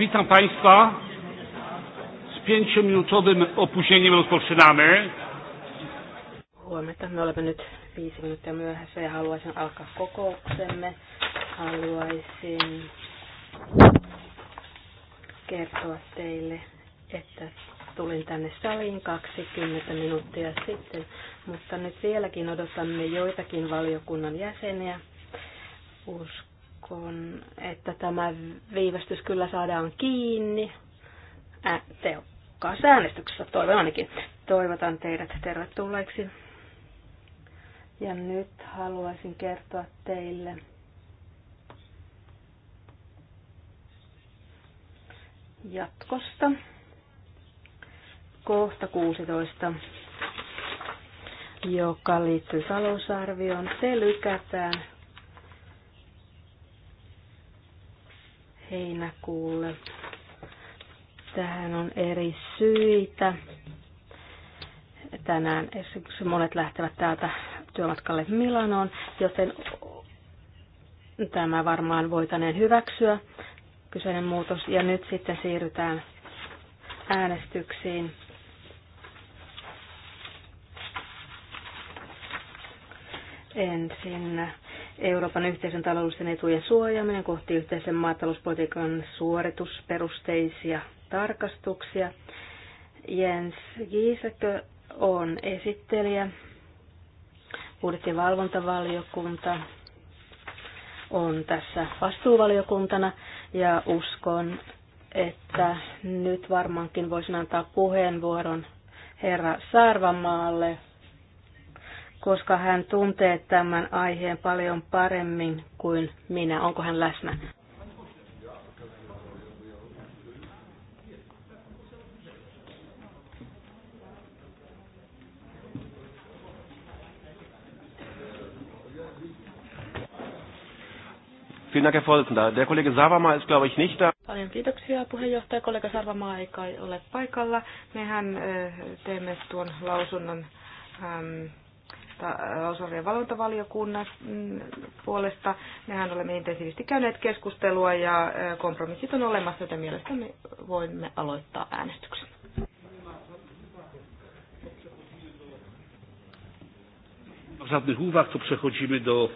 Witam Państwa. Z pięciominutowym opóźnieniem rozpoczynamy. Huomenta, me olemme nyt viisi minuuttia myöhässä ja haluaisin alkaa kokouksemme. Haluaisin kertoa teille, että tulin tänne saliin 20 minuuttia sitten, mutta nyt vieläkin odotamme joitakin valiokunnan jäseniä. Uskon kun että tämä viivästys kyllä saadaan kiinni Ä, tehokkaassa äänestyksessä, toivon ainakin. Toivotan teidät tervetulleeksi. Ja nyt haluaisin kertoa teille jatkosta. Kohta 16, joka liittyy talousarvioon, se lykätään heinäkuulle. Tähän on eri syitä. Tänään esimerkiksi monet lähtevät täältä työmatkalle Milanoon, joten tämä varmaan voitaneen hyväksyä kyseinen muutos. Ja nyt sitten siirrytään äänestyksiin. Ensin Euroopan yhteisön taloudellisten etujen suojaaminen kohti yhteisen maatalouspolitiikan suoritusperusteisia tarkastuksia. Jens Giisäkö on esittelijä. Budjettivalvontavaliokunta on tässä vastuuvaliokuntana ja uskon, että nyt varmaankin voisin antaa puheenvuoron herra Sarvamaalle koska hän tuntee tämän aiheen paljon paremmin kuin minä. Onko hän läsnä? Vielen Dank, Herr Vorsitzender. Der Kollege Savama ist, glaube ich, nicht da. Paljon kiitoksia, puheenjohtaja. Kollega Sarvamaa ei kai ole paikalla. Mehän äh, teemme tuon lausunnon äm, talousarvion valvontavaliokunnan mm, puolesta. Mehän olemme intensiivisesti käyneet keskustelua ja kompromissit on olemassa, joten mielestäni voimme aloittaa äänestyksen. żadnych uwag, to przechodzimy do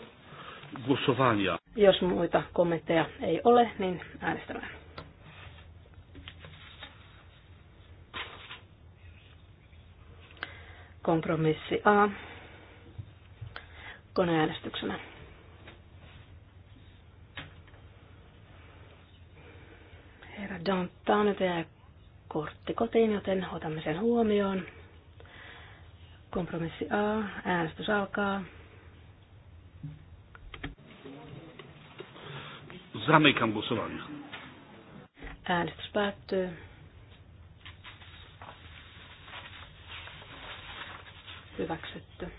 głosowania. Jos muita kommentteja ei ole, niin äänestämään. Kompromissi A koneäänestyksenä. Herra Dantta nyt jää kortti kotiin, joten otamme sen huomioon. Kompromissi A, äänestys alkaa. Zamykam głosowanie. Äänestys päättyy. Hyväksytty.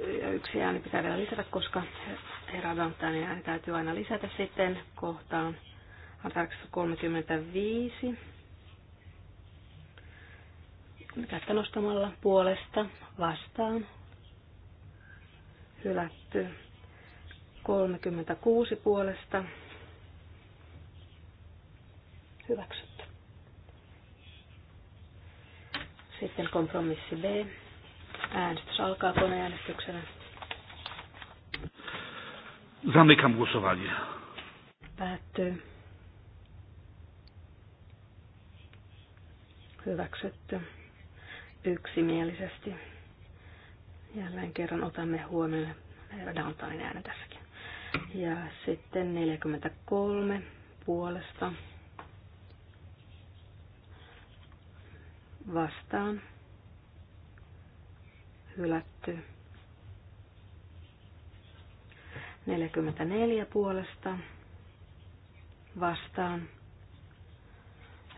ja yksi ääni pitää vielä lisätä, koska herra niin, ääni täytyy aina lisätä sitten kohtaan tarkistus 35. Kättä nostamalla puolesta vastaan. Hylätty. 36 puolesta. Hyväksytty. Sitten kompromissi B Äänestys alkaa koneäänestyksenä. Zamykam głosowanie. Päättyy. Hyväksytty yksimielisesti. Jälleen kerran otamme huomioon herra Dantanin äänen tässäkin. Ja sitten 43 puolesta vastaan hylätty. 44 puolesta vastaan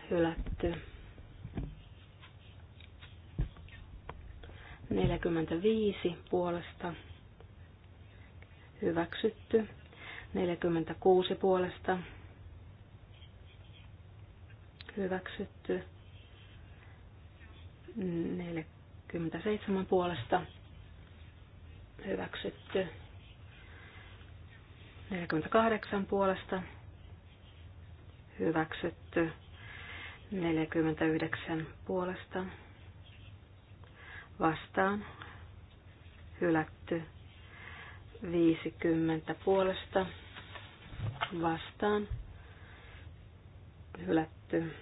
hylätty. 45 puolesta hyväksytty. 46 puolesta hyväksytty. 40 27 puolesta hyväksytty. 48 puolesta hyväksytty. 49 puolesta vastaan hylätty. 50 puolesta vastaan hylätty.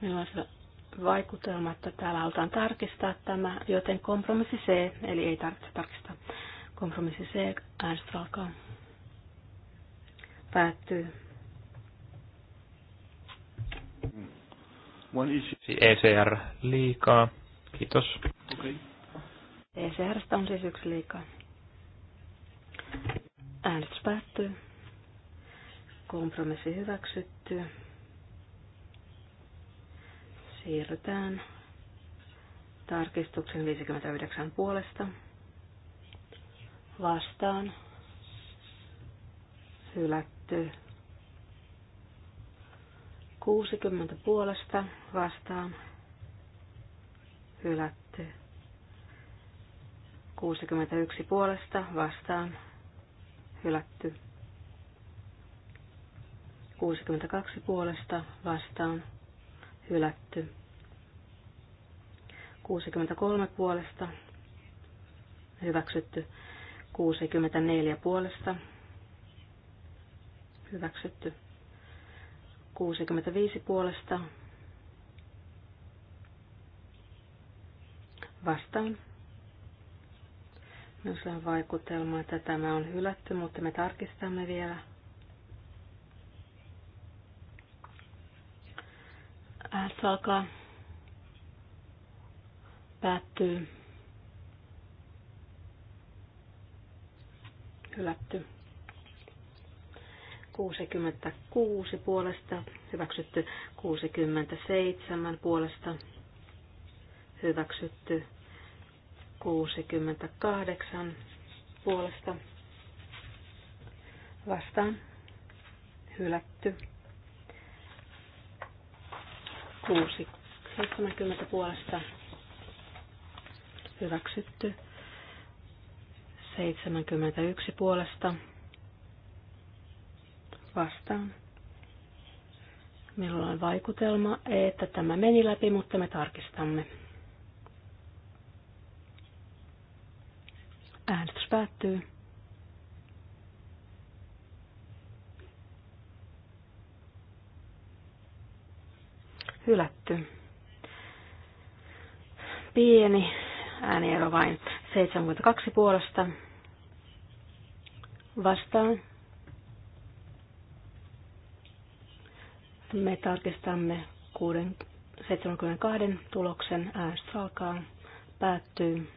Minulla on se vaikutelma, että täällä halutaan tarkistaa tämä, joten kompromissi C, eli ei tarvitse tarkistaa. Kompromissi C, äänestys alkaa. Päättyy. ECR e liikaa. Kiitos. Okay. ECRstä on siis yksi liikaa. Äänestys päättyy. Kompromissi hyväksytty. Siirrytään tarkistuksen 59 puolesta. Vastaan. Hylätty. 60 puolesta vastaan. Hylätty. 61 puolesta vastaan. Hylätty. 62 puolesta vastaan hylätty. 63 puolesta hyväksytty. 64 puolesta hyväksytty. 65 puolesta vastaan. Myös on vaikutelma, että tämä on hylätty, mutta me tarkistamme vielä. Äänestys alkaa. päättyä. Hylätty. 66 puolesta, hyväksytty 67 puolesta, hyväksytty 68 puolesta, vastaan, hylätty 6, 70 puolesta hyväksytty. 71 puolesta vastaan. Minulla on vaikutelma, että tämä meni läpi, mutta me tarkistamme. Äänestys päättyy. hylätty. Pieni ääniero vain 72 puolesta vastaan. Me tarkistamme 72 tuloksen äänestys alkaa, päättyy.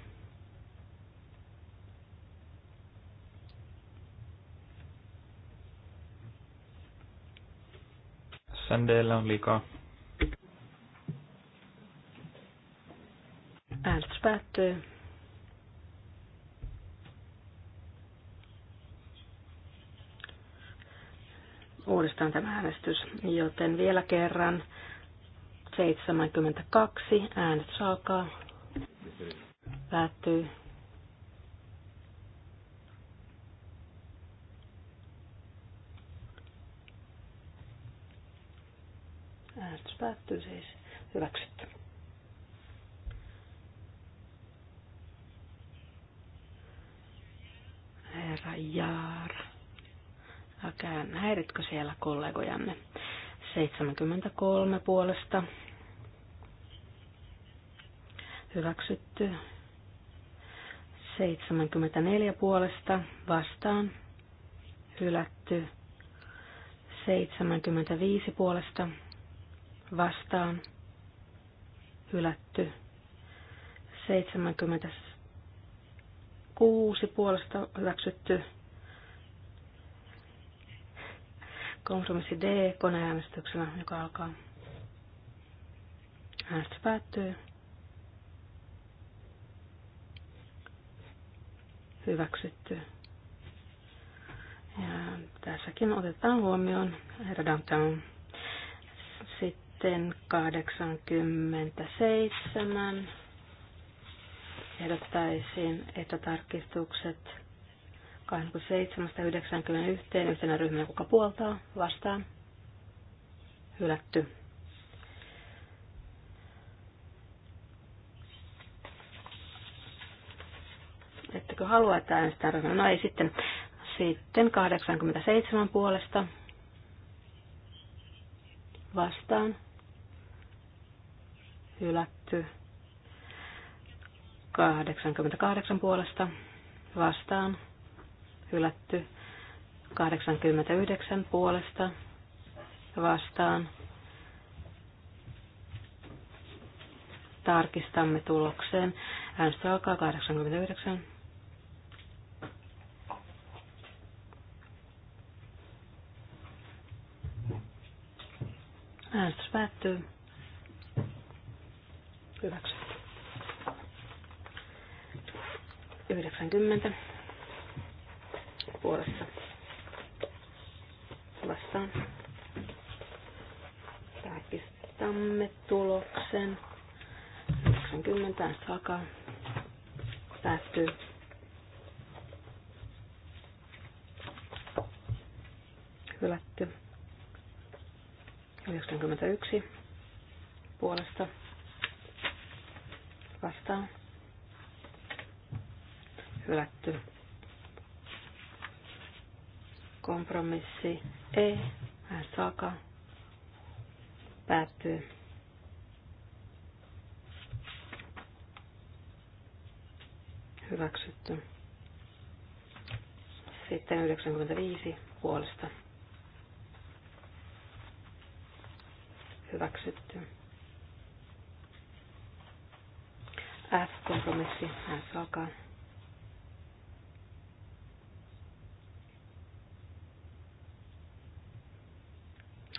Sandeella on liikaa Äänestys päättyy. Uudestaan tämä äänestys, joten vielä kerran 72 äänet saakaa. Päättyy. Äänestys päättyy siis. Hyväksytty. kollegansa Jaara. Älkää häiritkö siellä kollegojanne. 73 puolesta. Hyväksytty. 74 puolesta vastaan. Hylätty. 75 puolesta vastaan. Hylätty. 76 kuusi puolesta hyväksytty. Kompromissi D koneäänestyksellä, joka alkaa. Äänestys päättyy. Hyväksytty. Ja tässäkin otetaan huomioon herra Sitten 87 ehdottaisin, että tarkistukset 27-91 yhtenä ryhmänä, kuka puoltaa, vastaan, hylätty. Ettekö halua, että äänestetään ryhmänä? No ei sitten. Sitten 87 puolesta vastaan, hylätty. 88 puolesta vastaan hylätty. 89 puolesta vastaan. Tarkistamme tulokseen. Äänestys alkaa 89. Äänestys päättyy. Hyväksy. 90 puolessa vastaan. Tarkistamme tuloksen. 90 saka Päättyy. Hylätty. 91 puolesta vastaan hylätty. Kompromissi E, S alkaa, päättyy. Hyväksytty. Sitten 95 puolesta. Hyväksytty. F-kompromissi, S alkaa.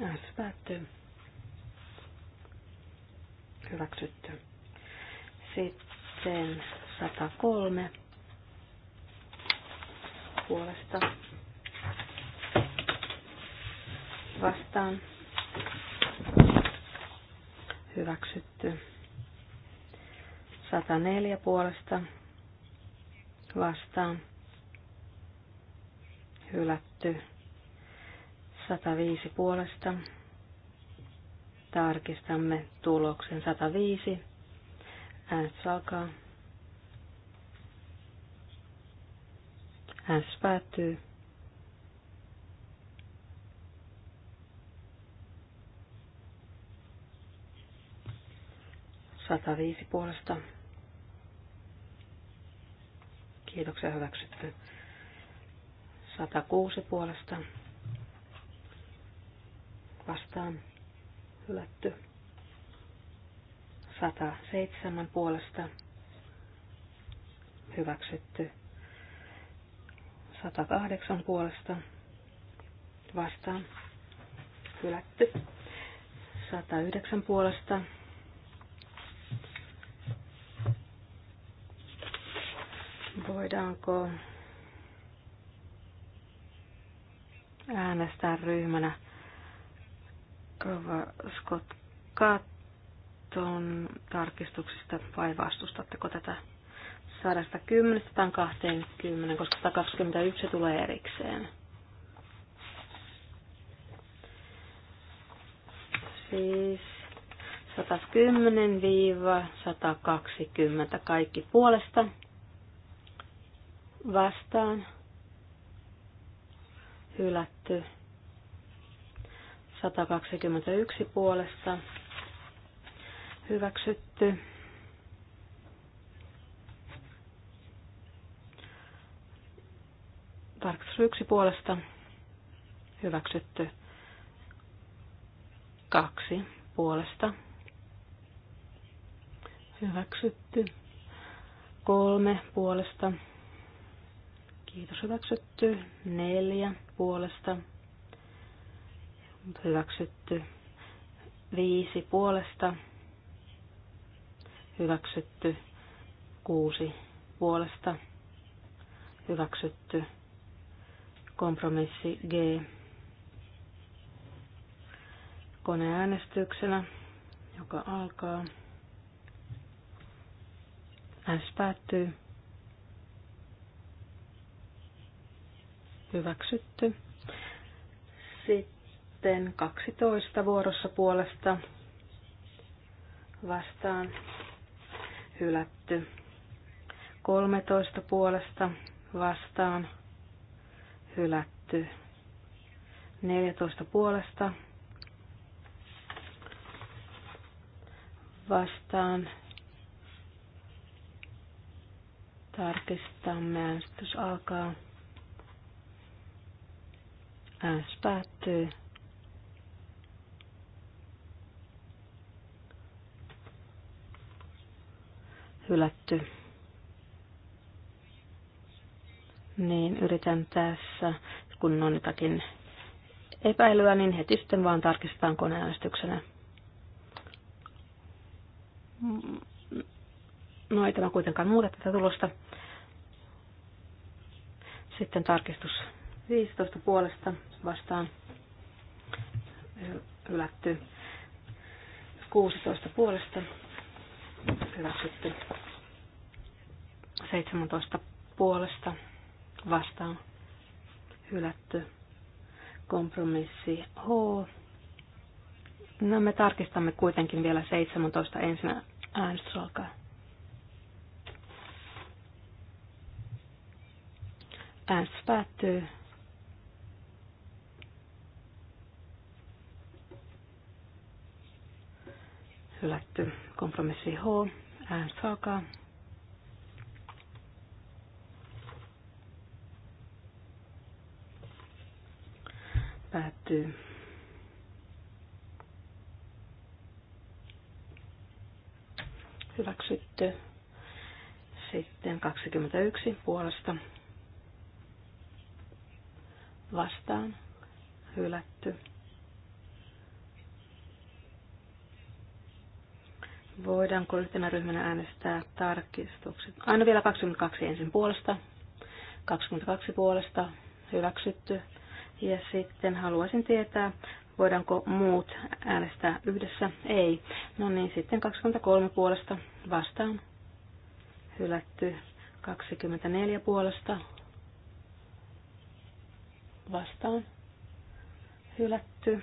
se päättyy. Hyväksytty. Sitten 103 puolesta vastaan. Hyväksytty. 104 puolesta vastaan. Hylätty. 105 puolesta. Tarkistamme tuloksen 105. S alkaa. S päättyy. viisi puolesta. Kiitoksia hyväksytty. kuusi puolesta vastaan hylätty. 107 puolesta hyväksytty. 108 puolesta vastaan hylätty. 109 puolesta voidaanko äänestää ryhmänä Rova Scott Katton tarkistuksista vai vastustatteko tätä 110 20, koska 121 tulee erikseen. Siis 110-120 kaikki puolesta vastaan hylätty 121 puolesta hyväksytty. Tarkastus yksi puolesta hyväksytty. Kaksi puolesta hyväksytty. Kolme puolesta. Kiitos hyväksytty. Neljä puolesta hyväksytty viisi puolesta, hyväksytty kuusi puolesta, hyväksytty kompromissi G koneäänestyksenä, joka alkaa. S päättyy. Hyväksytty. Sitten sitten 12 vuorossa puolesta vastaan hylätty. 13 puolesta vastaan hylätty. 14 puolesta vastaan tarkistamme äänestys alkaa. Äänestys päättyy. hylätty. Niin yritän tässä, kun on jotakin epäilyä, niin heti sitten vaan tarkistetaan koneäänestyksenä. Mm, no ei tämä kuitenkaan muuta tätä tulosta. Sitten tarkistus 15 puolesta vastaan hylätty. 16 puolesta hyväksytty. 17 puolesta vastaan hylätty. Kompromissi H. No me tarkistamme kuitenkin vielä 17 ensin äänestys alkaa. Äänestys päättyy. Hylätty. Kompromissi H. Äänestys alkaa. Päättyy. Hyväksytty. Sitten 21 puolesta vastaan hylätty. Voidaanko yhtenä ryhmänä äänestää tarkistukset? Aina vielä 22 ensin puolesta, 22 puolesta hyväksytty. Ja sitten haluaisin tietää, voidaanko muut äänestää yhdessä? Ei. No niin, sitten 23 puolesta vastaan hylätty. 24 puolesta vastaan hylätty.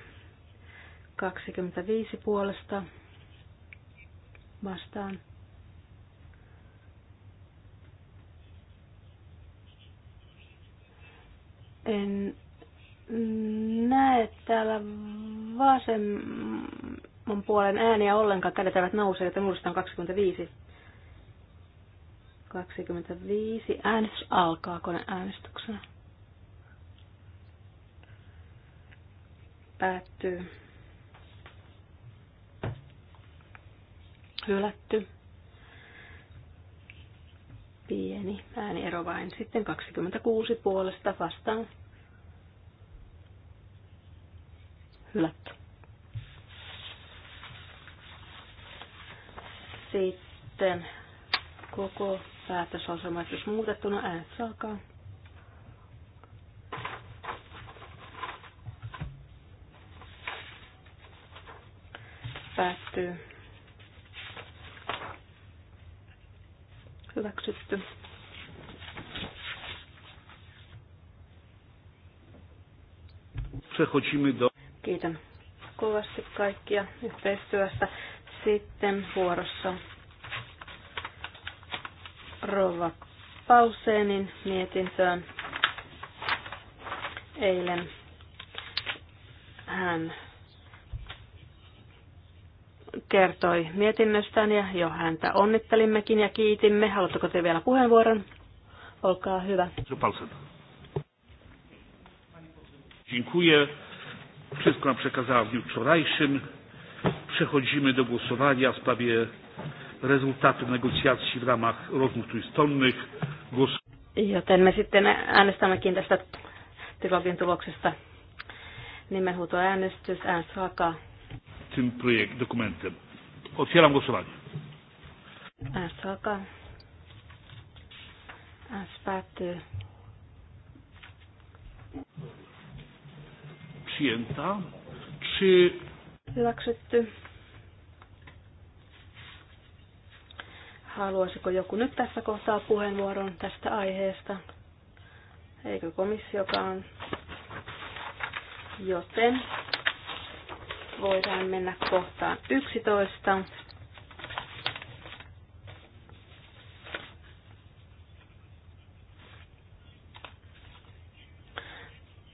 25 puolesta vastaan. En näe täällä vasemman puolen ääniä ollenkaan. Kädet eivät nouse, joten muistetaan 25. 25. Äänestys alkaa äänestyksenä. Päättyy. hylätty. Pieni ääniero vain. Sitten 26 puolesta vastaan. Hylätty. Sitten koko päätös on jos muutettuna. Äänet saakaa. päättyy. hyväksytty. Kiitän kovasti kaikkia yhteistyöstä. Sitten vuorossa Rova Pauseenin mietintöön eilen hän kertoi mietinnöstään ja jo häntä onnittelimmekin ja kiitimme. Haluatteko te vielä puheenvuoron? Olkaa hyvä. Dziękuję. Wszystko nam przekazała w dniu wczorajszym. Przechodzimy do głosowania w sprawie rezultatów negocjacji w ramach rozmów trójstronnych. Głos... Joten me sitten äänestämmekin tästä trilogin tuloksesta. Nimenhuutoäänestys, äänestys alkaa tym projekt, dokumentem. Otwieram głosowanie. Äänestys alkaa. Przyjęta. Czy... Haluaisiko joku nyt tässä kohtaa puheenvuoron tästä aiheesta? Eikö komissiokaan? Joten voidaan mennä kohtaan 11.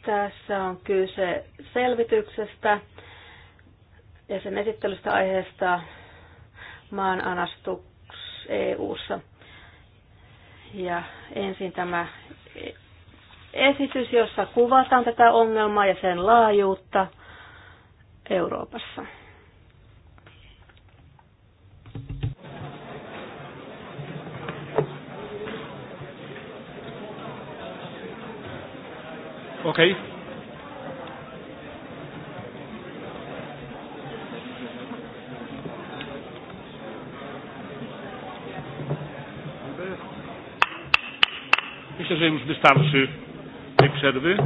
Tässä on kyse selvityksestä ja sen esittelystä aiheesta anastuks EU-ssa. Ja ensin tämä esitys, jossa kuvataan tätä ongelmaa ja sen laajuutta – Euroopassa. Okei. Okay. Myślę, że już wystarczy tej przerwy.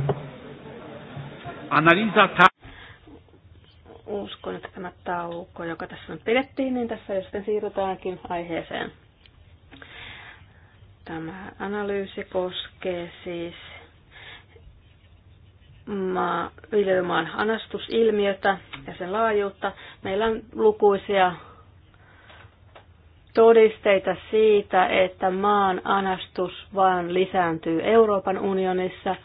Analiza ta taukoa, joka tässä on pidettiin, niin tässä jo sitten siirrytäänkin aiheeseen. Tämä analyysi koskee siis maa, viljelymaan anastusilmiötä ja sen laajuutta. Meillä on lukuisia todisteita siitä, että maan anastus vaan lisääntyy Euroopan unionissa –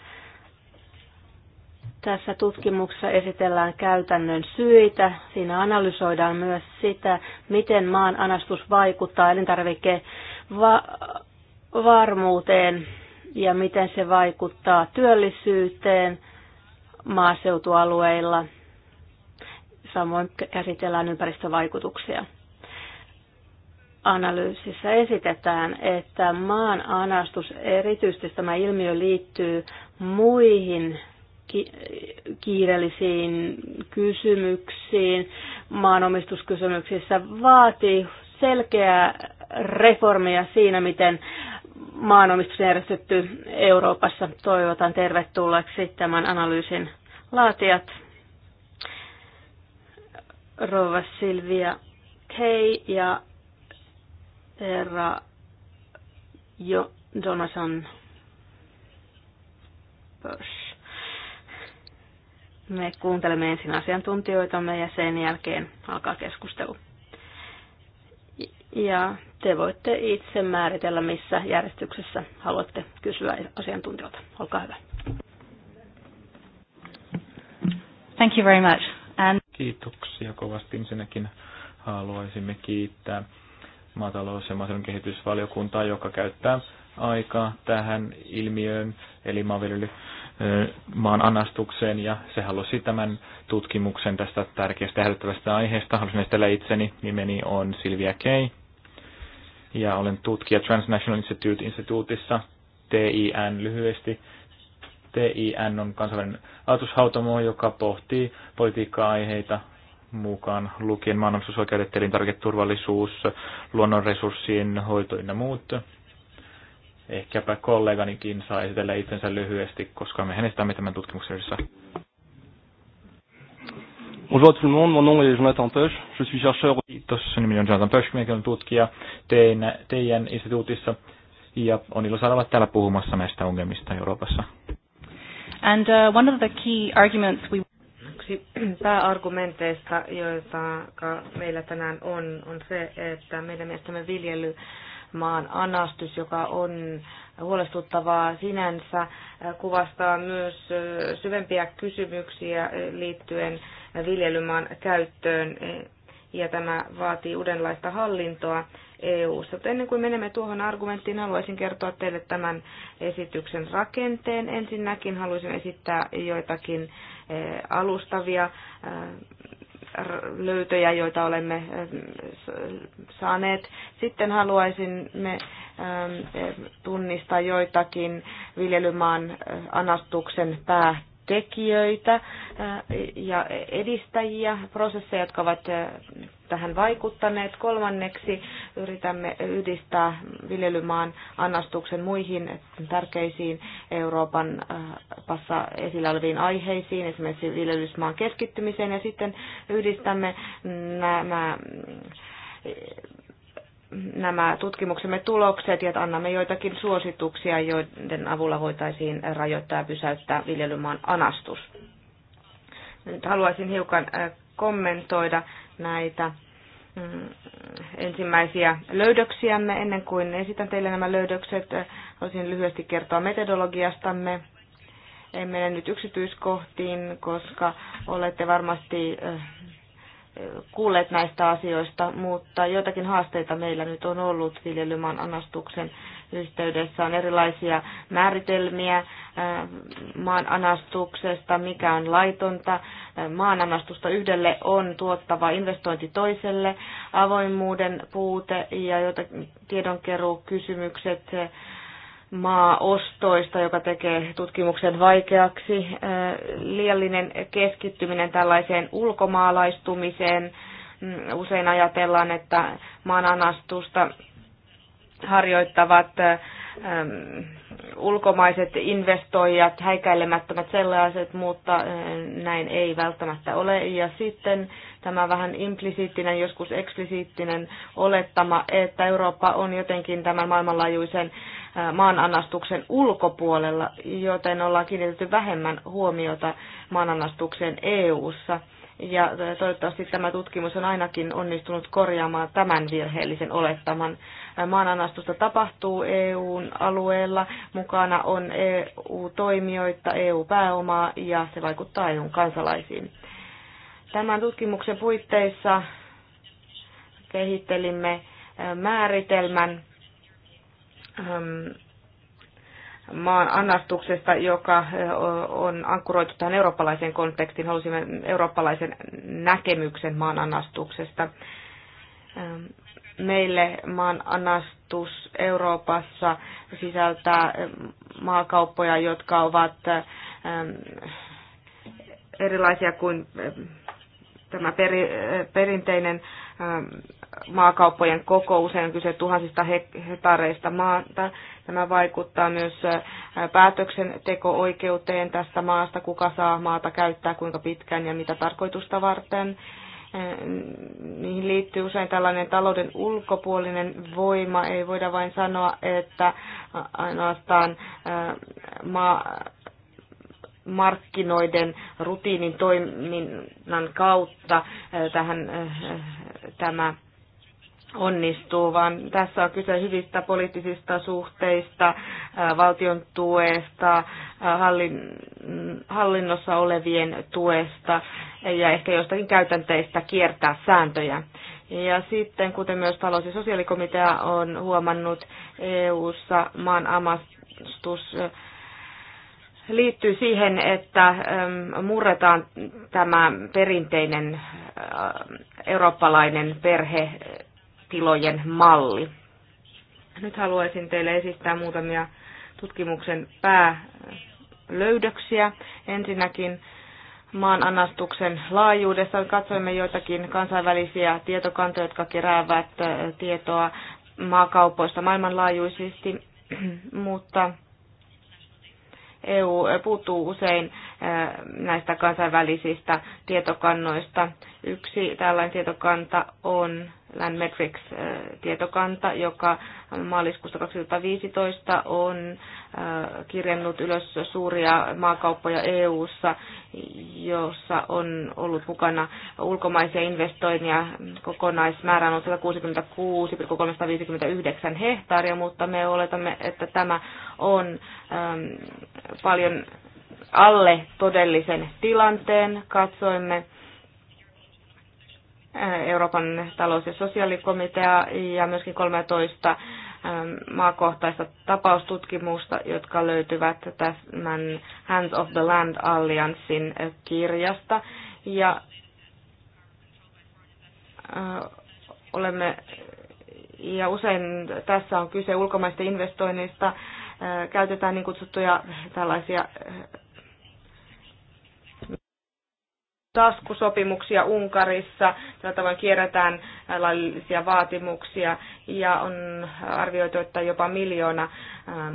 tässä tutkimuksessa esitellään käytännön syitä. Siinä analysoidaan myös sitä, miten maan anastus vaikuttaa elintarvikevarmuuteen ja miten se vaikuttaa työllisyyteen maaseutualueilla. Samoin käsitellään ympäristövaikutuksia. Analyysissä esitetään, että maan anastus, erityisesti tämä ilmiö liittyy muihin kiireellisiin kysymyksiin maanomistuskysymyksissä vaatii selkeää reformia siinä, miten maanomistus järjestetty Euroopassa. Toivotan tervetulleeksi tämän analyysin laatijat. Rova Silvia Kei ja herra jo Jonathan Bush. Me kuuntelemme ensin asiantuntijoitamme ja sen jälkeen alkaa keskustelu. Ja te voitte itse määritellä, missä järjestyksessä haluatte kysyä asiantuntijoilta. Olkaa hyvä. Thank you very much. And... Kiitoksia kovasti. Ensinnäkin haluaisimme kiittää maatalous- ja maaseudun kehitysvaliokuntaa, joka käyttää aikaa tähän ilmiöön, eli maanviljely maan anastukseen ja se halusi tämän tutkimuksen tästä tärkeästä ja hälyttävästä aiheesta. Halusin esitellä itseni. Nimeni on Silvia Kay ja olen tutkija Transnational Institute Instituutissa, TIN lyhyesti. TIN on kansainvälinen ajatushautomo, joka pohtii politiikka-aiheita mukaan lukien maanomistusoikeudet, elintarviketurvallisuus, luonnonresurssien hoito ja muut ehkäpä kolleganikin saa esitellä itsensä lyhyesti, koska me hänestämme tämän tutkimuksessa. Bonjour tout le monde, mon nom est Jonathan Pösch, je suis chercheur... Kiitos, nimi on Jonathan Pösch, minäkin olen tutkija teidän, teidän instituutissa ja on ilo saada olla täällä puhumassa näistä ongelmista Euroopassa. And uh, one of the key arguments we... Yksi pääargumenteista, joita meillä tänään on, on se, että meidän mielestämme viljely maan anastus, joka on huolestuttavaa sinänsä, kuvastaa myös syvempiä kysymyksiä liittyen viljelymaan käyttöön ja tämä vaatii uudenlaista hallintoa eu ennen kuin menemme tuohon argumenttiin, haluaisin kertoa teille tämän esityksen rakenteen. Ensinnäkin haluaisin esittää joitakin alustavia löytöjä, joita olemme saaneet. Sitten haluaisin me tunnistaa joitakin viljelymaan anastuksen pää tekijöitä äh, ja edistäjiä, prosesseja, jotka ovat äh, tähän vaikuttaneet. Kolmanneksi yritämme yhdistää viljelymaan annastuksen muihin tärkeisiin Euroopan äh, passa esillä oleviin aiheisiin, esimerkiksi viljelysmaan keskittymiseen, ja sitten yhdistämme nämä nämä tutkimuksemme tulokset ja annamme joitakin suosituksia, joiden avulla voitaisiin rajoittaa ja pysäyttää viljelymaan anastus. Nyt haluaisin hiukan äh, kommentoida näitä mm, ensimmäisiä löydöksiämme. Ennen kuin esitän teille nämä löydökset, äh, haluaisin lyhyesti kertoa metodologiastamme. En mene nyt yksityiskohtiin, koska olette varmasti äh, kuulleet näistä asioista, mutta joitakin haasteita meillä nyt on ollut viljelymaan anastuksen yhteydessä. On erilaisia määritelmiä äh, maan anastuksesta, mikä on laitonta. Äh, maan anastusta yhdelle on tuottava investointi toiselle, avoimuuden puute ja joitakin tiedonkeruukysymykset kysymykset maaostoista, joka tekee tutkimuksen vaikeaksi. Äh, liiallinen keskittyminen tällaiseen ulkomaalaistumiseen. Mm, usein ajatellaan, että maananastusta harjoittavat äh, ähm, ulkomaiset investoijat, häikäilemättömät sellaiset, mutta äh, näin ei välttämättä ole. Ja sitten tämä vähän implisiittinen, joskus eksplisiittinen olettama, että Eurooppa on jotenkin tämän maailmanlaajuisen maanannastuksen ulkopuolella, joten ollaan kiinnitetty vähemmän huomiota maananastukseen EU-ssa. Ja toivottavasti tämä tutkimus on ainakin onnistunut korjaamaan tämän virheellisen olettaman. Maanannastusta tapahtuu EUn alueella, mukana on EU-toimijoita, EU-pääomaa ja se vaikuttaa EUn kansalaisiin. Tämän tutkimuksen puitteissa kehittelimme määritelmän Ähm, maan annastuksesta, joka on ankkuroitu tähän eurooppalaiseen kontekstiin. Halusimme eurooppalaisen näkemyksen maan annastuksesta. Ähm, meille maan annastus Euroopassa sisältää maakauppoja, jotka ovat ähm, erilaisia kuin tämä äh, perinteinen maakauppojen koko, usein on kyse tuhansista hetareista maata. Tämä vaikuttaa myös päätöksenteko-oikeuteen tästä maasta, kuka saa maata käyttää, kuinka pitkään ja mitä tarkoitusta varten. Niihin liittyy usein tällainen talouden ulkopuolinen voima. Ei voida vain sanoa, että ainoastaan maa markkinoiden rutiinin toiminnan kautta tähän tämä onnistuu, vaan tässä on kyse hyvistä poliittisista suhteista, valtion tuesta, hallinnossa olevien tuesta ja ehkä jostakin käytänteistä kiertää sääntöjä. Ja sitten, kuten myös talous- ja sosiaalikomitea on huomannut, EU-ssa maan amastus liittyy siihen, että ähm, murretaan tämä perinteinen äh, eurooppalainen perhetilojen malli. Nyt haluaisin teille esittää muutamia tutkimuksen päälöydöksiä. Ensinnäkin maan anastuksen laajuudessa. Katsoimme joitakin kansainvälisiä tietokantoja, jotka keräävät äh, tietoa maakaupoista maailmanlaajuisesti, mutta EU puuttuu usein näistä kansainvälisistä tietokannoista. Yksi tällainen tietokanta on Landmetrics-tietokanta, joka maaliskuusta 2015 on kirjannut ylös suuria maakauppoja EU-ssa, jossa on ollut mukana ulkomaisia investoinnia kokonaismäärä on 166,359 hehtaaria, mutta me oletamme, että tämä on paljon alle todellisen tilanteen. Katsoimme Euroopan talous- ja sosiaalikomitea ja myöskin 13 maakohtaista tapaustutkimusta, jotka löytyvät tämän Hands of the Land Alliancein kirjasta. Ja olemme ja usein tässä on kyse ulkomaisten investoinnista. käytetään niin kutsuttuja tällaisia taskusopimuksia Unkarissa, tällä tavoin kierretään laillisia vaatimuksia ja on arvioitu, että jopa miljoona ähm,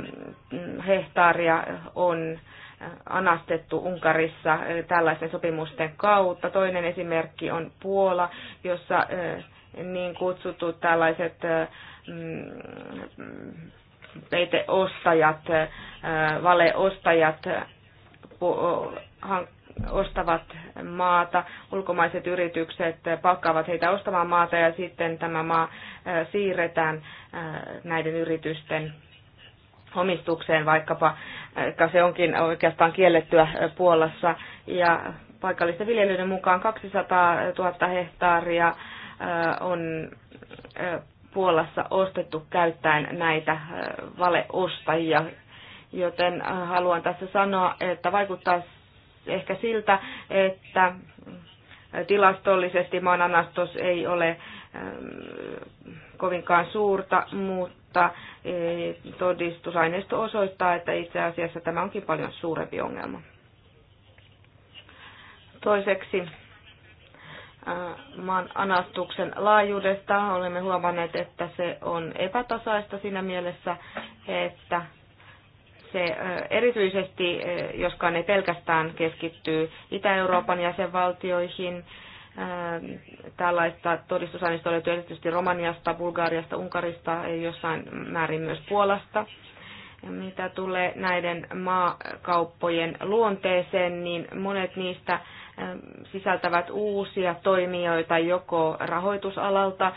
hehtaaria on äh, anastettu Unkarissa tällaisten sopimusten kautta. Toinen esimerkki on Puola, jossa äh, niin kutsutut tällaiset äh, mm, peiteostajat, valeostajat ostavat maata, ulkomaiset yritykset palkkaavat heitä ostamaan maata ja sitten tämä maa siirretään näiden yritysten omistukseen, vaikkapa se onkin oikeastaan kiellettyä Puolassa. Ja paikallisten viljelyiden mukaan 200 000 hehtaaria on Puolassa ostettu käyttäen näitä valeostajia. Joten haluan tässä sanoa, että vaikuttaa ehkä siltä, että tilastollisesti maananastos ei ole ähm, kovinkaan suurta, mutta eh, todistusaineisto osoittaa, että itse asiassa tämä onkin paljon suurempi ongelma. Toiseksi äh, maan anastuksen laajuudesta olemme huomanneet, että se on epätasaista siinä mielessä, että se erityisesti, joskaan ei pelkästään keskittyy Itä-Euroopan jäsenvaltioihin. Tällaista todistusaineistoa löytyy erityisesti Romaniasta, Bulgariasta, Unkarista ja jossain määrin myös Puolasta. Mitä tulee näiden maakauppojen luonteeseen, niin monet niistä sisältävät uusia toimijoita joko rahoitusalalta,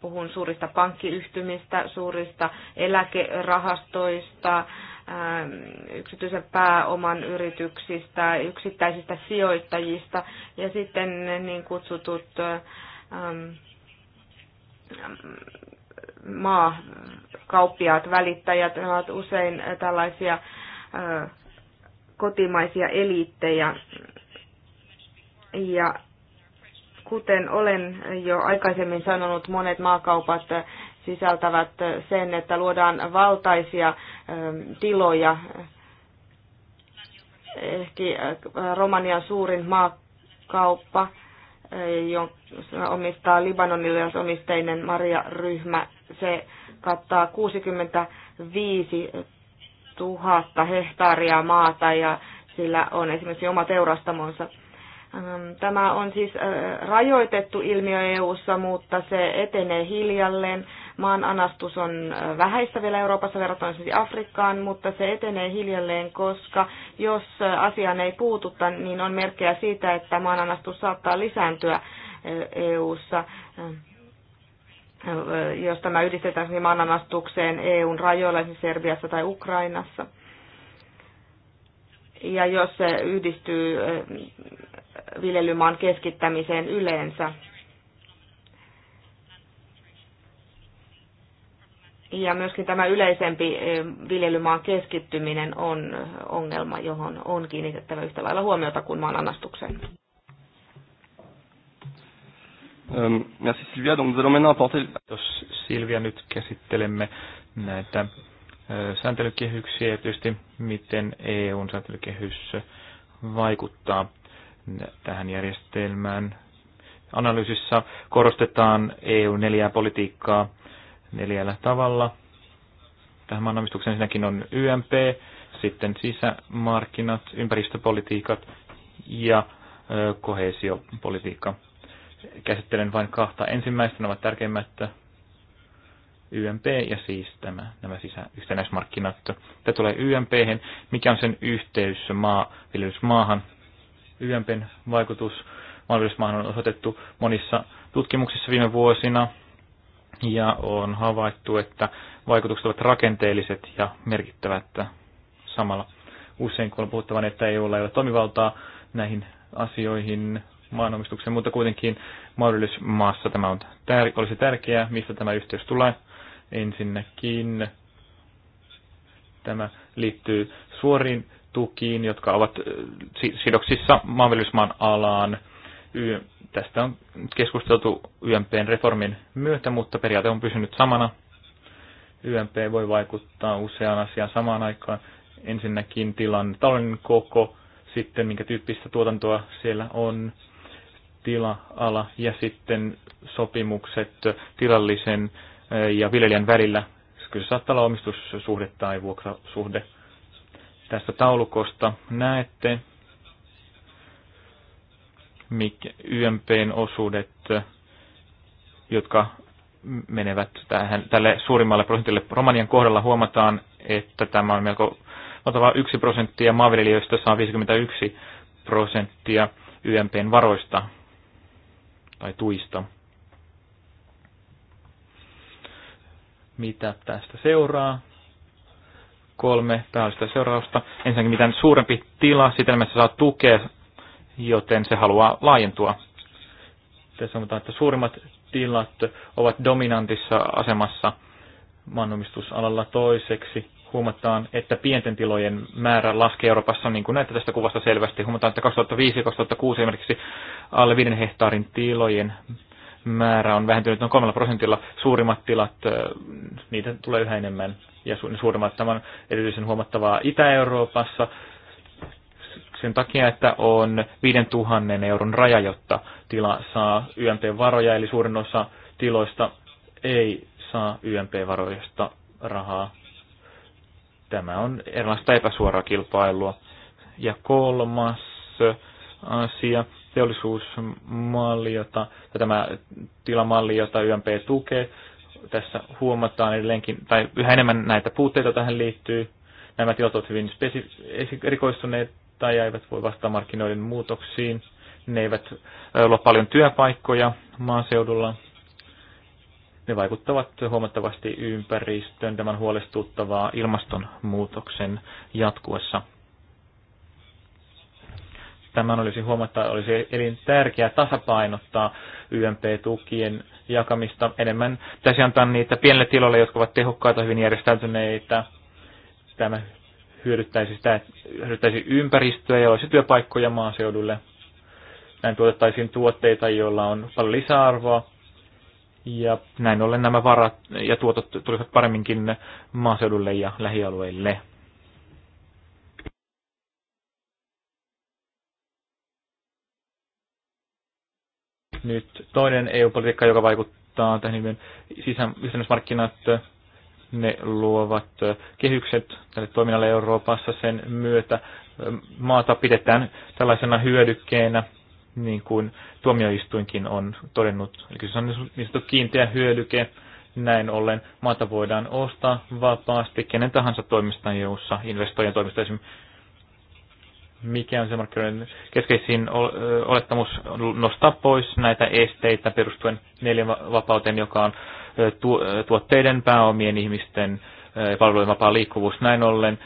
Puhun suurista pankkiyhtymistä, suurista eläkerahastoista, ähm, yksityisen pääoman yrityksistä, yksittäisistä sijoittajista ja sitten niin kutsutut ähm, maakauppiaat, välittäjät, ne ovat usein tällaisia äh, kotimaisia eliittejä. Ja Kuten olen jo aikaisemmin sanonut, monet maakaupat sisältävät sen, että luodaan valtaisia tiloja. Ehkä Romanian suurin maakauppa, jonka omistaa Libanonille omisteinen Maria-ryhmä, se kattaa 65 000 hehtaaria maata ja sillä on esimerkiksi oma teurastamonsa. Ähm, tämä on siis äh, rajoitettu ilmiö EU:ssa, mutta se etenee hiljalleen. Maan anastus on äh, vähäistä vielä Euroopassa verrattuna siis Afrikkaan, mutta se etenee hiljalleen, koska jos äh, asiaan ei puututa, niin on merkkejä siitä, että maan anastus saattaa lisääntyä EU:ssa. Ähm, jos tämä yhdistetään niin maananastukseen EUn rajoilla, esimerkiksi Serbiassa tai Ukrainassa. Ja jos se yhdistyy viljelymaan keskittämiseen yleensä. Ja myöskin tämä yleisempi eh, viljelymaan keskittyminen on ongelma, johon on kiinnitettävä yhtä lailla huomiota kuin maan Um, merci Silvia. Donc nous allons maintenant apporter... Jos Silvia nyt käsittelemme näitä sääntelykehyksiä ja tietysti miten EUn sääntelykehys vaikuttaa tähän järjestelmään. Analyysissä korostetaan EU-neljää politiikkaa neljällä tavalla. Tähän maanomistukseen ensinnäkin on YMP, sitten sisämarkkinat, ympäristöpolitiikat ja kohesiopolitiikka. Käsittelen vain kahta. Ensimmäistä ovat tärkeimmät YMP ja siis tämä, nämä sisä, yhtenäismarkkinat. Tämä tulee YMP, mikä on sen yhteys maa, YMPn vaikutus maanviljelysmaahan on osoitettu monissa tutkimuksissa viime vuosina, ja on havaittu, että vaikutukset ovat rakenteelliset ja merkittävät samalla. Usein kun on puhuttavan, että ei ole toimivaltaa näihin asioihin maanomistukseen, mutta kuitenkin maassa tämä on tär- olisi tärkeää, mistä tämä yhteys tulee. Ensinnäkin tämä liittyy suoriin tukiin, jotka ovat sidoksissa maanviljelysmaan alaan. Tästä on keskusteltu YMPn reformin myötä, mutta periaate on pysynyt samana. YMP voi vaikuttaa useaan asiaan samaan aikaan. Ensinnäkin tilan talouden koko, sitten minkä tyyppistä tuotantoa siellä on, tila-ala ja sitten sopimukset tilallisen ja viljelijän välillä. Kyllä saattaa olla omistussuhde tai vuokrasuhde tästä taulukosta näette mikä YMPn osuudet, jotka menevät tähän, tälle suurimmalle prosentille. Romanian kohdalla huomataan, että tämä on melko valtava 1 prosenttia, maanviljelijöistä saa 51 prosenttia YMPn varoista tai tuista. Mitä tästä seuraa? kolme päällistä seurausta. Ensinnäkin mitään suurempi tila, se saa tukea, joten se haluaa laajentua. Tässä sanotaan, että suurimmat tilat ovat dominantissa asemassa maanomistusalalla toiseksi. Huomataan, että pienten tilojen määrä laskee Euroopassa, niin kuin näette tästä kuvasta selvästi. Huomataan, että 2005-2006 esimerkiksi alle 5 hehtaarin tilojen määrä on vähentynyt noin kolmella prosentilla. Suurimmat tilat, niitä tulee yhä enemmän ja su- suurimmat. Tämä on erityisen huomattavaa Itä-Euroopassa sen takia, että on 5000 euron raja, jotta tila saa YMP-varoja, eli suurin osa tiloista ei saa YMP-varoista rahaa. Tämä on erilaista epäsuoraa kilpailua. Ja kolmas asia, teollisuusmalli, jota, tai tämä tilamalli, jota YMP tukee, tässä huomataan edelleenkin, tai yhä enemmän näitä puutteita tähän liittyy. Nämä tilat ovat hyvin spesif- erikoistuneita ja eivät voi vastata markkinoiden muutoksiin. Ne eivät ole paljon työpaikkoja maaseudulla. Ne vaikuttavat huomattavasti ympäristöön tämän huolestuttavaa ilmastonmuutoksen jatkuessa. Tämän olisi huomattava, olisi tärkeää tasapainottaa YMP-tukien jakamista enemmän. Pitäisi antaa niitä pienille tiloille, jotka ovat tehokkaita, hyvin järjestäytyneitä. Tämä hyödyttäisi, sitä, hyödyttäisi ympäristöä ja olisi työpaikkoja maaseudulle. Näin tuotettaisiin tuotteita, joilla on paljon lisäarvoa. Ja näin ollen nämä varat ja tuotot tulisivat paremminkin maaseudulle ja lähialueille. Nyt toinen EU-politiikka, joka vaikuttaa tähän sisämarkkinat, ne luovat kehykset tälle toiminnalle Euroopassa. Sen myötä maata pidetään tällaisena hyödykkeenä, niin kuin tuomioistuinkin on todennut. Eli se on niin sanottu kiinteä hyödyke. Näin ollen maata voidaan ostaa vapaasti kenen tahansa toimistaan jossa investoijan toimista esimerkiksi mikä on se markkinoiden keskeisin olettamus nostaa pois näitä esteitä perustuen neljän vapauteen, joka on tuotteiden, pääomien, ihmisten palvelujen vapaa liikkuvuus. Näin ollen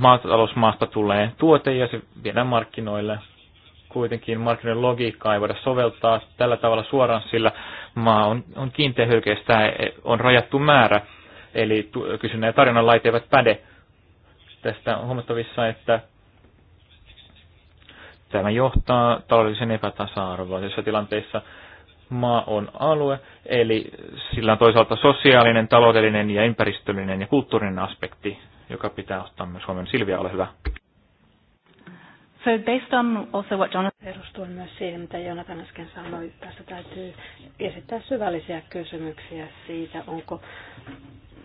maatalousmaasta tulee tuote ja se viedään markkinoille. Kuitenkin markkinoiden logiikkaa ei voida soveltaa tällä tavalla suoraan, sillä maa on, on kiinteä hyöke, e, on rajattu määrä, eli kysynnän ja tarjonnan lait eivät päde. Tästä on huomattavissa, että Tämä johtaa taloudellisen epätasa-arvoon. Tässä tilanteessa maa on alue, eli sillä on toisaalta sosiaalinen, taloudellinen ja ympäristöllinen ja kulttuurinen aspekti, joka pitää ottaa myös huomioon. Silvia, ole hyvä. So based on also what Jonathan... Perustuen myös siihen, mitä Jonathan äsken sanoi, tässä täytyy esittää syvällisiä kysymyksiä siitä, onko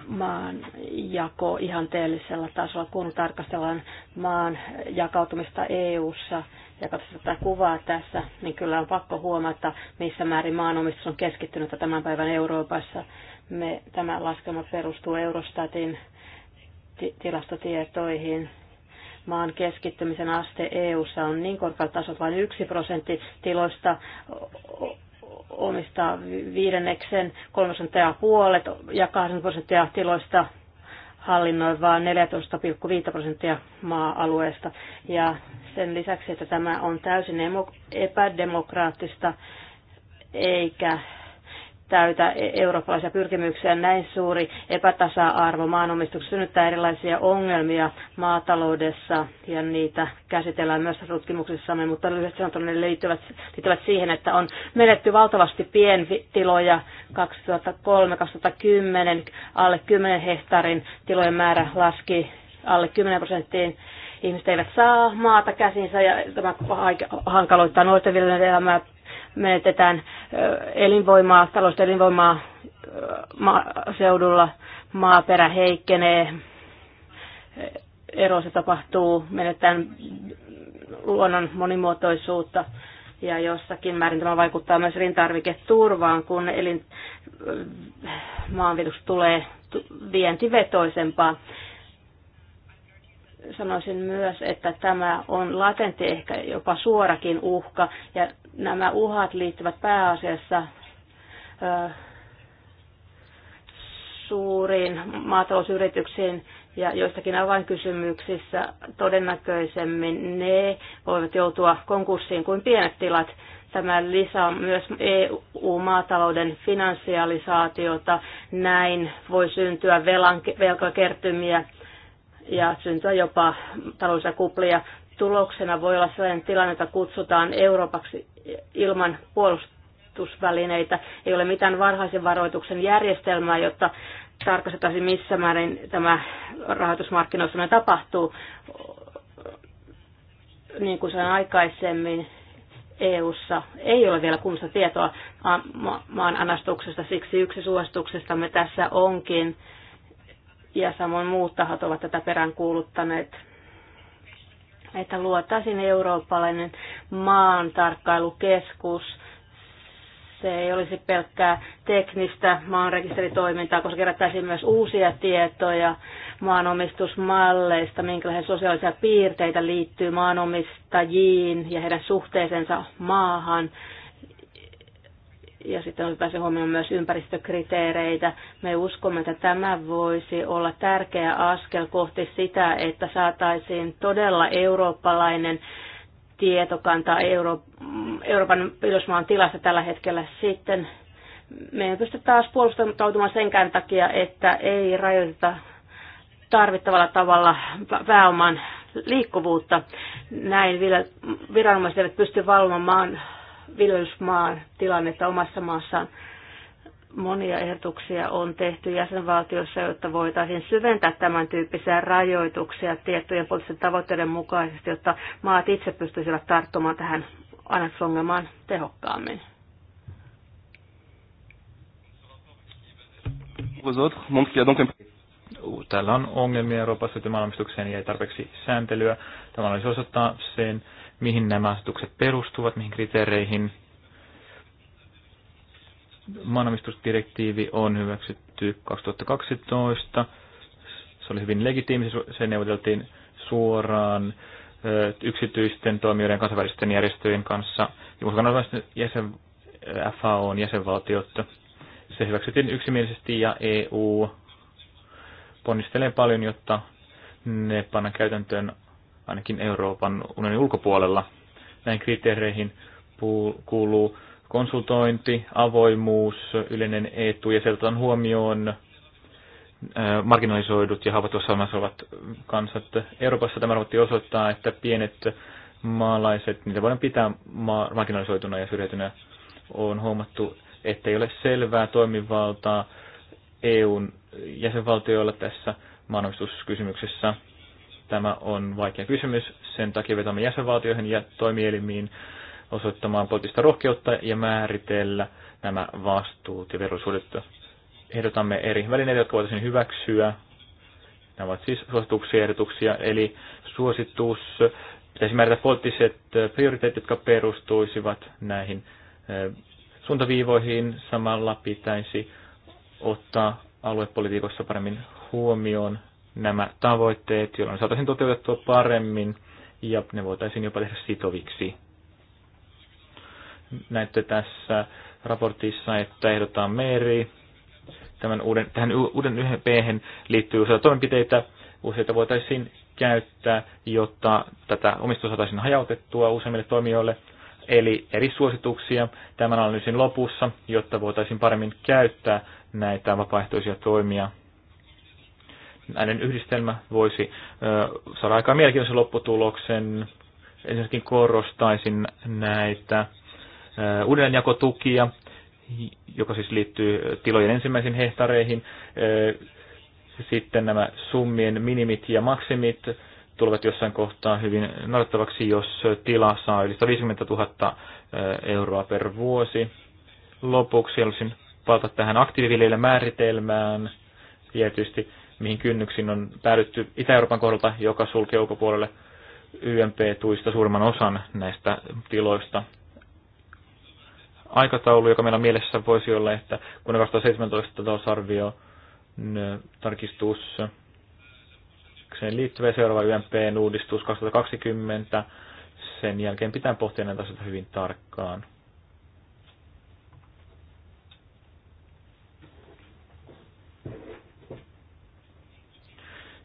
maan jako ihanteellisella tasolla, kun tarkastellaan maan jakautumista EU-ssa ja katsotaan tätä kuvaa tässä, niin kyllä on pakko huomata, missä määrin maanomistus on keskittynyt tämän päivän Euroopassa. Me, tämä laskelma perustuu Eurostatin tilastotietoihin. Maan keskittymisen aste EU:ssa on niin korkealla tasolla, vain yksi prosentti tiloista omistaa viidenneksen, kolme puolet ja kahden prosenttia tiloista hallinnoi vain 14,5 prosenttia maa-alueesta. Ja sen lisäksi, että tämä on täysin epädemokraattista eikä täytä e-, eurooppalaisia pyrkimyksiä. Näin suuri epätasa-arvo maanomistuksessa synnyttää erilaisia ongelmia maataloudessa ja niitä käsitellään myös tutkimuksissamme, mutta lyhyesti sanottuna ne liittyvät, liittyvät siihen, että on menetty valtavasti pientiloja 2003-2010, alle 10 hehtaarin tilojen määrä laski alle 10 prosenttiin Ihmiset eivät saa maata käsinsä ja tämä hankaloittaa nuorten viljelijöiden elämää. Menetetään elinvoimaa, taloudellista elinvoimaa seudulla, maaperä heikkenee, ero se tapahtuu, menetetään luonnon monimuotoisuutta ja jossakin määrin tämä vaikuttaa myös rintarviketurvaan, kun elin, maanvitus tulee vientivetoisempaa sanoisin myös, että tämä on latentti, ehkä jopa suorakin uhka, ja nämä uhat liittyvät pääasiassa ö, suuriin maatalousyrityksiin ja joistakin avainkysymyksissä todennäköisemmin ne voivat joutua konkurssiin kuin pienet tilat. Tämä lisää myös EU-maatalouden finanssialisaatiota. Näin voi syntyä velan, velkakertymiä ja syntyä jopa taloudellisia kuplia. Tuloksena voi olla sellainen tilanne, jota kutsutaan Euroopaksi ilman puolustusvälineitä. Ei ole mitään varhaisen varoituksen järjestelmää, jotta tarkastettaisiin missä määrin tämä rahoitusmarkkinoissa tapahtuu. Niin kuin sanoin aikaisemmin, EU:ssa ei ole vielä kunnossa tietoa maan anastuksesta, siksi yksi suosituksestamme tässä onkin ja samoin muut tahot ovat tätä peräänkuuluttaneet, että luotaisiin eurooppalainen maan tarkkailukeskus. Se ei olisi pelkkää teknistä maanrekisteritoimintaa, koska kerättäisiin myös uusia tietoja maanomistusmalleista, minkälaisia sosiaalisia piirteitä liittyy maanomistajiin ja heidän suhteeseensa maahan ja sitten otetaan huomioon myös ympäristökriteereitä. Me uskomme, että tämä voisi olla tärkeä askel kohti sitä, että saataisiin todella eurooppalainen tietokanta Euro- Euroopan ylösmaan tilasta tällä hetkellä sitten. Me ei pysty taas puolustautumaan senkään takia, että ei rajoiteta tarvittavalla tavalla pääoman liikkuvuutta. Näin viranomaiset eivät pysty valvomaan viljelysmaan tilannetta omassa maassaan. Monia ehdotuksia on tehty jäsenvaltiossa, jotta voitaisiin syventää tämän tyyppisiä rajoituksia tiettyjen poliittisten tavoitteiden mukaisesti, jotta maat itse pystyisivät tarttumaan tähän anasongelmaan tehokkaammin. Täällä on ongelmia Euroopassa, että maailmastukseen ei tarpeeksi sääntelyä. Tämä olisi osoittaa sen, mihin nämä asetukset perustuvat, mihin kriteereihin. Maanomistusdirektiivi on hyväksytty 2012. Se oli hyvin legitiimi, se neuvoteltiin suoraan yksityisten toimijoiden kansainvälisten järjestöjen kanssa. Kansainvälisten jäsen, on jäsenvaltiot. Se hyväksyttiin yksimielisesti ja EU ponnistelee paljon, jotta ne panna käytäntöön ainakin Euroopan unionin ulkopuolella. Näin kriteereihin kuuluu konsultointi, avoimuus, yleinen etu ja sieltä on huomioon marginalisoidut ja haavoittuvassa asemassa olevat kansat. Euroopassa tämä raportti osoittaa, että pienet maalaiset, niitä voidaan pitää marginalisoituna ja syrjäytynä. On huomattu, että ei ole selvää toimivaltaa EUn jäsenvaltioilla tässä maanomistuskysymyksessä. Tämä on vaikea kysymys. Sen takia vetämme jäsenvaltioihin ja toimielimiin osoittamaan poliittista rohkeutta ja määritellä nämä vastuut ja velvollisuudet. Ehdotamme eri välineitä, jotka voitaisiin hyväksyä. Nämä ovat siis suosituksia ja ehdotuksia, eli suositus pitäisi määrätä poliittiset prioriteetit, jotka perustuisivat näihin suuntaviivoihin. Samalla pitäisi ottaa aluepolitiikossa paremmin huomioon nämä tavoitteet, jolloin saataisiin toteutettua paremmin ja ne voitaisiin jopa tehdä sitoviksi. Näette tässä raportissa, että ehdotetaan meri. Tämän uuden, tähän uuden yhden p liittyy useita toimenpiteitä. Useita voitaisiin käyttää, jotta tätä omistusta saataisiin hajautettua useimmille toimijoille. Eli eri suosituksia tämän analyysin lopussa, jotta voitaisiin paremmin käyttää näitä vapaaehtoisia toimia näiden yhdistelmä voisi saada aika mielenkiintoisen lopputuloksen. Ensinnäkin korostaisin näitä uudelleenjakotukia, joka siis liittyy tilojen ensimmäisiin hehtareihin. Sitten nämä summien minimit ja maksimit tulevat jossain kohtaa hyvin noudattavaksi, jos tila saa yli 150 000 euroa per vuosi. Lopuksi haluaisin palata tähän aktiiviviljelijän määritelmään. Tietysti mihin kynnyksiin on päädytty Itä-Euroopan kohdalta, joka sulkee ulkopuolelle YMP-tuista suurimman osan näistä tiloista. Aikataulu, joka meillä mielessä, voisi olla, että kun 2017 talousarvio tarkistus liittyvä seuraava ymp uudistus 2020, sen jälkeen pitää pohtia näitä asioita hyvin tarkkaan.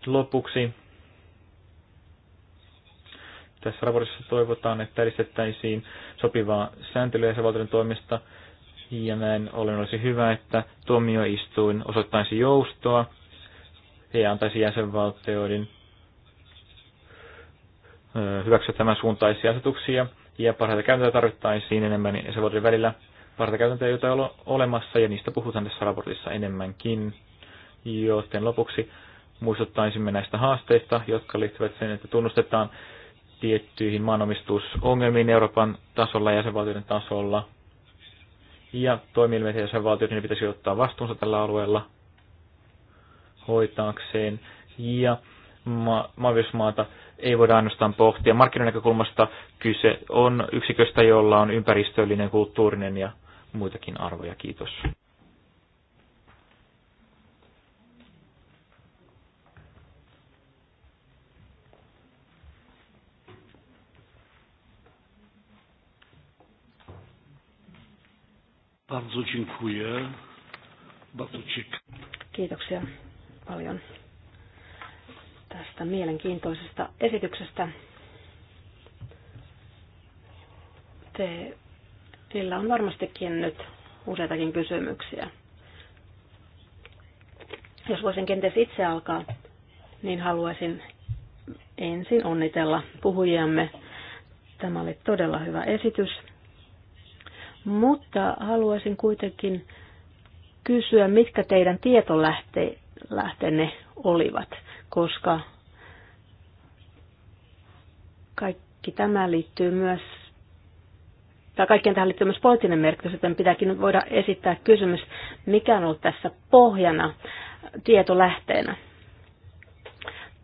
Lopuksi tässä raportissa toivotaan, että edistettäisiin sopivaa sääntelyä jäsenvaltioiden toimesta, ja näin ollen olisi hyvä, että tuomioistuin osoittaisi joustoa ja antaisi jäsenvaltioiden hyväksyä tämän suuntaisia asetuksia, ja parhaita käytäntöjä tarvittaisiin enemmän jäsenvaltioiden välillä. Parhaita käytäntöjä, joita ei ole olemassa, ja niistä puhutaan tässä raportissa enemmänkin. Joten lopuksi muistuttaisimme näistä haasteista, jotka liittyvät sen, että tunnustetaan tiettyihin maanomistusongelmiin Euroopan tasolla ja jäsenvaltioiden tasolla. Ja toimielimet ja jäsenvaltiot, niin pitäisi ottaa vastuunsa tällä alueella hoitaakseen. Ja ma- ei voida ainoastaan pohtia. Markkinoiden näkökulmasta kyse on yksiköstä, jolla on ympäristöllinen, kulttuurinen ja muitakin arvoja. Kiitos. Bardzo dziękuję. Bardzo Kiitoksia paljon tästä mielenkiintoisesta esityksestä. Te, teillä on varmastikin nyt useitakin kysymyksiä. Jos voisin kenties itse alkaa, niin haluaisin ensin onnitella puhujiamme. Tämä oli todella hyvä esitys. Mutta haluaisin kuitenkin kysyä, mitkä teidän tietolähteenne olivat, koska kaikki tämä liittyy myös tai kaikkien tähän liittyy myös poliittinen merkitys, joten pitääkin voida esittää kysymys, mikä on ollut tässä pohjana tietolähteenä.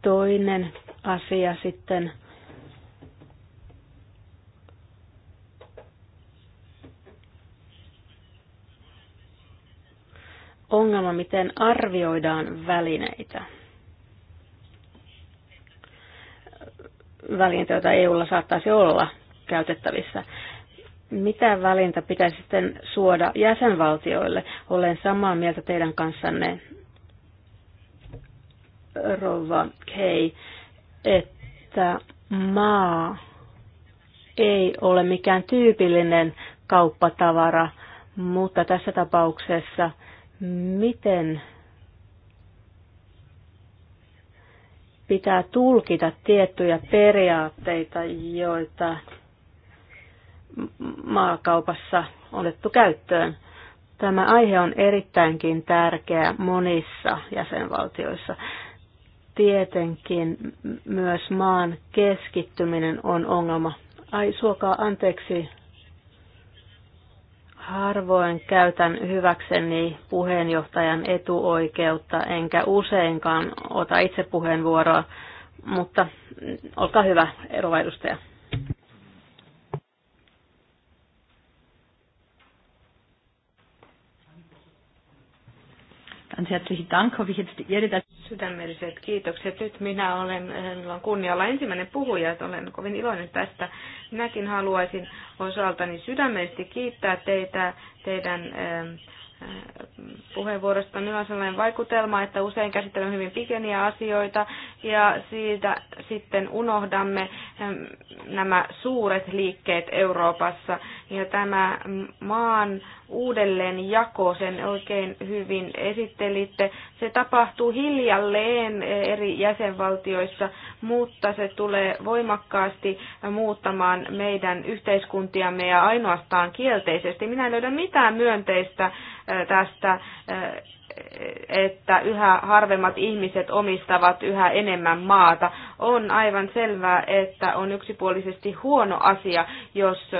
Toinen asia sitten ongelma, miten arvioidaan välineitä. Välineitä, joita EUlla saattaisi olla käytettävissä. Mitä välintä pitäisi sitten suoda jäsenvaltioille? Olen samaa mieltä teidän kanssanne, Rova Kei, että maa ei ole mikään tyypillinen kauppatavara, mutta tässä tapauksessa – miten pitää tulkita tiettyjä periaatteita, joita maakaupassa on otettu käyttöön. Tämä aihe on erittäinkin tärkeä monissa jäsenvaltioissa. Tietenkin myös maan keskittyminen on ongelma. Ai suokaa anteeksi, Harvoin käytän hyväkseni puheenjohtajan etuoikeutta, enkä useinkaan ota itse puheenvuoroa, mutta olkaa hyvä, eroa edustaja. Ganz herzlichen Dank, habe ich jetzt die Ehre, dass... Sydämelliset kiitokset. Nyt minä olen, eh, minulla on kunnia olla ensimmäinen puhuja, että olen kovin iloinen tästä. Minäkin haluaisin osaltani sydämellisesti kiittää teitä teidän eh, eh, puheenvuorosta. Minulla on sellainen vaikutelma, että usein käsittelemme hyvin pikeniä asioita ja siitä sitten unohdamme nämä suuret liikkeet Euroopassa ja tämä maan jako, sen oikein hyvin esittelitte, se tapahtuu hiljalleen eri jäsenvaltioissa, mutta se tulee voimakkaasti muuttamaan meidän yhteiskuntiamme ja ainoastaan kielteisesti. Minä en löydä mitään myönteistä tästä että yhä harvemmat ihmiset omistavat yhä enemmän maata. On aivan selvää, että on yksipuolisesti huono asia, jos äm,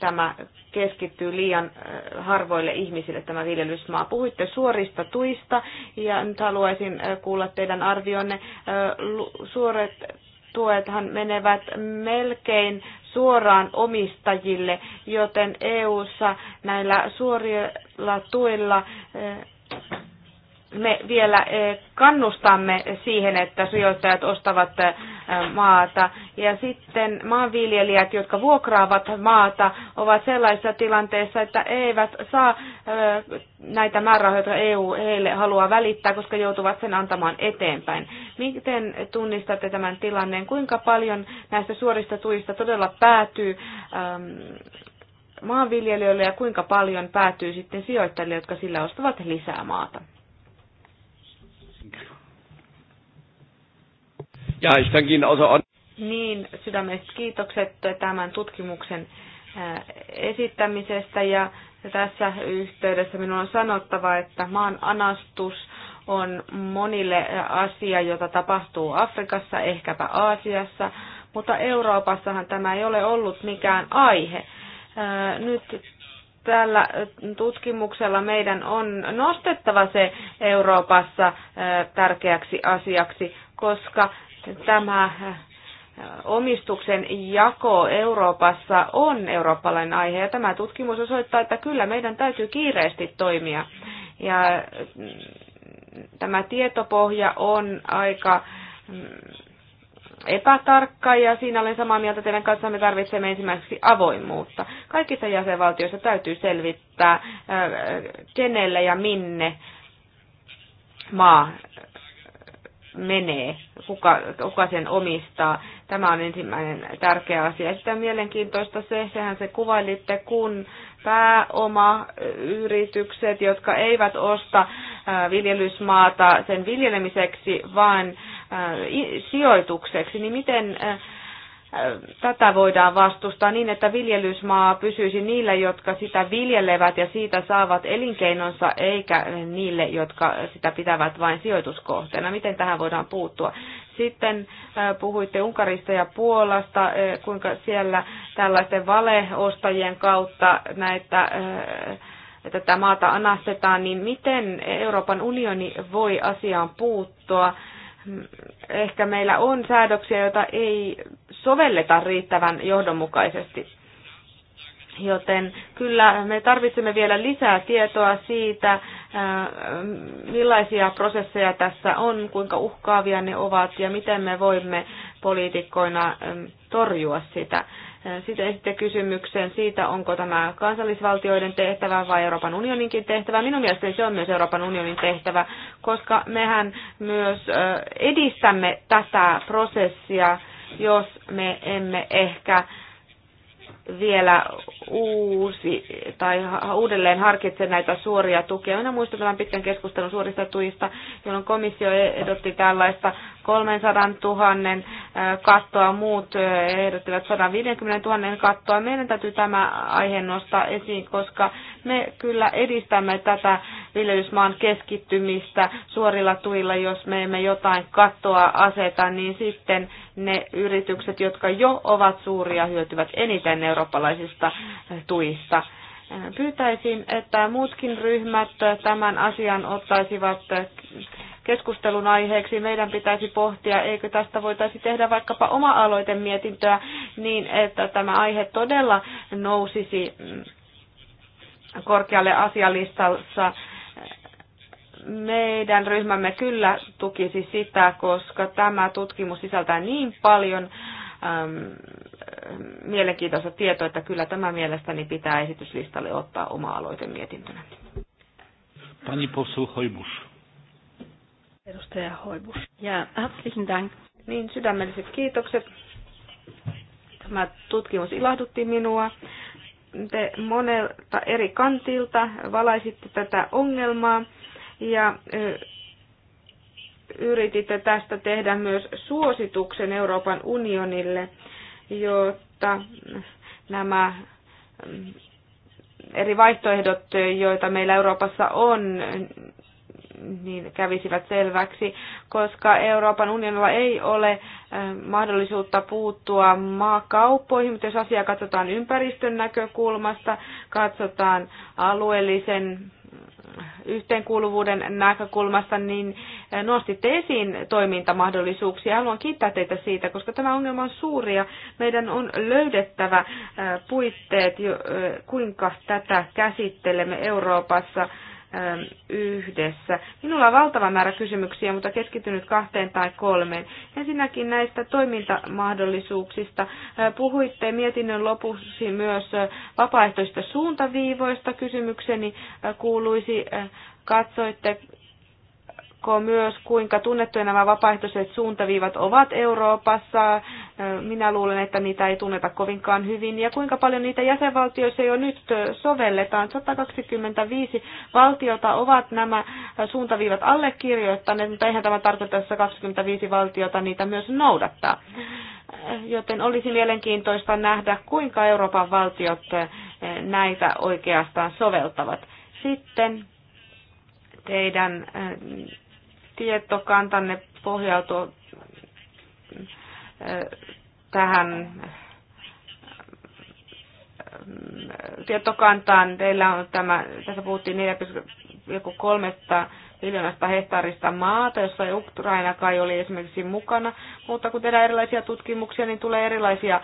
tämä keskittyy liian äh, harvoille ihmisille tämä viljelysmaa. Puhuitte suorista tuista ja nyt haluaisin äh, kuulla teidän arvionne. Äh, suoret tuethan menevät melkein suoraan omistajille, joten EU:ssa näillä suorilla tuilla me vielä eh, kannustamme siihen, että sijoittajat ostavat eh, maata. Ja sitten maanviljelijät, jotka vuokraavat maata, ovat sellaisessa tilanteessa, että eivät saa eh, näitä määrärahoja, joita EU heille haluaa välittää, koska joutuvat sen antamaan eteenpäin. Miten tunnistatte tämän tilanteen? Kuinka paljon näistä suorista tuista todella päätyy ehm, maanviljelijöille ja kuinka paljon päätyy sitten sijoittajille, jotka sillä ostavat lisää maata? Ja, istankin osa on. Niin, sydämestä kiitokset tämän tutkimuksen äh, esittämisestä ja tässä yhteydessä minun on sanottava, että maan anastus on monille asia, jota tapahtuu Afrikassa, ehkäpä Aasiassa, mutta Euroopassahan tämä ei ole ollut mikään aihe. Nyt tällä tutkimuksella meidän on nostettava se Euroopassa tärkeäksi asiaksi, koska tämä omistuksen jako Euroopassa on eurooppalainen aihe ja tämä tutkimus osoittaa, että kyllä meidän täytyy kiireesti toimia. Ja mm, tämä tietopohja on aika mm, epätarkka ja siinä olen samaa mieltä teidän kanssa, me tarvitsemme ensimmäiseksi avoimuutta. Kaikissa jäsenvaltioissa täytyy selvittää, kenelle ja minne maa menee, kuka, kuka sen omistaa. Tämä on ensimmäinen tärkeä asia. Sitten on mielenkiintoista se, sehän se kuvailitte, kun pääomayritykset, jotka eivät osta viljelysmaata sen viljelemiseksi, vaan Äh, sijoitukseksi, niin miten äh, äh, tätä voidaan vastustaa niin, että viljelysmaa pysyisi niillä, jotka sitä viljelevät ja siitä saavat elinkeinonsa, eikä niille, jotka sitä pitävät vain sijoituskohteena. Miten tähän voidaan puuttua? Sitten puhuitte Unkarista ja Puolasta, kuinka siellä tällaisten valeostajien kautta näitä tätä maata anastetaan, niin miten Euroopan unioni voi asiaan puuttua? ehkä meillä on säädöksiä, joita ei sovelleta riittävän johdonmukaisesti. Joten kyllä me tarvitsemme vielä lisää tietoa siitä, äh, millaisia prosesseja tässä on, kuinka uhkaavia ne ovat ja miten me voimme poliitikkoina ähm, torjua sitä. Sitten esitte kysymyksen siitä, onko tämä kansallisvaltioiden tehtävä vai Euroopan unioninkin tehtävä. Minun mielestäni se on myös Euroopan unionin tehtävä, koska mehän myös edistämme tätä prosessia, jos me emme ehkä vielä uusi tai uudelleen harkitse näitä suoria tukia. Minä muistutan pitkän keskustelun suorista tuista, jolloin komissio e- ehdotti tällaista 300 000 äh, kattoa, muut äh, ehdottivat 150 000 kattoa. Meidän täytyy tämä aihe nostaa esiin, koska me kyllä edistämme tätä viljelysmaan keskittymistä suorilla tuilla. Jos me emme jotain kattoa aseta, niin sitten ne yritykset, jotka jo ovat suuria, hyötyvät eniten eurooppalaisista tuista. Pyytäisin, että muutkin ryhmät tämän asian ottaisivat keskustelun aiheeksi. Meidän pitäisi pohtia, eikö tästä voitaisi tehdä vaikkapa oma aloitemietintöä niin, että tämä aihe todella nousisi mm, korkealle asialistassa meidän ryhmämme kyllä tukisi sitä, koska tämä tutkimus sisältää niin paljon äm, mielenkiintoista tietoa, että kyllä tämä mielestäni pitää esityslistalle ottaa oma aloitemietintönä. Pani possu Hoibus. Edustaja Hoibus. Ja herzlichen Dank. Niin, sydämelliset kiitokset. Tämä tutkimus ilahdutti minua. Te monelta eri kantilta valaisitte tätä ongelmaa ja yrititte tästä tehdä myös suosituksen Euroopan unionille, jotta nämä mm, eri vaihtoehdot, joita meillä Euroopassa on, niin kävisivät selväksi, koska Euroopan unionilla ei ole äh, mahdollisuutta puuttua maakauppoihin, mutta jos asiaa katsotaan ympäristön näkökulmasta, katsotaan alueellisen äh, yhteenkuuluvuuden näkökulmasta, niin äh, nostitte esiin toimintamahdollisuuksia. Haluan kiittää teitä siitä, koska tämä ongelma on suuri ja meidän on löydettävä puitteet, kuinka tätä käsittelemme Euroopassa yhdessä. Minulla on valtava määrä kysymyksiä, mutta nyt kahteen tai kolmeen. Ensinnäkin näistä toimintamahdollisuuksista. Puhuitte mietinnön lopuksi myös vapaaehtoista suuntaviivoista. Kysymykseni kuuluisi, katsoitte kertoo myös, kuinka tunnettuja nämä vapaaehtoiset suuntaviivat ovat Euroopassa. Minä luulen, että niitä ei tunneta kovinkaan hyvin. Ja kuinka paljon niitä jäsenvaltioissa jo nyt sovelletaan. 125 valtiota ovat nämä suuntaviivat allekirjoittaneet, mutta eihän tämä tarkoita, että 25 valtiota niitä myös noudattaa. Joten olisi mielenkiintoista nähdä, kuinka Euroopan valtiot näitä oikeastaan soveltavat. Sitten teidän tietokantanne pohjautuu tähän tietokantaan. Teillä on tämä, tässä puhuttiin 4,3 miljoonasta hehtaarista maata, jossa ei kai oli esimerkiksi mukana, mutta kun tehdään erilaisia tutkimuksia, niin tulee erilaisia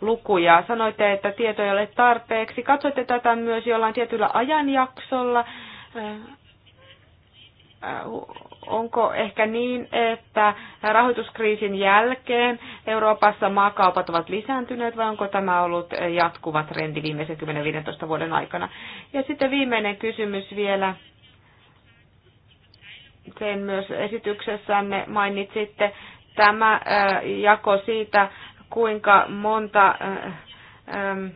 lukuja. Sanoitte, että tietoja ei ole tarpeeksi. Katsoitte tätä myös jollain tietyllä ajanjaksolla. Äh, onko ehkä niin, että rahoituskriisin jälkeen Euroopassa maakaupat ovat lisääntyneet vai onko tämä ollut jatkuva trendi viimeisen 10-15 vuoden aikana? Ja sitten viimeinen kysymys vielä. Sen myös esityksessänne mainitsitte tämä äh, jako siitä, kuinka monta äh, ähm,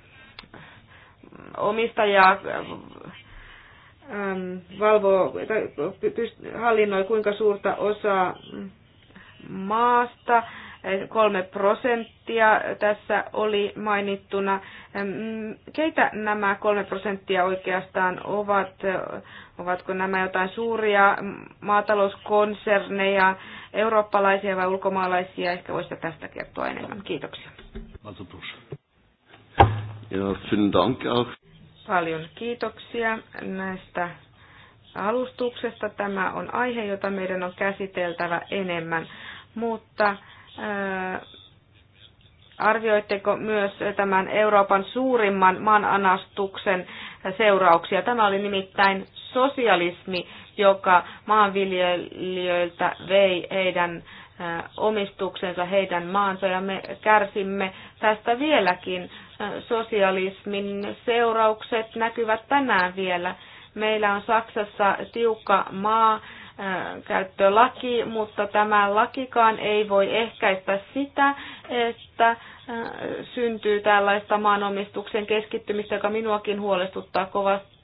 omistajaa Ähm, valvoo, tai hallinnoi kuinka suurta osaa maasta. Äh, kolme prosenttia tässä oli mainittuna. Ähm, keitä nämä kolme prosenttia oikeastaan ovat? Äh, ovatko nämä jotain suuria maatalouskonserneja, eurooppalaisia vai ulkomaalaisia? Ehkä voisitte tästä kertoa enemmän. Kiitoksia. Ja, vielen Dank auch. Paljon kiitoksia näistä alustuksesta. Tämä on aihe, jota meidän on käsiteltävä enemmän, mutta äh, arvioitteko myös tämän Euroopan suurimman maananastuksen seurauksia? Tämä oli nimittäin sosialismi, joka maanviljelijöiltä vei heidän äh, omistuksensa, heidän maansa, ja me kärsimme tästä vieläkin sosialismin seuraukset näkyvät tänään vielä. Meillä on Saksassa tiukka maa, äh, käyttölaki, mutta tämä lakikaan ei voi ehkäistä sitä, että äh, syntyy tällaista maanomistuksen keskittymistä, joka minuakin huolestuttaa kovasti.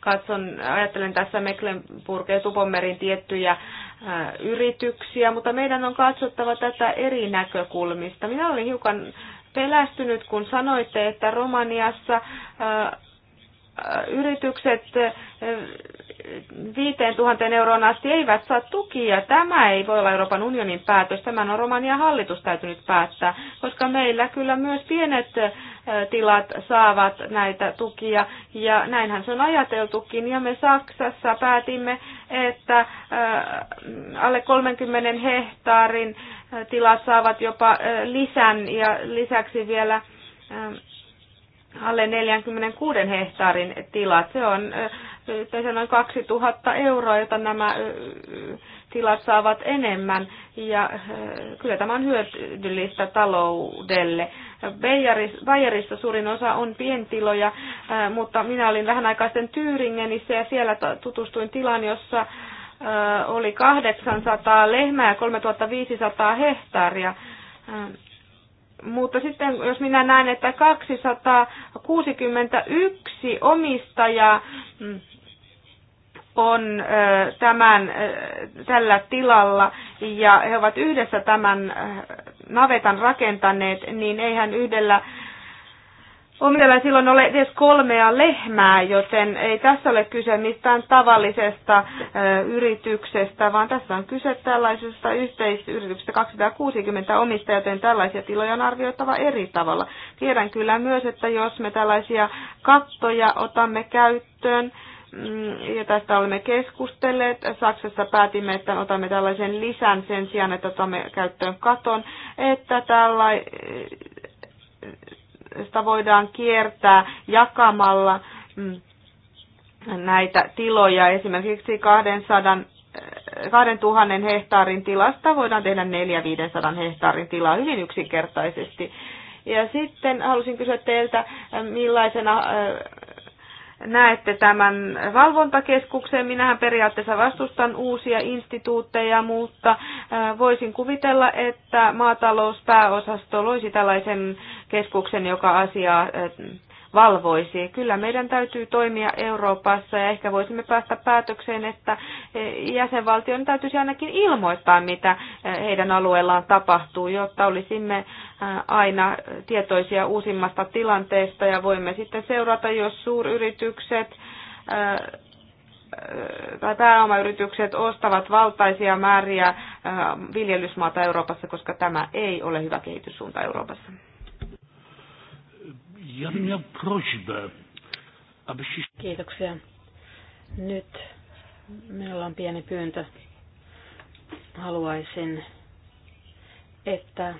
Katson, ajattelen tässä Mecklenburg ja Tupomerin tiettyjä äh, yrityksiä, mutta meidän on katsottava tätä eri näkökulmista. Minä olin hiukan pelästynyt, kun sanoitte, että Romaniassa yritykset 5000 euroon asti eivät saa tukia. Tämä ei voi olla Euroopan unionin päätös, tämän on Romanian hallitus täytynyt päättää, koska meillä kyllä myös pienet tilat saavat näitä tukia ja näinhän se on ajateltukin ja me Saksassa päätimme, että alle 30 hehtaarin tilat saavat jopa lisän ja lisäksi vielä alle 46 hehtaarin tilat. Se on yhteensä noin 2000 euroa, jota nämä tilat saavat enemmän. Ja kyllä tämä on hyödyllistä taloudelle. Bayerissa suurin osa on pientiloja, mutta minä olin vähän aikaa sitten Tyyringenissä ja siellä tutustuin tilaan, jossa oli 800 lehmää ja 3500 hehtaaria mutta sitten jos minä näen, että 261 omistajaa mm, on tämän, tällä tilalla ja he ovat yhdessä tämän navetan rakentaneet, niin eihän yhdellä Omilla ei silloin ole edes kolmea lehmää, joten ei tässä ole kyse mistään tavallisesta ö, yrityksestä, vaan tässä on kyse tällaisesta yhteisyrityksestä 260 omista, joten tällaisia tiloja on arvioitava eri tavalla. Tiedän kyllä myös, että jos me tällaisia kattoja otamme käyttöön, mm, ja tästä olemme keskustelleet. Saksassa päätimme, että otamme tällaisen lisän sen sijaan, että otamme käyttöön katon, että tällainen sitä voidaan kiertää jakamalla mm, näitä tiloja. Esimerkiksi 200 2000 eh, hehtaarin tilasta voidaan tehdä 400-500 hehtaarin tilaa hyvin yksinkertaisesti. Ja sitten halusin kysyä teiltä, eh, millaisena eh, näette tämän valvontakeskuksen. Minähän periaatteessa vastustan uusia instituutteja, mutta voisin kuvitella, että maatalouspääosasto loisi tällaisen keskuksen, joka asiaa valvoisi. Kyllä meidän täytyy toimia Euroopassa ja ehkä voisimme päästä päätökseen, että jäsenvaltion täytyisi ainakin ilmoittaa, mitä heidän alueellaan tapahtuu, jotta olisimme aina tietoisia uusimmasta tilanteesta ja voimme sitten seurata, jos suuryritykset tai pääomayritykset ostavat valtaisia määriä viljelysmaata Euroopassa, koska tämä ei ole hyvä kehityssuunta Euroopassa. Ja bym miał prośbę, abyście... Kiitoksia. Nyt minulla on pieni pyyntö. Haluaisin, että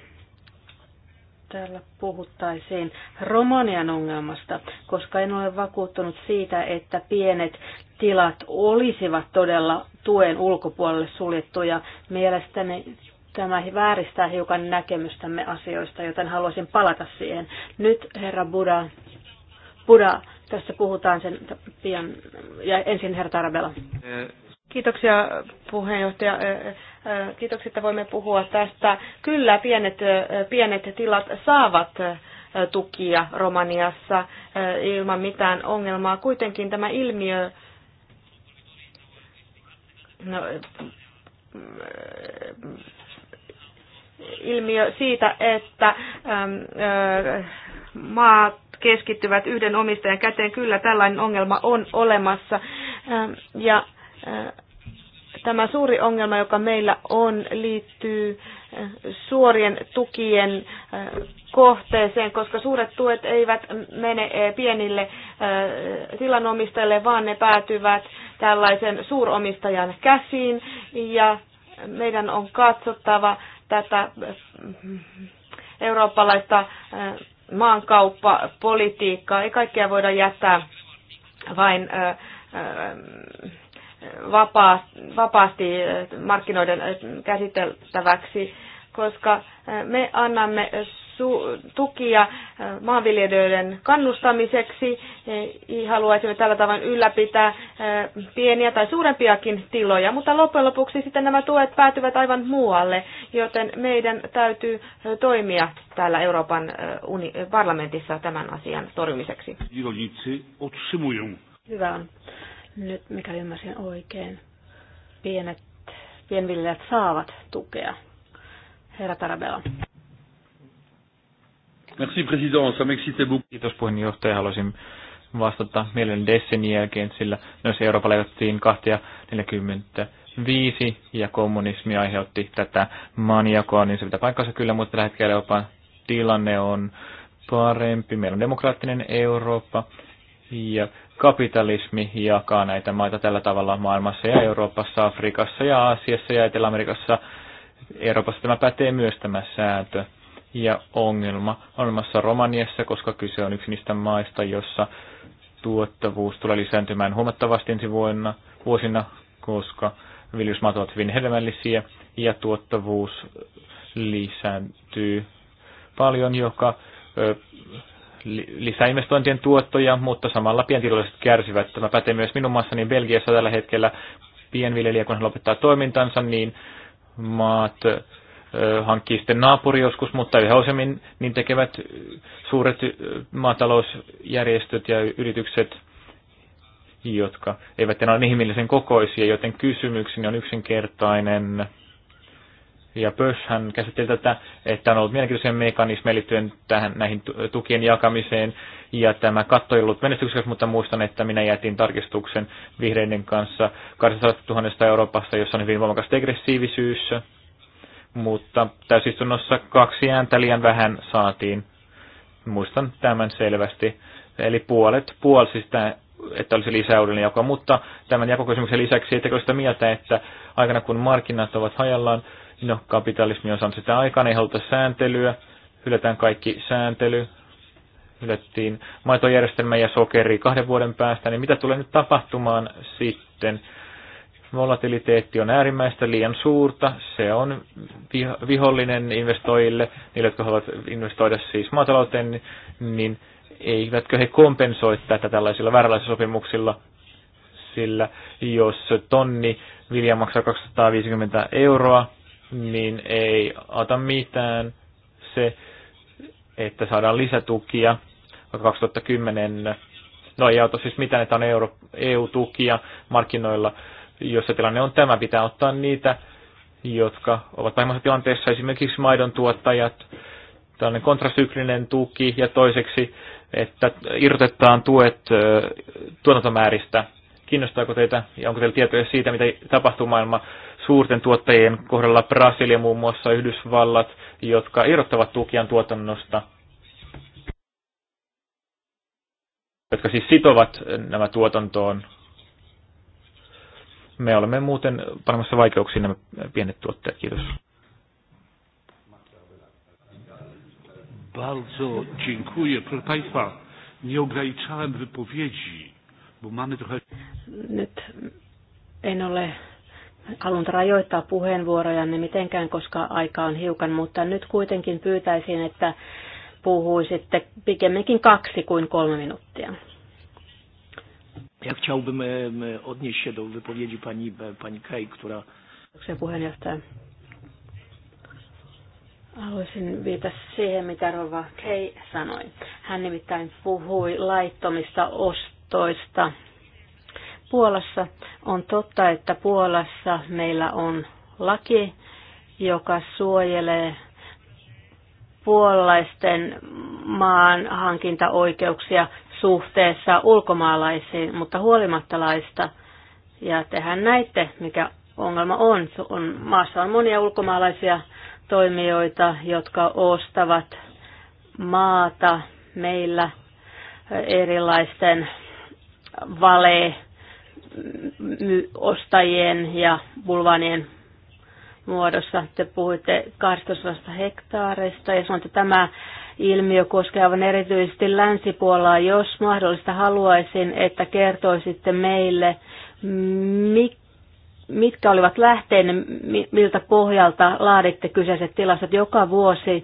täällä puhuttaisiin Romanian ongelmasta, koska en ole vakuuttunut siitä, että pienet tilat olisivat todella tuen ulkopuolelle suljettuja. Mielestäni Tämä vääristää hiukan näkemystämme asioista, joten haluaisin palata siihen. Nyt herra Buddha, Buddha tässä puhutaan sen pian, ja ensin herra Tarabella. Kiitoksia puheenjohtaja. Kiitoksia, että voimme puhua tästä. Kyllä, pienet, pienet tilat saavat tukia Romaniassa ilman mitään ongelmaa. Kuitenkin tämä ilmiö no, ilmiö siitä, että maat keskittyvät yhden omistajan käteen. Kyllä tällainen ongelma on olemassa. Ja tämä suuri ongelma, joka meillä on, liittyy suorien tukien kohteeseen, koska suuret tuet eivät mene pienille tilanomistajille, vaan ne päätyvät tällaisen suuromistajan käsiin ja meidän on katsottava tätä äh, eurooppalaista äh, maankauppapolitiikkaa. Ei kaikkea voida jättää vain äh, vapaasti markkinoiden käsiteltäväksi, koska me annamme su- tukia äh, maanviljelijöiden kannustamiseksi. Haluaisimme tällä tavoin ylläpitää äh, pieniä tai suurempiakin tiloja, mutta loppujen lopuksi sitten nämä tuet päätyvät aivan muualle, joten meidän täytyy äh, toimia täällä Euroopan parlamentissa tämän asian torjumiseksi. Hyvä on. Nyt mikäli ymmärsin oikein, pienet pienviljelijät saavat tukea. Herra Tarabella. Merci, président, Ça m'excitait beaucoup. Kiitos puheenjohtaja. Haluaisin vastata mielen Dessin jälkeen, sillä myös Eurooppa leivottiin 245 ja kommunismi aiheutti tätä maaniakoa, niin se pitää paikkansa kyllä, mutta tällä hetkellä Euroopan tilanne on parempi. Meillä on demokraattinen Eurooppa ja kapitalismi jakaa näitä maita tällä tavalla maailmassa ja Euroopassa, Afrikassa ja Aasiassa ja Etelä-Amerikassa. Euroopassa tämä pätee myös tämä sääntö ja ongelma on olemassa Romaniassa, koska kyse on yksi niistä maista, jossa tuottavuus tulee lisääntymään huomattavasti ensi vuonna, vuosina, koska viljelysmaat ovat hyvin hedelmällisiä ja tuottavuus lisääntyy paljon, joka lisää investointien tuottoja, mutta samalla pientilalliset kärsivät. Tämä pätee myös minun maassani Belgiassa tällä hetkellä pienviljelijä, kun hän lopettaa toimintansa, niin maat hankkii sitten naapuri joskus, mutta yhä useammin niin tekevät suuret maatalousjärjestöt ja yritykset, jotka eivät enää ole ihmillisen kokoisia, joten kysymykseni on yksinkertainen. Ja Pöshän käsitteli tätä, että on ollut mielenkiintoisia mekanismeja liittyen tähän, näihin tukien jakamiseen. Ja tämä katto ei ollut menestyksessä, mutta muistan, että minä jätin tarkistuksen vihreiden kanssa 200 000 Euroopassa, jossa on hyvin voimakas degressiivisyys mutta täysistunnossa kaksi ääntä liian vähän saatiin. Muistan tämän selvästi. Eli puolet puolsi sitä, siis että olisi lisää jako, mutta tämän jakokysymyksen lisäksi, ettekö sitä mieltä, että aikana kun markkinat ovat hajallaan, no kapitalismi on saanut sitä aikaan, ei haluta sääntelyä, hylätään kaikki sääntely, hylättiin maitojärjestelmä ja sokeri kahden vuoden päästä, niin mitä tulee nyt tapahtumaan sitten? Volatiliteetti on äärimmäistä liian suurta. Se on vihollinen investoijille, niille, jotka haluavat investoida siis maatalouteen, niin eivätkö he kompensoi tätä tällaisilla vääränlaisilla sopimuksilla, sillä jos tonni vilja maksaa 250 euroa, niin ei ota mitään se, että saadaan lisätukia, vaikka 2010, no ei auta siis mitään, että on euro, EU-tukia markkinoilla jos se tilanne on tämä, pitää ottaa niitä, jotka ovat pahimmassa tilanteessa, esimerkiksi maidon tuottajat, tällainen kontrasyklinen tuki ja toiseksi, että irrotetaan tuet tuotantomääristä. Kiinnostaako teitä ja onko teillä tietoja siitä, mitä tapahtuu maailma suurten tuottajien kohdalla Brasilia muun muassa Yhdysvallat, jotka irrottavat tukian tuotannosta, jotka siis sitovat nämä tuotantoon me olemme muuten panemassa vaikeuksiin nämä pienet tuotteet. Kiitos. Bardzo dziękuję. Proszę Państwa, nie ograniczałem wypowiedzi, bo mamy trochę... Nyt en ole halunnut rajoittaa puheenvuorojanne mitenkään, koska aika on hiukan, mutta nyt kuitenkin pyytäisin, että puhuisitte pikemminkin kaksi kuin kolme minuuttia. Ja chciałbym odnieść się do wypowiedzi pani, e, pani Kej, która... Kiitoksia puheenjohtaja. Haluaisin viitata siihen, mitä Rova Kei sanoi. Hän nimittäin puhui laittomista ostoista. Puolassa on totta, että Puolassa meillä on laki, joka suojelee puolalaisten maan hankintaoikeuksia suhteessa ulkomaalaisiin, mutta huolimatta laista. Ja tehän näitte, mikä ongelma on. on. Maassa on monia ulkomaalaisia toimijoita, jotka ostavat maata meillä erilaisten vale ostajien ja bulvanien muodossa. Te puhuitte 12 hektaareista ja sanoitte, että tämä ilmiö koskee aivan erityisesti länsipuolaa. Jos mahdollista haluaisin, että kertoisitte meille, mitkä olivat lähteen, miltä pohjalta laaditte kyseiset tilastot joka vuosi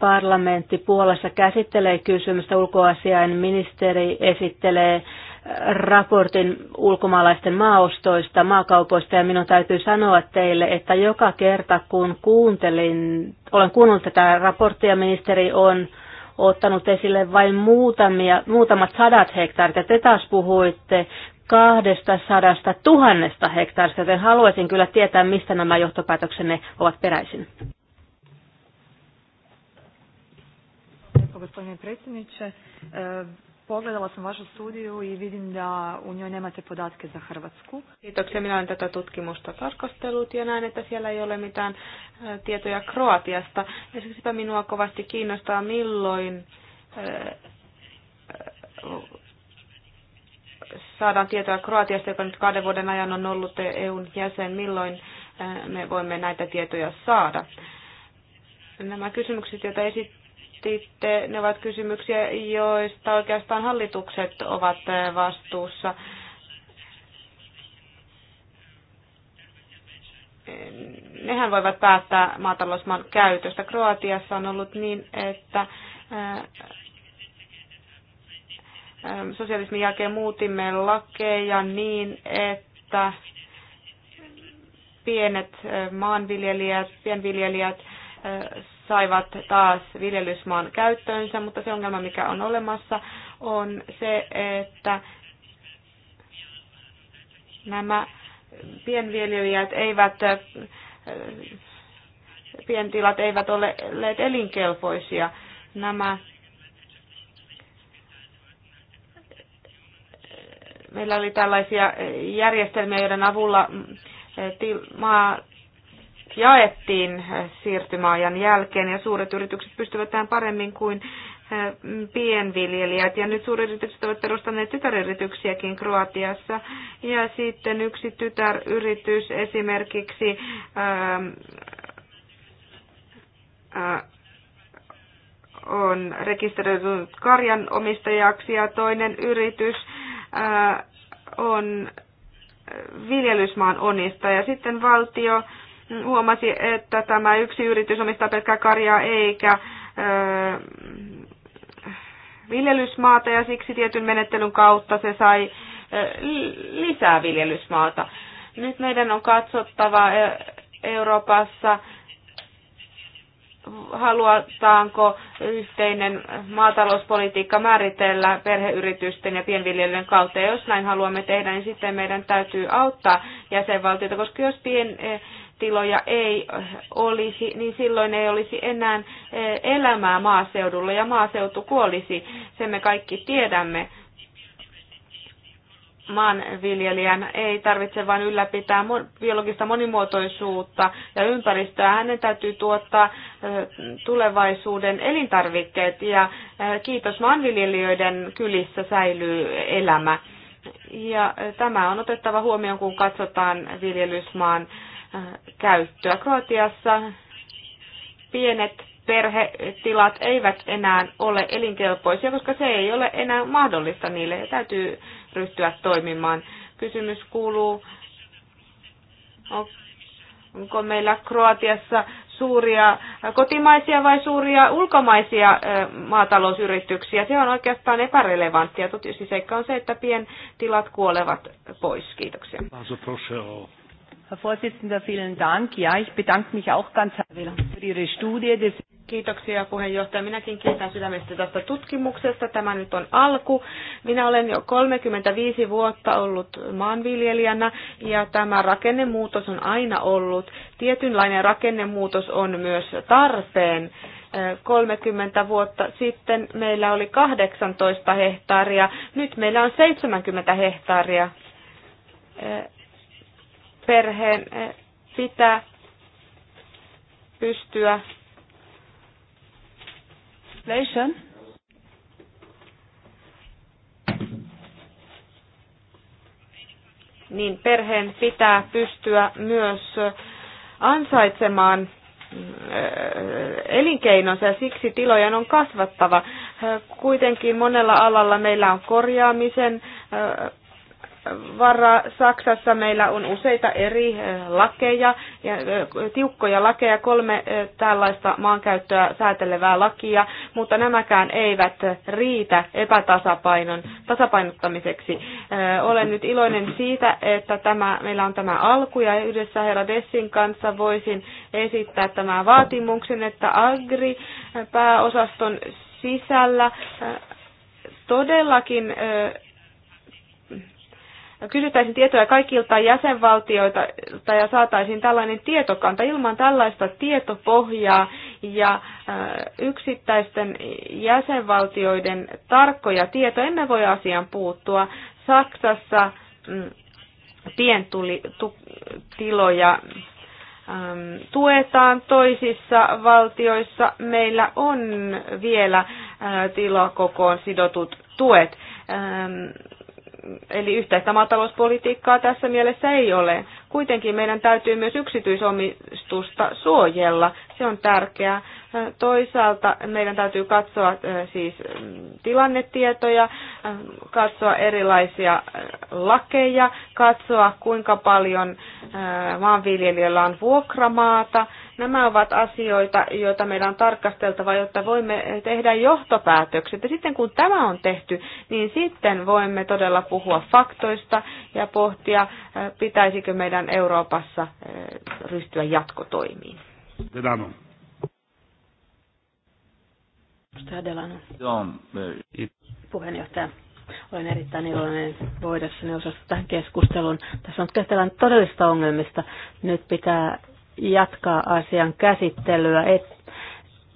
parlamentti Puolassa käsittelee kysymystä. Ulkoasiain ministeri esittelee äh, raportin ulkomaalaisten maaostoista, maakaupoista ja minun täytyy sanoa teille, että joka kerta kun kuuntelin, olen kuunnellut tätä raporttia, ministeri on ottanut esille vain muutamia, muutamat sadat hehtaarit ja te taas puhuitte kahdesta sadasta tuhannesta hektaarista, joten haluaisin kyllä tietää, mistä nämä johtopäätöksenne ovat peräisin. lijepo gospodine predsjedniče. E, pogledala sam vašu studiju i vidim da u njoj nemate podatke za Hrvatsku. Kiitoksia. Minä olen tätä tutkimusta tarkastellut ja näen, että siellä ei ole mitään e, tietoja Kroatiasta. Ja siksipä minua kovasti kiinnostaa, milloin e, saadaan tietoa Kroatiasta, joka nyt kahden vuoden ajan on ollut EUn jäsen, milloin me voimme näitä tietoja saada. Nämä kysymykset, joita esit esititte, ne ovat kysymyksiä, joista oikeastaan hallitukset ovat vastuussa. Nehän voivat päättää maatalousmaan käytöstä. Kroatiassa on ollut niin, että sosialismin jälkeen muutimme lakeja niin, että pienet maanviljelijät, pienviljelijät saivat taas viljelysmaan käyttöönsä, mutta se ongelma, mikä on olemassa, on se, että nämä pienviljelijät eivät, äh, pientilat eivät ole olleet elinkelpoisia. Nämä meillä oli tällaisia järjestelmiä, joiden avulla äh, maa, jaettiin eh, siirtymäajan jälkeen ja suuret yritykset pystyvät tähän paremmin kuin eh, pienviljelijät. Ja nyt suuryritykset ovat perustaneet tytäryrityksiäkin Kroatiassa. Ja sitten yksi tytäryritys esimerkiksi ää, ähm, ää, äh, on rekisteröitynyt karjan omistajaksi ja toinen yritys ää, äh, on äh, viljelysmaan onista. Ja sitten valtio huomasi, että tämä yksi yritys omistaa pelkkää karjaa eikä viljelysmaata ja siksi tietyn menettelyn kautta se sai lisää viljelysmaata. Nyt meidän on katsottava Euroopassa, haluataanko yhteinen maatalouspolitiikka määritellä perheyritysten ja pienviljelijöiden kautta. Ja jos näin haluamme tehdä, niin sitten meidän täytyy auttaa jäsenvaltioita, koska jos pien tiloja ei eh, olisi, niin silloin ei olisi enää eh, elämää maaseudulla ja maaseutu kuolisi. Se me kaikki tiedämme. Maanviljelijän ei tarvitse vain ylläpitää biologista monimuotoisuutta ja ympäristöä. Hänen täytyy tuottaa eh, tulevaisuuden elintarvikkeet ja kiitos maanviljelijöiden kylissä säilyy elämä. Ja tämä on otettava huomioon, kun katsotaan viljelysmaan Äh, käyttöä. Kroatiassa pienet perhetilat eivät enää ole elinkelpoisia, koska se ei ole enää mahdollista niille ja täytyy ryhtyä toimimaan. Kysymys kuuluu, onko meillä Kroatiassa suuria kotimaisia vai suuria ulkomaisia äh, maatalousyrityksiä. Se on oikeastaan epärelevanttia. Tietysti seikka on se, että pientilat kuolevat pois. Kiitoksia. Herr Vorsitzender, vielen Dank. Ja, ich bedanke mich auch ganz herzlich für Ihre Studie. Des Kiitoksia puheenjohtaja. Minäkin kiitän sydämestä tästä tutkimuksesta. Tämä nyt on alku. Minä olen jo 35 vuotta ollut maanviljelijänä ja tämä rakennemuutos on aina ollut. Tietynlainen rakennemuutos on myös tarpeen. 30 vuotta sitten meillä oli 18 hehtaaria, nyt meillä on 70 hehtaaria perheen eh, pitää pystyä Leishan. Niin perheen pitää pystyä myös eh, ansaitsemaan eh, elinkeinonsa ja siksi tilojen on kasvattava. Kuitenkin monella alalla meillä on korjaamisen vara Saksassa meillä on useita eri eh, lakeja, ja, eh, tiukkoja lakeja, kolme eh, tällaista maankäyttöä säätelevää lakia, mutta nämäkään eivät riitä epätasapainon tasapainottamiseksi. Olen nyt iloinen siitä, että tämä, meillä on tämä alku, ja yhdessä herra Dessin kanssa voisin esittää tämän vaatimuksen, että Agri-pääosaston sisällä todellakin kysyttäisiin tietoja kaikilta jäsenvaltioilta ja saataisiin tällainen tietokanta. Ilman tällaista tietopohjaa ja äh, yksittäisten jäsenvaltioiden tarkkoja tietoja emme voi asiaan puuttua. Saksassa mm, pientiloja tuetaan toisissa valtioissa. Meillä on vielä äh, tilakokoon sidotut tuet Eli yhteistä maatalouspolitiikkaa tässä mielessä ei ole. Kuitenkin meidän täytyy myös yksityisomistusta suojella. Se on tärkeää. Toisaalta meidän täytyy katsoa siis mm, tilannetietoja, katsoa erilaisia lakeja, katsoa kuinka paljon maanviljelijöillä on vuokramaata. Nämä ovat asioita, joita meidän on tarkasteltava, jotta voimme tehdä johtopäätökset. Ja sitten kun tämä on tehty, niin sitten voimme todella puhua faktoista ja pohtia, pitäisikö meidän Euroopassa ryhtyä jatkotoimiin. Dedano. Edustaja Delano. Joo. Puheenjohtaja. Olen erittäin iloinen voidessani osasta tähän keskusteluun. Tässä on käsitellään todellista ongelmista. Nyt pitää jatkaa asian käsittelyä. Et,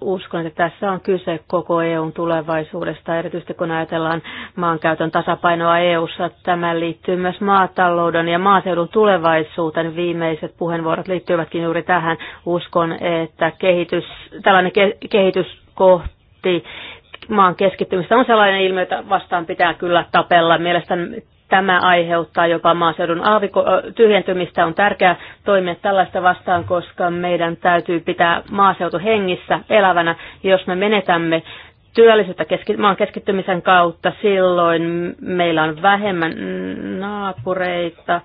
uskon, että tässä on kyse koko EUn tulevaisuudesta, erityisesti kun ajatellaan maankäytön tasapainoa EUssa. Tämä liittyy myös maatalouden ja maaseudun tulevaisuuteen. Viimeiset puheenvuorot liittyvätkin juuri tähän. Uskon, että kehitys, tällainen ke- kehitys tietysti maan keskittymistä on sellainen ilmiö, että vastaan pitää kyllä tapella. Mielestäni tämä aiheuttaa jopa maaseudun aaviko, tyhjentymistä. On tärkeää toimia tällaista vastaan, koska meidän täytyy pitää maaseutu hengissä elävänä. Jos me menetämme työllisyyttä keski, maan keskittymisen kautta, silloin meillä on vähemmän naapureita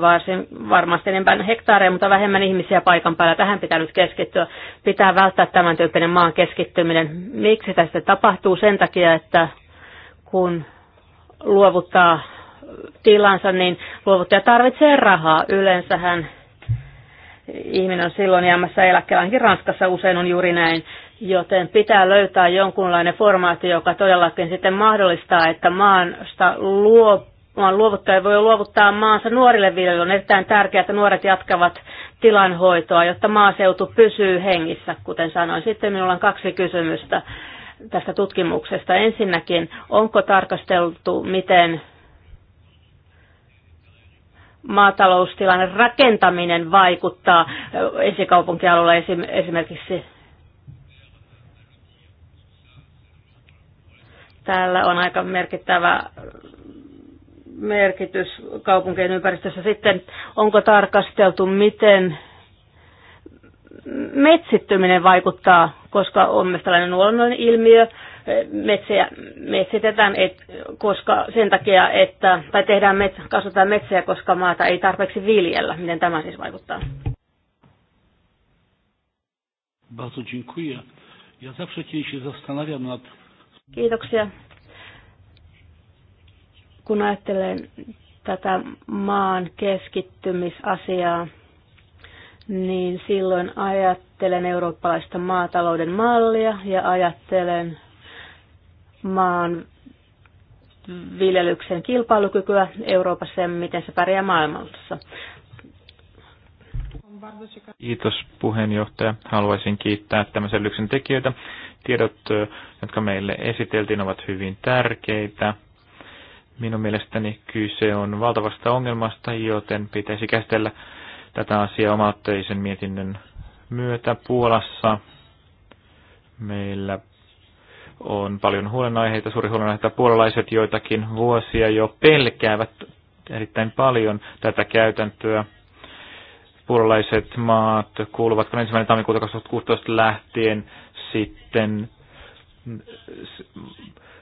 varsin, varmasti enemmän hektaareja, mutta vähemmän ihmisiä paikan päällä. Tähän pitää nyt keskittyä. Pitää välttää tämän tyyppinen maan keskittyminen. Miksi tästä tapahtuu? Sen takia, että kun luovuttaa tilansa, niin luovuttaja tarvitsee rahaa. Yleensähän ihminen on silloin jäämässä eläkkeellä, ainakin Ranskassa usein on juuri näin. Joten pitää löytää jonkunlainen formaatti, joka todellakin sitten mahdollistaa, että maasta luo, maan luovuttaja voi luovuttaa maansa nuorille viljelijöille. On erittäin tärkeää, että nuoret jatkavat tilanhoitoa, jotta maaseutu pysyy hengissä, kuten sanoin. Sitten minulla on kaksi kysymystä tästä tutkimuksesta. Ensinnäkin, onko tarkasteltu, miten maataloustilanne rakentaminen vaikuttaa esikaupunkialueella esimerkiksi? Täällä on aika merkittävä merkitys kaupunkien ympäristössä. Sitten onko tarkasteltu, miten metsittyminen vaikuttaa, koska on myös tällainen luonnollinen ilmiö, metsiä metsitetään, et, koska sen takia, että, tai tehdään mets, kasvataan metsiä, koska maata ei tarpeeksi viljellä. Miten tämä siis vaikuttaa? Bardzo dziękuję. Ja zawsze kiedy się zastanawiam nad... Kiitoksia. Kun ajattelen tätä maan keskittymisasiaa, niin silloin ajattelen eurooppalaista maatalouden mallia ja ajattelen maan viljelyksen kilpailukykyä Euroopassa ja miten se pärjää maailmassa. Kiitos puheenjohtaja. Haluaisin kiittää tämän selvityksen tekijöitä. Tiedot, jotka meille esiteltiin, ovat hyvin tärkeitä Minun mielestäni kyse on valtavasta ongelmasta, joten pitäisi käsitellä tätä asiaa omaotteisen mietinnön myötä Puolassa. Meillä on paljon huolenaiheita, suuri huolenaiheita. Puolalaiset joitakin vuosia jo pelkäävät erittäin paljon tätä käytäntöä. Puolalaiset maat kuuluvat ensimmäinen tammikuuta 2016 lähtien sitten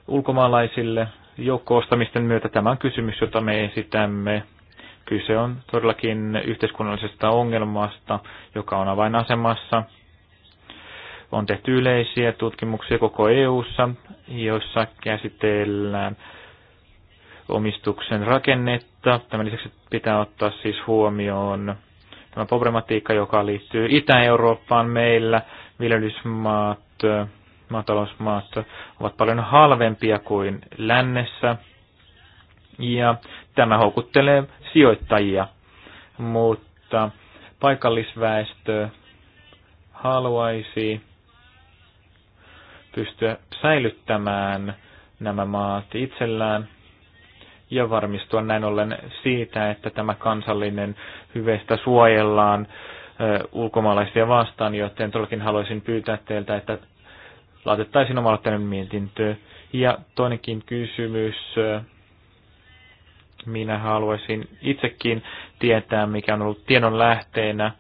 ulkomaalaisille joukkoostamisten myötä. Tämä on kysymys, jota me esitämme. Kyse on todellakin yhteiskunnallisesta ongelmasta, joka on avainasemassa. On tehty yleisiä tutkimuksia koko EU:ssa, joissa käsitellään omistuksen rakennetta. Tämän lisäksi pitää ottaa siis huomioon tämä problematiikka, joka liittyy Itä-Eurooppaan meillä, viljelysmaat, maatalousmaat ovat paljon halvempia kuin lännessä. Ja tämä houkuttelee sijoittajia, mutta paikallisväestö haluaisi pystyä säilyttämään nämä maat itsellään ja varmistua näin ollen siitä, että tämä kansallinen hyveistä suojellaan ulkomaalaisia vastaan, joten todellakin haluaisin pyytää teiltä, että laitettaisiin omalla tänne mietintöön. Ja toinenkin kysymys, minä haluaisin itsekin tietää, mikä on ollut tiedon lähteenä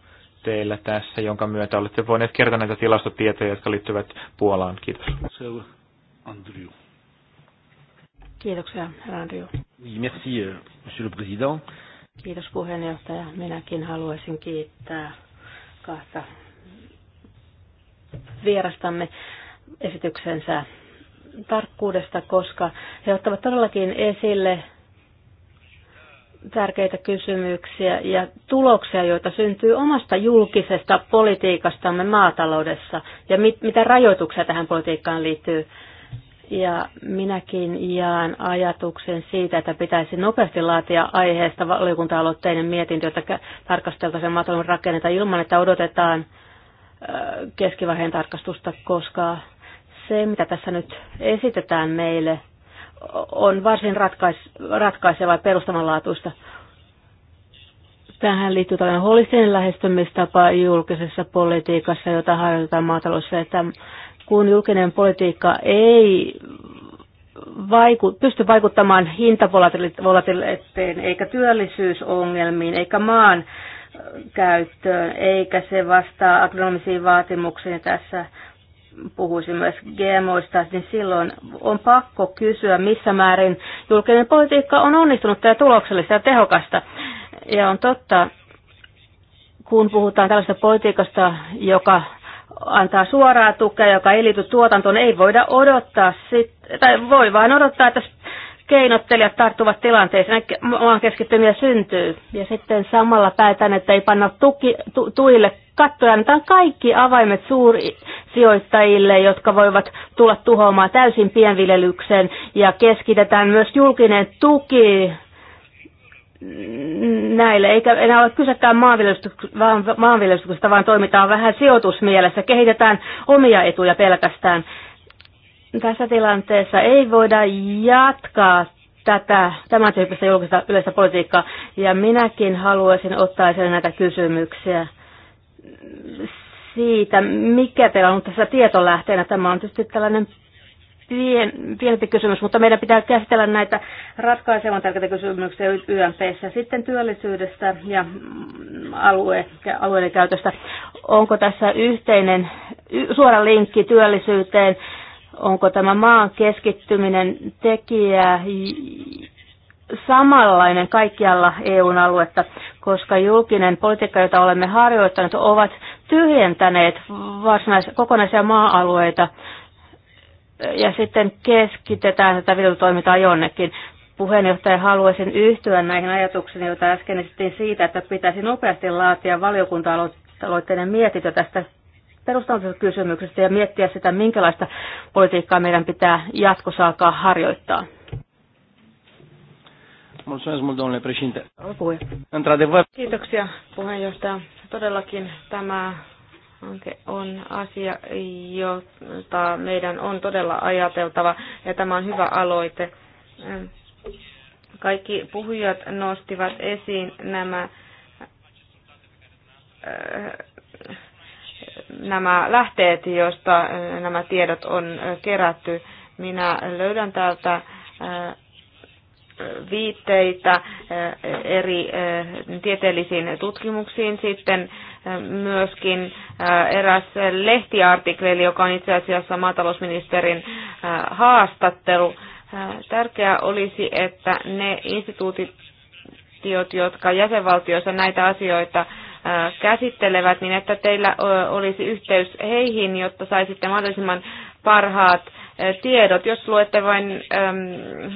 teillä tässä, jonka myötä olette voineet kertoa näitä tilastotietoja, jotka liittyvät Puolaan. Kiitos. Andrew. Kiitoksia, herra Andrew. Merci, euh, monsieur le président. Kiitos puheenjohtaja. Minäkin haluaisin kiittää kahta vierastamme esityksensä tarkkuudesta, koska he ottavat todellakin esille tärkeitä kysymyksiä ja tuloksia, joita syntyy omasta julkisesta politiikastamme maataloudessa ja mit, mitä rajoituksia tähän politiikkaan liittyy. Ja minäkin jaan ajatuksen siitä, että pitäisi nopeasti laatia aiheesta valiokunta-aloitteinen mietintö, jota tarkasteltaisiin maatalouden rakennetta ilman, että odotetaan keskivaiheen tarkastusta, koska se, mitä tässä nyt esitetään meille, on varsin ratkais- ratkaisevaa ja perustavanlaatuista. Tähän liittyy tällainen holistinen lähestymistapa julkisessa politiikassa, jota harjoitetaan maataloudessa, että kun julkinen politiikka ei vaiku, pysty vaikuttamaan hintavolatiliteettiin, eikä työllisyysongelmiin, eikä maan käyttöön, eikä se vastaa agronomisiin vaatimuksiin. Tässä puhuisin myös GMOista, niin silloin on pakko kysyä, missä määrin julkinen politiikka on onnistunut ja tuloksellista ja tehokasta. Ja on totta, kun puhutaan tällaista politiikasta, joka antaa suoraa tukea, joka ei liity tuotantoon, ei voida odottaa, sit, tai voi vain odottaa, että keinottelijat tarttuvat tilanteeseen, maan keskittymiä syntyy. Ja sitten samalla päätän, että ei panna tuki, tu, tuille kattoja, annetaan kaikki avaimet suuri sijoittajille, jotka voivat tulla tuhoamaan täysin pienviljelyksen ja keskitetään myös julkinen tuki näille, eikä enää ole kysekään maanviljelystä vaan toimitaan vähän sijoitusmielessä, kehitetään omia etuja pelkästään. Tässä tilanteessa ei voida jatkaa tätä, tämän tyyppistä julkista yleistä politiikkaa, ja minäkin haluaisin ottaa esille näitä kysymyksiä siitä, mikä teillä on tässä tietolähteenä. Tämä on tietysti tällainen pien, pienempi kysymys, mutta meidän pitää käsitellä näitä ratkaisevan tärkeitä kysymyksiä YMPssä. Sitten työllisyydestä ja alue, alueiden käytöstä. Onko tässä yhteinen suora linkki työllisyyteen onko tämä maan keskittyminen tekijä samanlainen kaikkialla EUn aluetta, koska julkinen politiikka, jota olemme harjoittaneet, ovat tyhjentäneet kokonaisia maa-alueita ja sitten keskitetään tätä viljelytoimintaa jonnekin. Puheenjohtaja, haluaisin yhtyä näihin ajatuksiin, joita äsken esitin siitä, että pitäisi nopeasti laatia valiokunta aloitteiden mietintö tästä perustamisesta kysymyksestä ja miettiä sitä, minkälaista politiikkaa meidän pitää jatkossa alkaa harjoittaa. Kiitoksia, puheenjohtaja. Todellakin tämä hanke on asia, jota meidän on todella ajateltava, ja tämä on hyvä aloite. Kaikki puhujat nostivat esiin nämä nämä lähteet, joista äh, nämä tiedot on äh, kerätty. Minä löydän täältä äh, viitteitä eri tieteellisiin tutkimuksiin. Sitten myöskin eräs lehtiartikkeli, joka on itse asiassa maatalousministerin haastattelu. Tärkeää olisi, että ne instituutiot, jotka jäsenvaltioissa näitä asioita käsittelevät, niin että teillä olisi yhteys heihin, jotta saisitte mahdollisimman parhaat tiedot. Jos luette vain äm,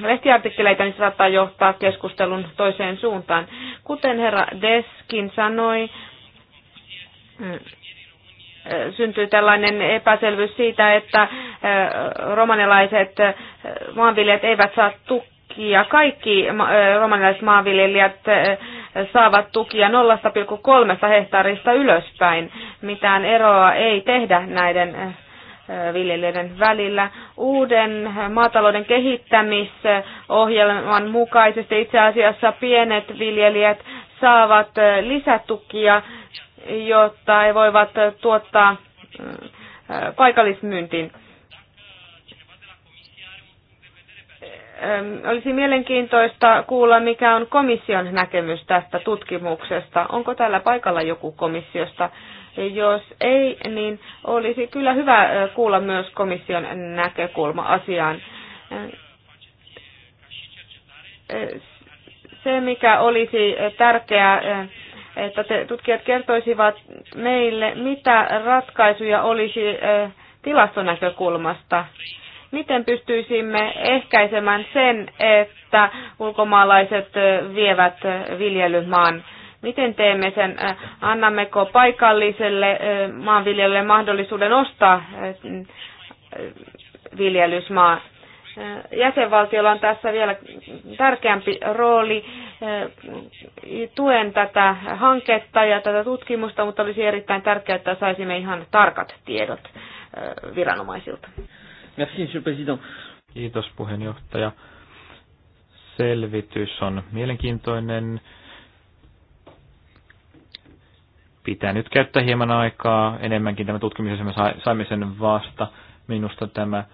lehtiartikkeleita, niin se saattaa johtaa keskustelun toiseen suuntaan. Kuten herra Deskin sanoi, mm, syntyy tällainen epäselvyys siitä, että romanilaiset maanviljelijät eivät saa tukea ja Kaikki romanilaiset maanviljelijät saavat tukia 0,3 hehtaarista ylöspäin. Mitään eroa ei tehdä näiden viljelijöiden välillä. Uuden maatalouden kehittämisohjelman mukaisesti itse asiassa pienet viljelijät saavat lisätukia, jotta he voivat tuottaa paikallismyyntiin. Olisi mielenkiintoista kuulla, mikä on komission näkemys tästä tutkimuksesta. Onko täällä paikalla joku komissiosta? Jos ei, niin olisi kyllä hyvä kuulla myös komission näkökulma asiaan. Se, mikä olisi tärkeää, että te, tutkijat kertoisivat meille, mitä ratkaisuja olisi tilastonäkökulmasta. näkökulmasta miten pystyisimme ehkäisemään sen, että ulkomaalaiset vievät viljelymaan Miten teemme sen? Annammeko paikalliselle maanviljelijälle mahdollisuuden ostaa viljelysmaa? Jäsenvaltiolla on tässä vielä tärkeämpi rooli. Tuen tätä hanketta ja tätä tutkimusta, mutta olisi erittäin tärkeää, että saisimme ihan tarkat tiedot viranomaisilta. Merci, monsieur président. Kiitos puheenjohtaja. Selvitys on mielenkiintoinen. Pitää nyt käyttää hieman aikaa enemmänkin tämän tutkimiseen. Me saimme sen vasta. Minusta tämä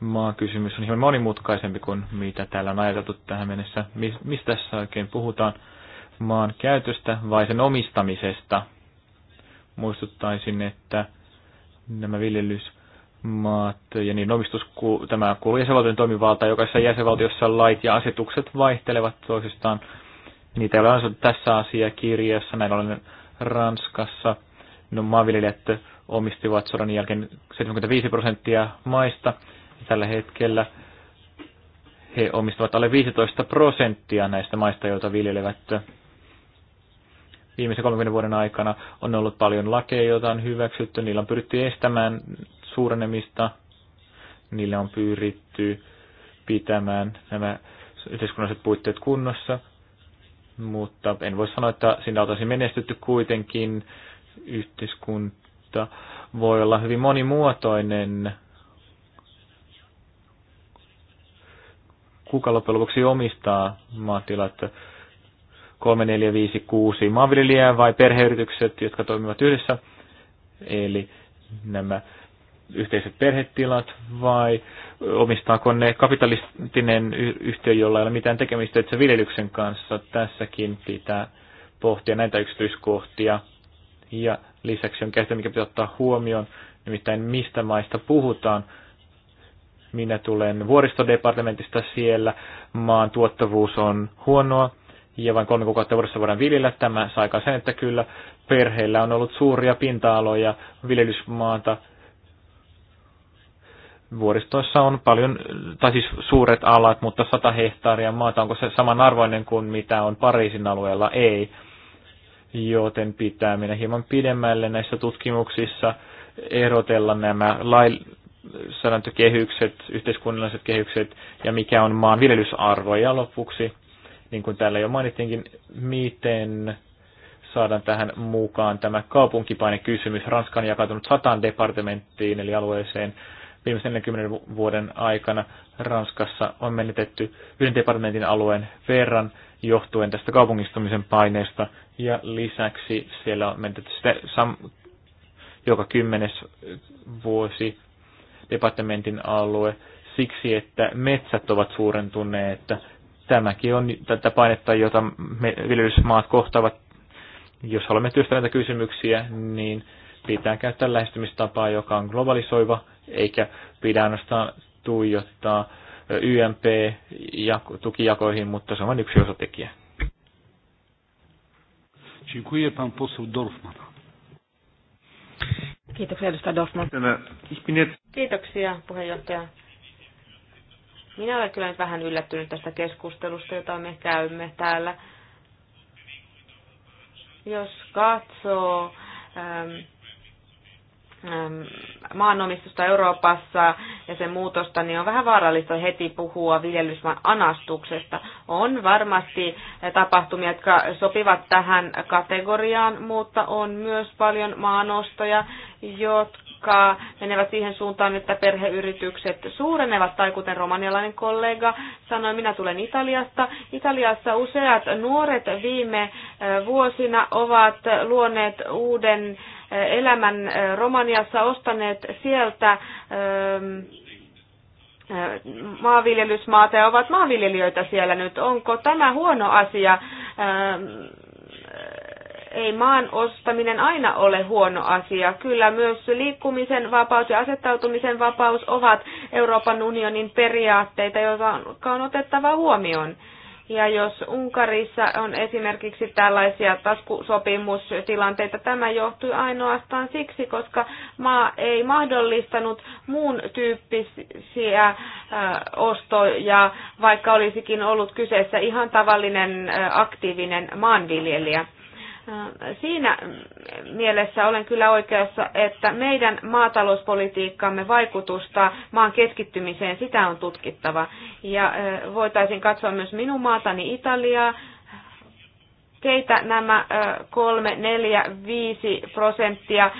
maakysymys on hieman monimutkaisempi kuin mitä täällä on ajateltu tähän mennessä. Mistä tässä oikein puhutaan? Maan käytöstä vai sen omistamisesta? Muistuttaisin, että nämä viljelys maat ja niin omistus, tämä kuuluu jäsenvaltion toimivalta, Jokaisessa jäsenvaltiossa lait ja asetukset vaihtelevat toisistaan. Niitä ei ole ansattu tässä asiakirjassa, näin ollen Ranskassa. No, maanviljelijät omistivat sodan jälkeen 75 prosenttia maista. Tällä hetkellä he omistavat alle 15 prosenttia näistä maista, joita viljelevät. Viimeisen 30 vuoden aikana on ollut paljon lakeja, joita on hyväksytty. Niillä on pyritty estämään suurenemista. niille on pyritty pitämään nämä yhteiskunnalliset puitteet kunnossa, mutta en voi sanoa, että siinä oltaisiin menestytty kuitenkin. Yhteiskunta voi olla hyvin monimuotoinen. Kuka loppujen lopuksi omistaa maatilat? 3, 4, 5, 6 maanviljelijää vai perheyritykset, jotka toimivat yhdessä. Eli nämä yhteiset perhetilat vai omistaako ne kapitalistinen yhtiö, jolla ei ole mitään tekemistä itse viljelyksen kanssa. Tässäkin pitää pohtia näitä yksityiskohtia. Ja lisäksi on käsite, mikä pitää ottaa huomioon, nimittäin mistä maista puhutaan. Minä tulen vuoristodepartementista siellä, maan tuottavuus on huonoa, ja vain kolme kuukautta vuodessa voidaan viljellä. Tämä saa sen, että kyllä perheillä on ollut suuria pinta-aloja, viljelysmaata, vuoristoissa on paljon, tai siis suuret alat, mutta 100 hehtaaria maata, onko se samanarvoinen kuin mitä on Pariisin alueella? Ei. Joten pitää mennä hieman pidemmälle näissä tutkimuksissa, erotella nämä lail, säädäntökehykset, yhteiskunnalliset kehykset ja mikä on maan viljelysarvo. Ja lopuksi, niin kuin täällä jo mainittiinkin, miten saadaan tähän mukaan tämä kaupunkipainekysymys. Ranskan jakautunut sataan departementtiin eli alueeseen viimeisen 40 vuoden aikana Ranskassa on menetetty yhden departamentin alueen verran johtuen tästä kaupungistumisen paineesta ja lisäksi siellä on menetetty sitä sam- joka kymmenes vuosi departamentin alue siksi, että metsät ovat suurentuneet, että tämäkin on tätä painetta, jota me, viljelysmaat kohtaavat. Jos haluamme työstää näitä kysymyksiä, niin pitää käyttää lähestymistapaa, joka on globalisoiva eikä pidä ainoastaan tuijottaa YMP-tukijakoihin, mutta se on vain yksi osatekijä. Kiitoksia edustaja Dorfman. Kiitoksia puheenjohtaja. Minä olen kyllä nyt vähän yllättynyt tästä keskustelusta, jota me käymme täällä. Jos katsoo ähm, maanomistusta Euroopassa ja sen muutosta, niin on vähän vaarallista heti puhua viljelysmaan anastuksesta. On varmasti tapahtumia, jotka sopivat tähän kategoriaan, mutta on myös paljon maanostoja, jotka menevät siihen suuntaan, että perheyritykset suurenevat, tai kuten romanialainen kollega sanoi, minä tulen Italiasta. Italiassa useat nuoret viime vuosina ovat luoneet uuden elämän Romaniassa, ostaneet sieltä maanviljelysmaata ja ovat maanviljelijöitä siellä nyt. Onko tämä huono asia? Ei maan ostaminen aina ole huono asia. Kyllä myös liikkumisen vapaus ja asettautumisen vapaus ovat Euroopan unionin periaatteita, joita on otettava huomioon. Ja jos Unkarissa on esimerkiksi tällaisia taskusopimustilanteita, tämä johtui ainoastaan siksi, koska maa ei mahdollistanut muun tyyppisiä ostoja, vaikka olisikin ollut kyseessä ihan tavallinen aktiivinen maanviljelijä. Siinä mielessä olen kyllä oikeassa, että meidän maatalouspolitiikkamme vaikutusta maan keskittymiseen, sitä on tutkittava. Ja voitaisiin katsoa myös minun maatani Italiaa, keitä nämä kolme, neljä, viisi prosenttia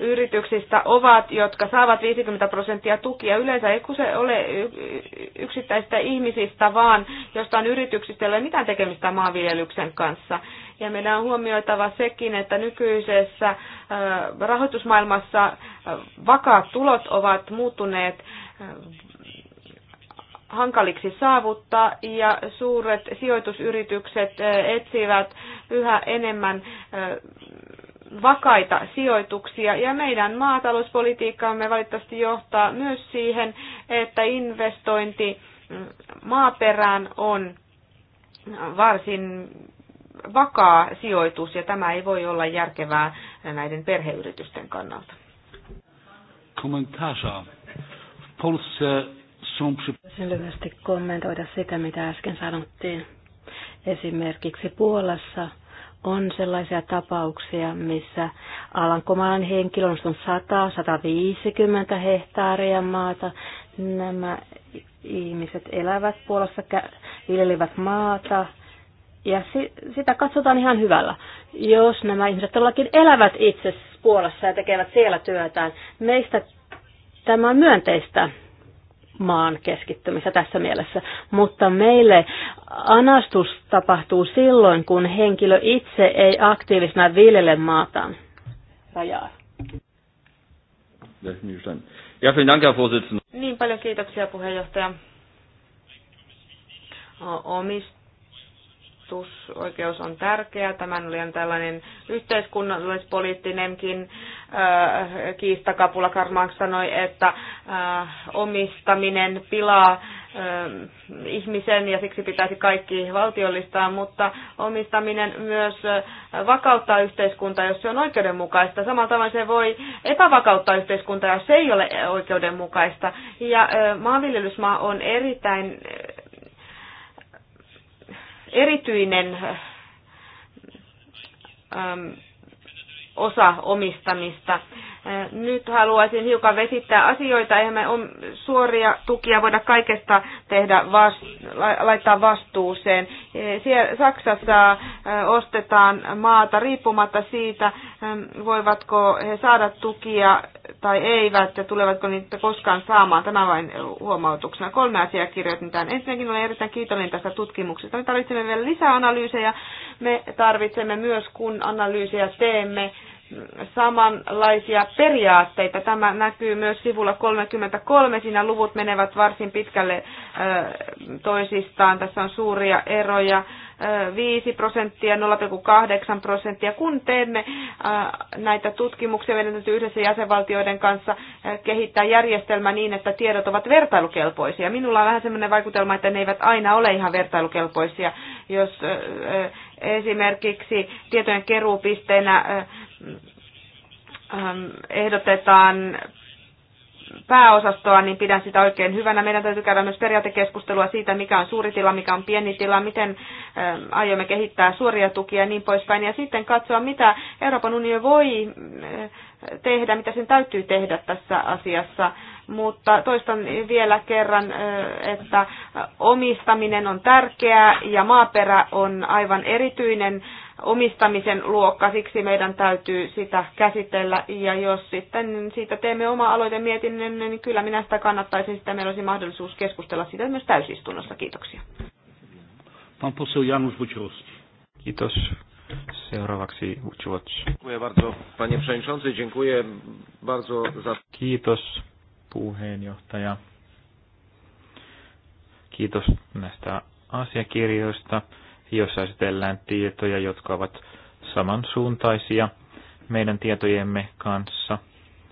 yrityksistä ovat, jotka saavat 50 prosenttia tukia. Yleensä ei se ole yksittäisistä ihmisistä, vaan jostain yrityksistä ei ole mitään tekemistä maanviljelyksen kanssa. Ja meidän on huomioitava sekin, että nykyisessä rahoitusmaailmassa vakaat tulot ovat muuttuneet hankaliksi saavuttaa ja suuret sijoitusyritykset etsivät yhä enemmän vakaita sijoituksia ja meidän maatalouspolitiikkaamme valitettavasti johtaa myös siihen, että investointi maaperään on varsin vakaa sijoitus ja tämä ei voi olla järkevää näiden perheyritysten kannalta. Kommentarza. W Polsce Selvästi kommentoida sitä, mitä äsken sanottiin. Esimerkiksi Puolassa on sellaisia tapauksia, missä Alankomaan henkilö on 100-150 hehtaaria maata. Nämä ihmiset elävät Puolassa, viljelivät maata ja si- sitä katsotaan ihan hyvällä. Jos nämä ihmiset todellakin elävät itse Puolassa ja tekevät siellä työtään, meistä tämä on myönteistä maan keskittymistä tässä mielessä. Mutta meille anastus tapahtuu silloin, kun henkilö itse ei aktiivisena viljele maataan rajaa. Ja, vielen Dank, Herr Niin paljon kiitoksia puheenjohtaja. Omista kalastusoikeus on tärkeä. Tämän oli tällainen yhteiskunnallispoliittinenkin kiistakapula. Karl Marx sanoi, että omistaminen pilaa ihmisen ja siksi pitäisi kaikki valtiollistaa, mutta omistaminen myös vakauttaa yhteiskuntaa, jos se on oikeudenmukaista. Samalla tavalla se voi epävakauttaa yhteiskuntaa, jos se ei ole oikeudenmukaista. Ja maanviljelysmaa on erittäin erityinen osa omistamista. Nyt haluaisin hiukan vesittää asioita, eihän me suoria tukia voida kaikesta tehdä laittaa vastuuseen. Siellä Saksassa ostetaan maata riippumatta siitä, voivatko he saada tukia tai eivät ja tulevatko niitä koskaan saamaan. Tämä vain huomautuksena. Kolme asiaa kirjoitetaan. Ensinnäkin olen erittäin kiitollinen tästä tutkimuksesta. Me tarvitsemme vielä lisää Me tarvitsemme myös, kun analyysejä teemme, samanlaisia periaatteita. Tämä näkyy myös sivulla 33. Siinä luvut menevät varsin pitkälle toisistaan. Tässä on suuria eroja. 5 prosenttia, 0,8 prosenttia. Kun teemme näitä tutkimuksia, meidän täytyy yhdessä jäsenvaltioiden kanssa kehittää järjestelmä niin, että tiedot ovat vertailukelpoisia. Minulla on vähän sellainen vaikutelma, että ne eivät aina ole ihan vertailukelpoisia. Jos esimerkiksi tietojen keruupisteenä Ähm, ehdotetaan pääosastoa, niin pidän sitä oikein hyvänä. Meidän täytyy käydä myös periaatekeskustelua siitä, mikä on suuri tila, mikä on pieni tila, miten ähm, aiomme kehittää suoria tukia ja niin poispäin. Ja sitten katsoa, mitä Euroopan unioni voi äh, tehdä, mitä sen täytyy tehdä tässä asiassa. Mutta toistan vielä kerran, äh, että omistaminen on tärkeää ja maaperä on aivan erityinen omistamisen luokka, siksi meidän täytyy sitä käsitellä. Ja jos sitten siitä teemme oma mietinnön, niin kyllä minä sitä kannattaisin, sitä meillä olisi mahdollisuus keskustella siitä myös täysistunnossa. Kiitoksia. Pan poseł Janusz Wojciechowski. Kiitos. Seuraavaksi Uczuwacz. Dziękuję bardzo, panie Dziękuję bardzo za... Kiitos, puheenjohtaja. Kiitos näistä asiakirjoista jossa esitellään tietoja, jotka ovat samansuuntaisia meidän tietojemme kanssa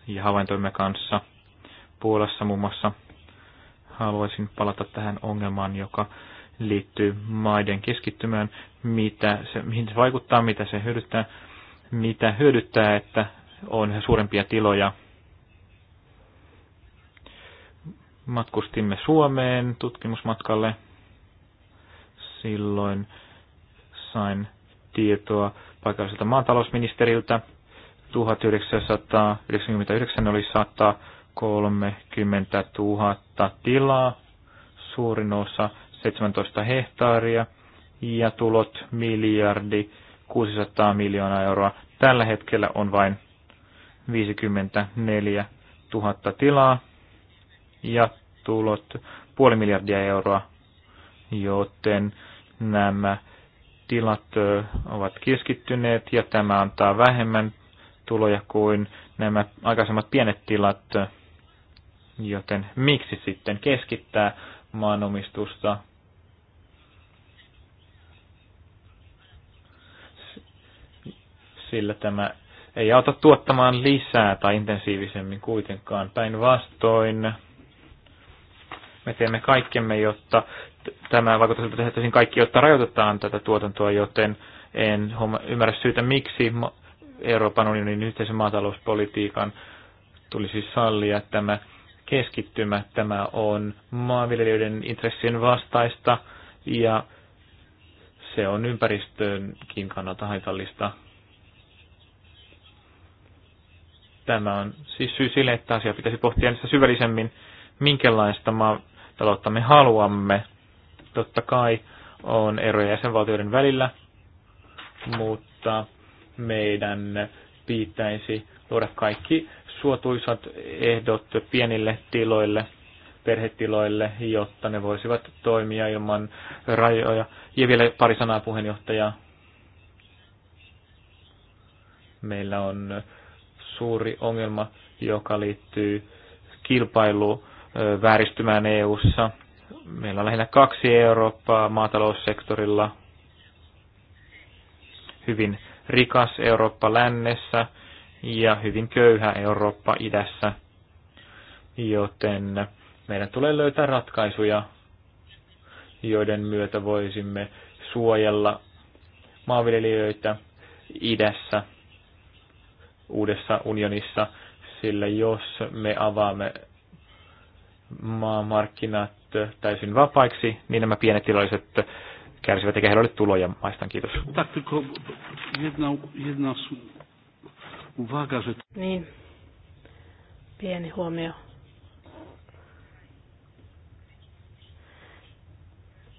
ja havaintoimme kanssa. Puolassa muun muassa haluaisin palata tähän ongelmaan, joka liittyy maiden keskittymään, mitä se, mihin se vaikuttaa, mitä se hyödyttää, mitä hyödyttää, että on suurempia tiloja. Matkustimme Suomeen tutkimusmatkalle. Silloin sain tietoa paikalliselta maatalousministeriltä. 1999 oli 130 000 tilaa, suurin osa 17 hehtaaria ja tulot miljardi 600 miljoonaa euroa. Tällä hetkellä on vain 54 000 tilaa ja tulot puoli miljardia euroa, joten nämä tilat ovat keskittyneet ja tämä antaa vähemmän tuloja kuin nämä aikaisemmat pienet tilat, joten miksi sitten keskittää maanomistusta? Sillä tämä ei auta tuottamaan lisää tai intensiivisemmin kuitenkaan. Päinvastoin me teemme kaikkemme, jotta tämä vaikuttaa siltä, että kaikki, jotta rajoitetaan tätä tuotantoa, joten en ymmärrä syytä, miksi Euroopan unionin yhteisen maatalouspolitiikan tulisi sallia tämä keskittymä. Tämä on maanviljelijöiden intressien vastaista ja se on ympäristöönkin kannalta haitallista. Tämä on siis syy sille, että asia pitäisi pohtia syvällisemmin, minkälaista maataloutta me haluamme – Totta kai on eroja jäsenvaltioiden välillä, mutta meidän pitäisi luoda kaikki suotuisat ehdot pienille tiloille, perhetiloille, jotta ne voisivat toimia ilman rajoja. Ja vielä pari sanaa puheenjohtajaa. Meillä on suuri ongelma, joka liittyy kilpailuun vääristymään EU-ssa. Meillä on lähinnä kaksi Eurooppaa maataloussektorilla. Hyvin rikas Eurooppa lännessä ja hyvin köyhä Eurooppa idässä. Joten meidän tulee löytää ratkaisuja, joiden myötä voisimme suojella maanviljelijöitä idässä uudessa unionissa, sillä jos me avaamme maamarkkinat täysin vapaiksi, niin nämä pienet tilalliset kärsivät eikä heillä ole tuloja Maistan, Kiitos. Niin. Pieni huomio.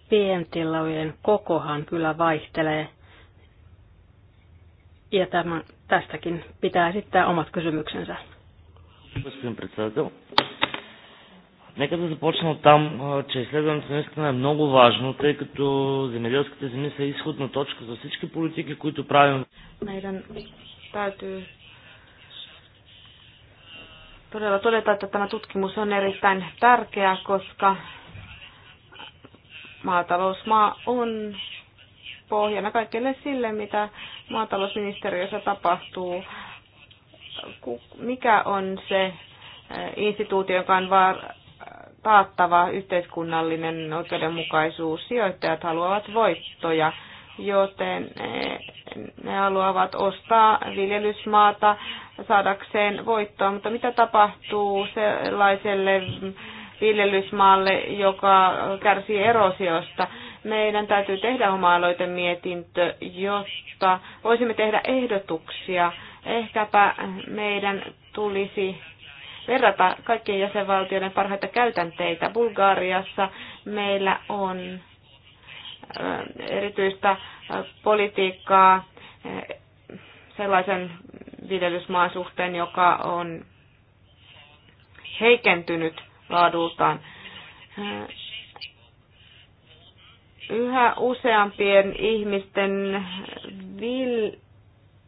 Pientilojen kokohan kyllä vaihtelee. Ja tämän, tästäkin pitää esittää omat kysymyksensä. Господин Нека да започна от там, че изследването наистина е много важно, тъй като земеделските земи са изходна точка за всички политики, които правим. todella todeta, että tämä tutkimus on erittäin tärkeä, koska maatalousmaa on pohjana kaikille sille, mitä maatalousministeriössä tapahtuu. Mikä on se instituutio, joka on taattava yhteiskunnallinen oikeudenmukaisuus. Sijoittajat haluavat voittoja, joten ne haluavat ostaa viljelysmaata saadakseen voittoa. Mutta mitä tapahtuu sellaiselle viljelysmaalle, joka kärsii erosiosta? Meidän täytyy tehdä oma aloitemietintö, jotta voisimme tehdä ehdotuksia. Ehkäpä meidän tulisi verrata kaikkien jäsenvaltioiden parhaita käytänteitä. Bulgaariassa meillä on erityistä politiikkaa sellaisen viljelysmaan suhteen, joka on heikentynyt laadultaan. Yhä useampien ihmisten vil-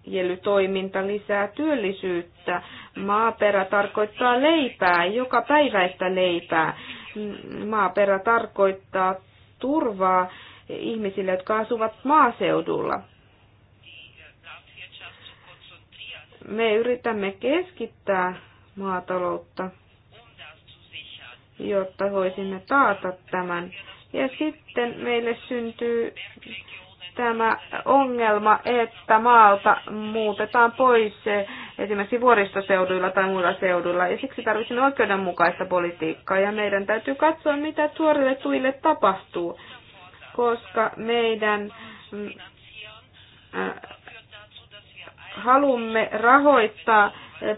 viljelytoiminta lisää työllisyyttä. Maaperä tarkoittaa leipää, joka päiväistä leipää. Maaperä tarkoittaa turvaa ihmisille, jotka asuvat maaseudulla. Me yritämme keskittää maataloutta, jotta voisimme taata tämän. Ja sitten meille syntyy tämä ongelma, että maalta muutetaan pois esimerkiksi vuoristoseuduilla tai muilla seuduilla. Ja siksi tarvitsemme oikeudenmukaista politiikkaa ja meidän täytyy katsoa, mitä tuorille tuille tapahtuu, koska meidän mm, äh, halumme rahoittaa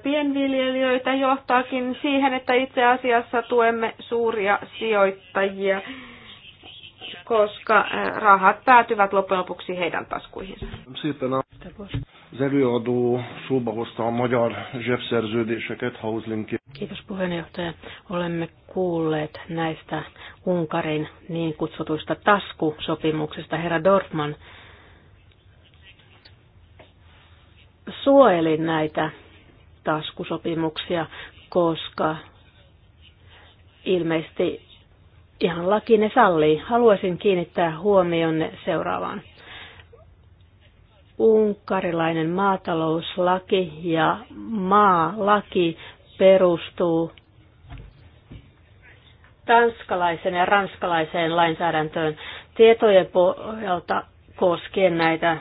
pienviljelijöitä johtaakin siihen, että itse asiassa tuemme suuria sijoittajia koska rahat päätyvät loppujen lopuksi heidän taskuihinsa. Sitten az előadó magyar Hauslinki. Kiitos puheenjohtaja. Olemme kuulleet näistä Unkarin niin kutsutuista taskusopimuksista. Herra Dorfman suojeli näitä taskusopimuksia, koska ilmeisesti ihan laki ne sallii. Haluaisin kiinnittää huomion seuraavaan. Unkarilainen maatalouslaki ja maalaki perustuu tanskalaisen ja ranskalaiseen lainsäädäntöön tietojen pohjalta koskien näitä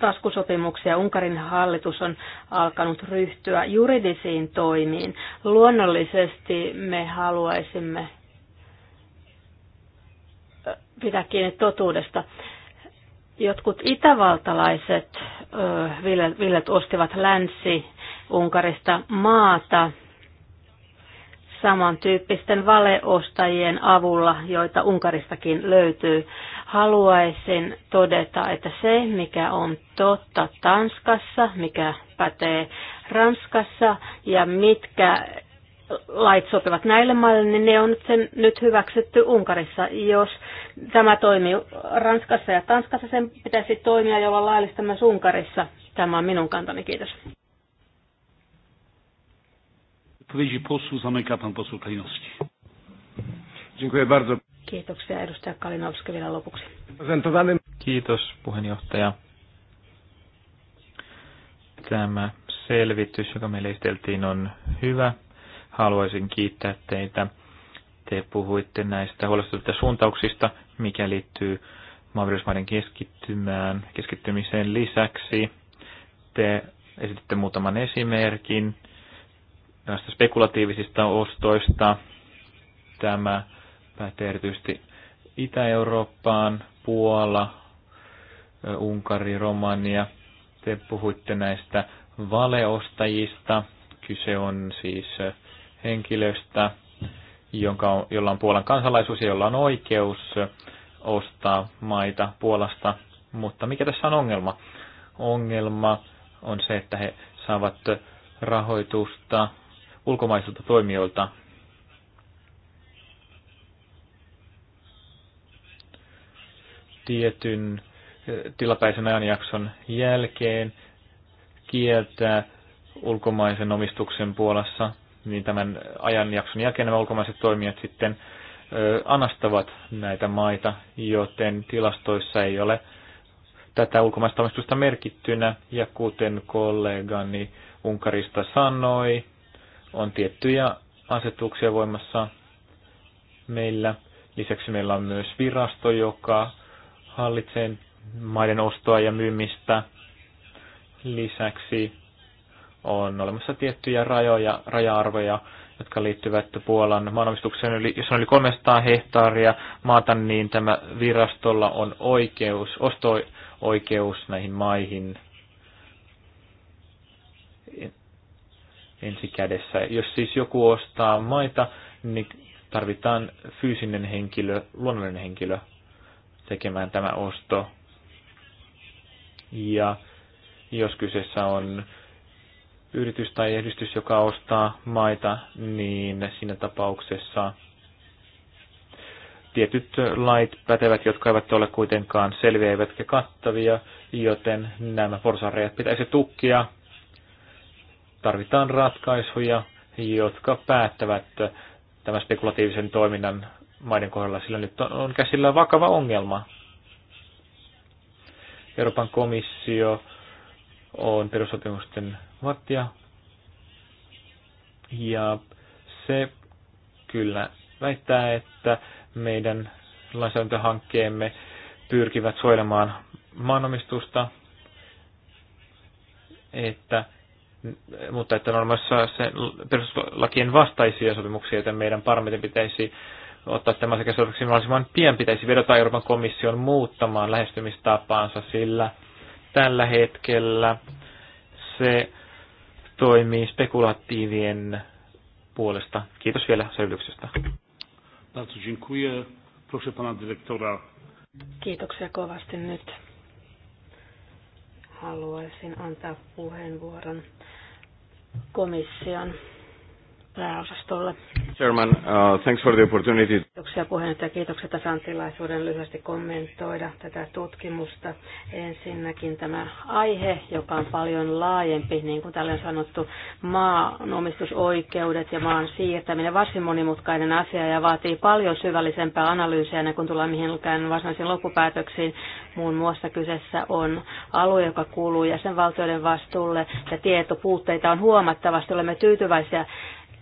taskusopimuksia Unkarin hallitus on alkanut ryhtyä juridisiin toimiin. Luonnollisesti me haluaisimme pidä kiinni totuudesta. Jotkut itävaltalaiset villet ostivat Länsi-Unkarista maata samantyyppisten valeostajien avulla, joita Unkaristakin löytyy. Haluaisin todeta, että se, mikä on totta Tanskassa, mikä pätee Ranskassa ja mitkä lait sopivat näille maille, niin ne on nyt, sen, nyt hyväksytty Unkarissa. Jos tämä toimii Ranskassa ja Tanskassa, sen pitäisi toimia jolla laillista myös Unkarissa. Tämä on minun kantani. Kiitos. Kiitoksia edustaja Kalinowski vielä lopuksi. Kiitos puheenjohtaja. Tämä selvitys, joka meille esiteltiin, on hyvä haluaisin kiittää teitä. Te puhuitte näistä huolestuttavista suuntauksista, mikä liittyy maanviljelysmaiden keskittymään, keskittymiseen lisäksi. Te esititte muutaman esimerkin näistä spekulatiivisista ostoista. Tämä pätee erityisesti Itä-Eurooppaan, Puola, Unkari, Romania. Te puhuitte näistä valeostajista. Kyse on siis henkilöstä, jonka, jolla on Puolan kansalaisuus ja jolla on oikeus ostaa maita Puolasta. Mutta mikä tässä on ongelma? Ongelma on se, että he saavat rahoitusta ulkomaisilta toimijoilta. Tietyn tilapäisen ajanjakson jälkeen kieltää ulkomaisen omistuksen Puolassa niin tämän ajanjakson jälkeen nämä ulkomaiset toimijat sitten anastavat näitä maita, joten tilastoissa ei ole tätä ulkomaista omistusta merkittynä. Ja kuten kollegani Unkarista sanoi, on tiettyjä asetuksia voimassa meillä. Lisäksi meillä on myös virasto, joka hallitsee maiden ostoa ja myymistä. Lisäksi on olemassa tiettyjä rajoja, raja-arvoja, jotka liittyvät Puolan maanomistukseen. Eli jos on yli 300 hehtaaria maata, niin tämä virastolla on oikeus, osto-oikeus näihin maihin kädessä. Jos siis joku ostaa maita, niin tarvitaan fyysinen henkilö, luonnollinen henkilö tekemään tämä osto. Ja jos kyseessä on yritys tai yhdistys, joka ostaa maita, niin siinä tapauksessa tietyt lait pätevät, jotka eivät ole kuitenkaan selviä eivätkä kattavia, joten nämä porsareijat pitäisi tukkia. Tarvitaan ratkaisuja, jotka päättävät tämän spekulatiivisen toiminnan maiden kohdalla, sillä nyt on käsillä vakava ongelma. Euroopan komissio on perussopimusten wattia. Ja se kyllä väittää, että meidän lainsäädäntöhankkeemme pyrkivät suojelemaan maanomistusta, että, mutta että on myös se perustuslakien vastaisia sopimuksia, että meidän parlamentin pitäisi ottaa tämä sekä selväksi niin mahdollisimman pian pitäisi vedota Euroopan komission muuttamaan lähestymistapaansa, sillä tällä hetkellä se toimii spekulatiivien puolesta. Kiitos vielä selvityksestä. Kiitoksia kovasti nyt. Haluaisin antaa puheenvuoron komission pääosastolle. Chairman, uh, thanks for the opportunity. Kiitoksia puheenjohtaja. Kiitoksia, tasan tilaisuuden lyhyesti kommentoida tätä tutkimusta. Ensinnäkin tämä aihe, joka on paljon laajempi, niin kuin täällä on sanottu, maanomistusoikeudet ja maan siirtäminen. Varsin monimutkainen asia ja vaatii paljon syvällisempää analyysiä, ennen kuin tullaan mihinkään varsinaisiin loppupäätöksiin. Muun muassa kyseessä on alue, joka kuuluu jäsenvaltioiden vastuulle ja tietopuutteita on huomattavasti. Olemme tyytyväisiä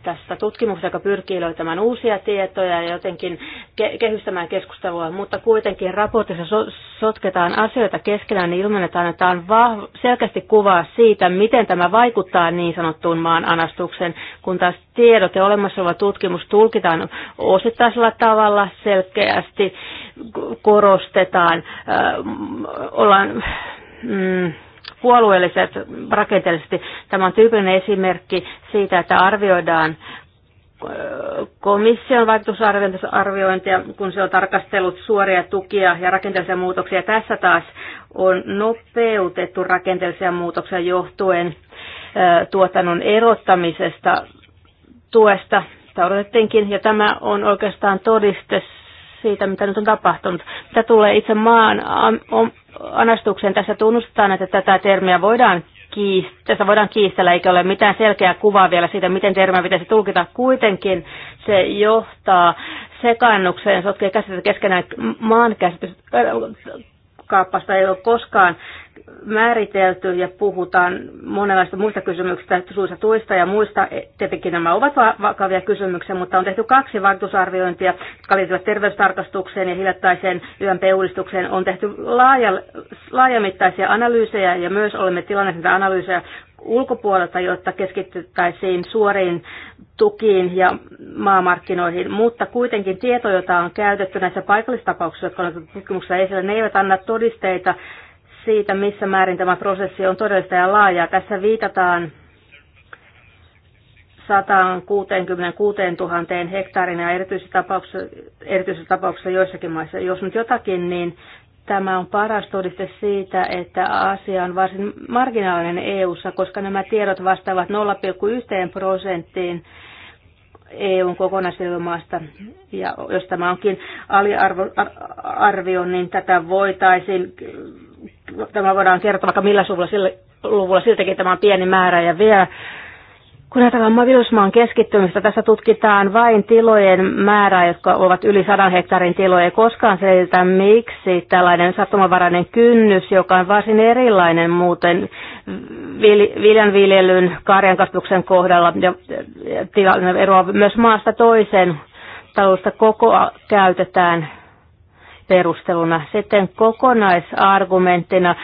tässä tutkimuksessa, joka pyrkii löytämään uusia tietoja ja jotenkin ke- kehystämään keskustelua, mutta kuitenkin raportissa so- sotketaan asioita keskenään niin ilman, että annetaan vah- selkeästi kuvaa siitä, miten tämä vaikuttaa niin sanottuun maan anastukseen, kun taas tiedot ja olemassa oleva tutkimus tulkitaan osittaisella tavalla selkeästi, korostetaan, äh, ollaan... Mm, puolueelliset rakenteellisesti. Tämä on tyypillinen esimerkki siitä, että arvioidaan äh, komission vaikutusarviointia, kun se on tarkastellut suoria tukia ja rakenteellisia muutoksia. Tässä taas on nopeutettu rakenteellisia muutoksia johtuen äh, tuotannon erottamisesta tuesta. ja tämä on oikeastaan todiste siitä, mitä nyt on tapahtunut. Mitä tulee itse maan anastukseen, tässä tunnustetaan, että tätä termiä voidaan kiist- tässä voidaan kiistellä, eikä ole mitään selkeää kuvaa vielä siitä, miten termiä pitäisi tulkita. Kuitenkin se johtaa sekannukseen, sotkee käsitys keskenään maan käsitys, kauppa, ei ole koskaan määritelty ja puhutaan monenlaista muista kysymyksistä, suista tuista ja muista. Tietenkin nämä ovat vakavia kysymyksiä, mutta on tehty kaksi vaikutusarviointia, jotka liittyvät terveystarkastukseen ja hiljattaiseen YMP-uudistukseen. On tehty laaja, laajamittaisia analyysejä ja myös olemme tilanneet näitä analyysejä ulkopuolelta, jotta keskityttäisiin suoriin tukiin ja maamarkkinoihin, mutta kuitenkin tieto, jota on käytetty näissä paikallistapauksissa, jotka on tutkimuksessa esillä, ne eivät anna todisteita siitä, missä määrin tämä prosessi on todellista ja laajaa. Tässä viitataan 166 000 hektaarin ja erityisissä tapauksissa, erityisissä tapauksissa joissakin maissa. Jos nyt jotakin, niin Tämä on paras todiste siitä, että asia on varsin marginaalinen EU:ssa, koska nämä tiedot vastaavat 0,1 prosenttiin EUn kokonaisilmaasta. Ja jos tämä onkin aliarvio, niin tätä voitaisiin, tämä voidaan kertoa vaikka millä suvulla, sillä luvulla, siltäkin tämä on pieni määrä. Ja vielä kun ajatellaan maanviljelysmaan keskittymistä, tässä tutkitaan vain tilojen määrää, jotka ovat yli 100 hehtaarin tiloja. Koskaan selitä, miksi tällainen sattumavarainen kynnys, joka on varsin erilainen muuten viljanviljelyn, karjankastuksen kohdalla, ja tilanne eroaa myös maasta toiseen, talousta koko käytetään perusteluna. Sitten kokonaisargumenttina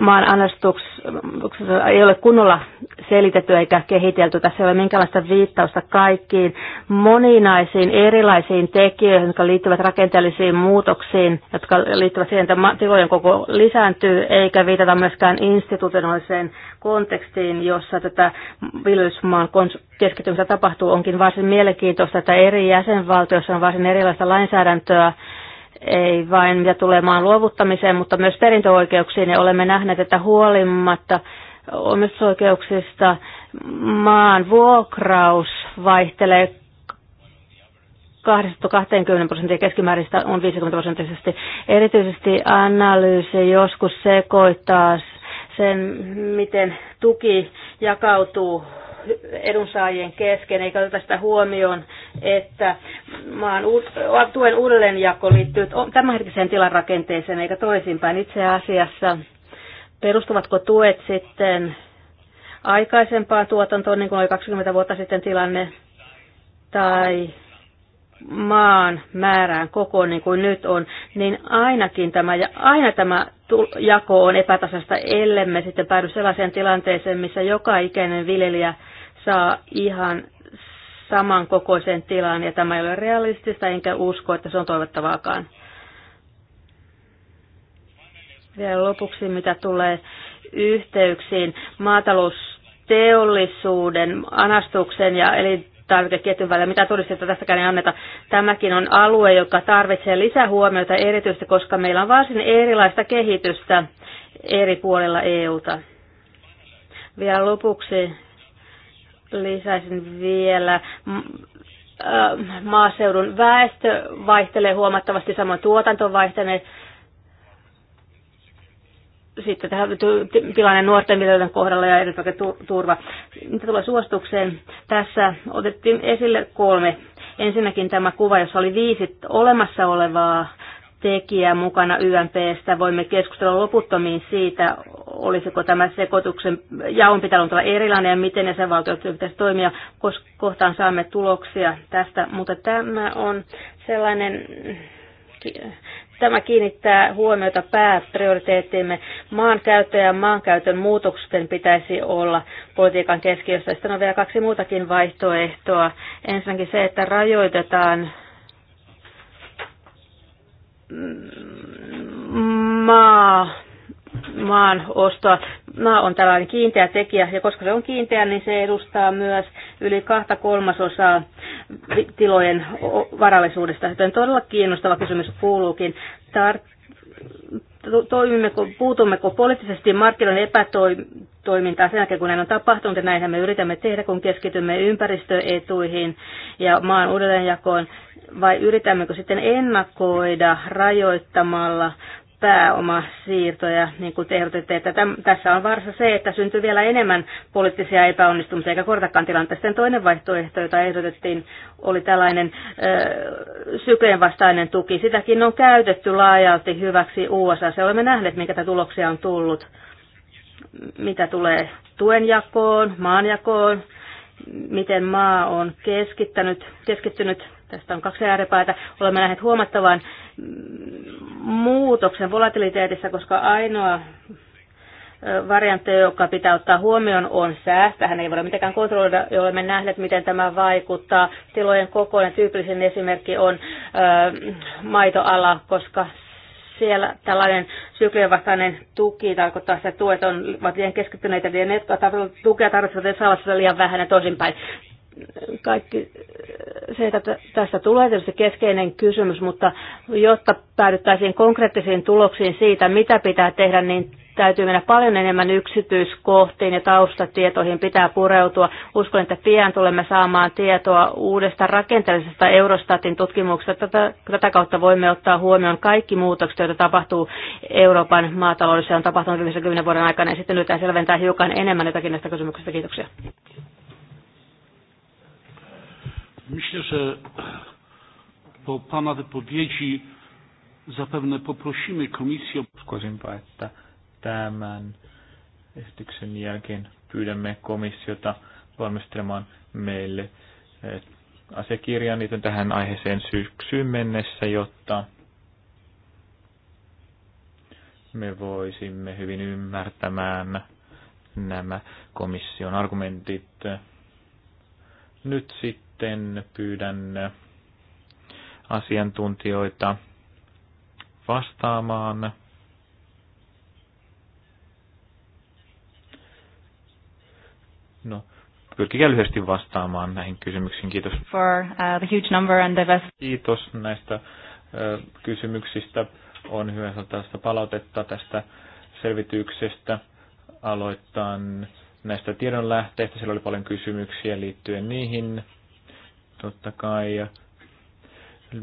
maan annastuksessa ei ole kunnolla selitetty eikä kehitelty. Tässä ei ole minkäänlaista viittausta kaikkiin moninaisiin erilaisiin tekijöihin, jotka liittyvät rakenteellisiin muutoksiin, jotka liittyvät siihen, että tilojen koko lisääntyy, eikä viitata myöskään institutionaaliseen kontekstiin, jossa tätä viljelysmaan keskittymistä tapahtuu. Onkin varsin mielenkiintoista, että eri jäsenvaltioissa on varsin erilaista lainsäädäntöä, ei vain mitä tulee maan luovuttamiseen, mutta myös perintöoikeuksiin, ja olemme nähneet, että huolimatta omistusoikeuksista maan vuokraus vaihtelee 20 prosenttia keskimääräistä on 50 prosenttisesti. Erityisesti analyysi joskus sekoittaa sen, miten tuki jakautuu edunsaajien kesken, eikä oteta sitä huomioon, että maan tuen uudelleenjako liittyy tämänhetkiseen tilarakenteeseen eikä toisinpäin. Itse asiassa perustuvatko tuet sitten aikaisempaan tuotantoon, niin kuin oli 20 vuotta sitten tilanne, tai maan määrään kokoon niin kuin nyt on, niin ainakin tämä, ja aina tämä jako on epätasasta, ellemme sitten päädy sellaiseen tilanteeseen, missä joka ikäinen viljelijä saa ihan samankokoisen tilan, ja tämä ei ole realistista, enkä usko, että se on toivottavaakaan. Vielä lopuksi, mitä tulee yhteyksiin maatalousteollisuuden, anastuksen ja eli tarvikeketjun välillä, mitä todisteita tästäkään ei anneta. Tämäkin on alue, joka tarvitsee lisää huomiota erityisesti, koska meillä on varsin erilaista kehitystä eri puolilla EUta. Vielä lopuksi lisäisin vielä äh, maaseudun väestö vaihtelee huomattavasti, samoin tuotanto vaihtelee sitten tähän tilanne nuorten viljelijöiden kohdalla ja turva. Mitä tulee suostukseen, tässä otettiin esille kolme. Ensinnäkin tämä kuva, jossa oli viisi olemassa olevaa tekijää mukana YMPstä. Voimme keskustella loputtomiin siitä, olisiko tämä sekoituksen jaon pitänyt olla erilainen ja miten jäsenvaltiot pitäisi toimia, koska kohtaan saamme tuloksia tästä. Mutta tämä on sellainen Tämä kiinnittää huomiota pääprioriteettiimme. Maankäyttö ja maankäytön muutoksen pitäisi olla politiikan keskiössä. Sitten on vielä kaksi muutakin vaihtoehtoa. Ensinnäkin se, että rajoitetaan mm, maa maan ostoa. Maa on tällainen kiinteä tekijä, ja koska se on kiinteä, niin se edustaa myös yli kahta kolmasosaa tilojen varallisuudesta. Joten todella kiinnostava kysymys kuuluukin, tar- toimimmeko, puutummeko poliittisesti markkinoiden epätoimintaan sen jälkeen, kun näin on tapahtunut, ja näinhän me yritämme tehdä, kun keskitymme ympäristöetuihin ja maan uudelleenjakoon, vai yritämmekö sitten ennakoida rajoittamalla pääomasiirtoja, niin kuin te että täm, tässä on varsa se, että syntyy vielä enemmän poliittisia epäonnistumisia eikä kortakaan tilanteesta. Sitten toinen vaihtoehto, jota ehdotettiin, oli tällainen ö, sykeen vastainen tuki. Sitäkin on käytetty laajalti hyväksi USA. Se olemme nähneet, minkä tuloksia on tullut. Mitä tulee tuenjakoon, maanjakoon, miten maa on keskittänyt, keskittynyt Tästä on kaksi ääripäätä. Olemme nähneet huomattavan muutoksen volatiliteetissa, koska ainoa variantti, joka pitää ottaa huomioon, on Tähän Ei voida mitenkään kontrolloida, jolloin me nähneet, miten tämä vaikuttaa. Tilojen kokoinen tyypillisin esimerkki on ö, maitoala, koska siellä tällainen syklien vastainen tuki tarkoittaa sitä, että tuet on, ovat liian keskittyneitä, liian ne, tukea tarvitsevat, että saavat sitä liian vähän ja toisinpäin kaikki se, että tästä tulee tietysti keskeinen kysymys, mutta jotta päädyttäisiin konkreettisiin tuloksiin siitä, mitä pitää tehdä, niin täytyy mennä paljon enemmän yksityiskohtiin ja taustatietoihin pitää pureutua. Uskon, että pian tulemme saamaan tietoa uudesta rakenteellisesta Eurostatin tutkimuksesta. Tätä, tätä kautta voimme ottaa huomioon kaikki muutokset, joita tapahtuu Euroopan maataloudessa on tapahtunut 50 vuoden aikana. Ja sitten yritetään selventää hiukan enemmän jotakin näistä kysymyksistä. Kiitoksia. Myślę, że po Pana wypowiedzi zapewne poprosimy komisję. Uskoisinpa, että tämän esityksen jälkeen pyydämme komissiota valmistelemaan meille eh, asiakirjan liittyen tähän aiheeseen syksyyn mennessä, jotta me voisimme hyvin ymmärtämään nämä komission argumentit. Nyt sitten sitten pyydän asiantuntijoita vastaamaan. No, pyrkikää lyhyesti vastaamaan näihin kysymyksiin. Kiitos. For, uh, the huge number and the best. Kiitos näistä uh, kysymyksistä. On hyvä saada tästä palautetta tästä selvityksestä. Aloitan näistä tiedonlähteistä. Siellä oli paljon kysymyksiä liittyen niihin totta kai. Ja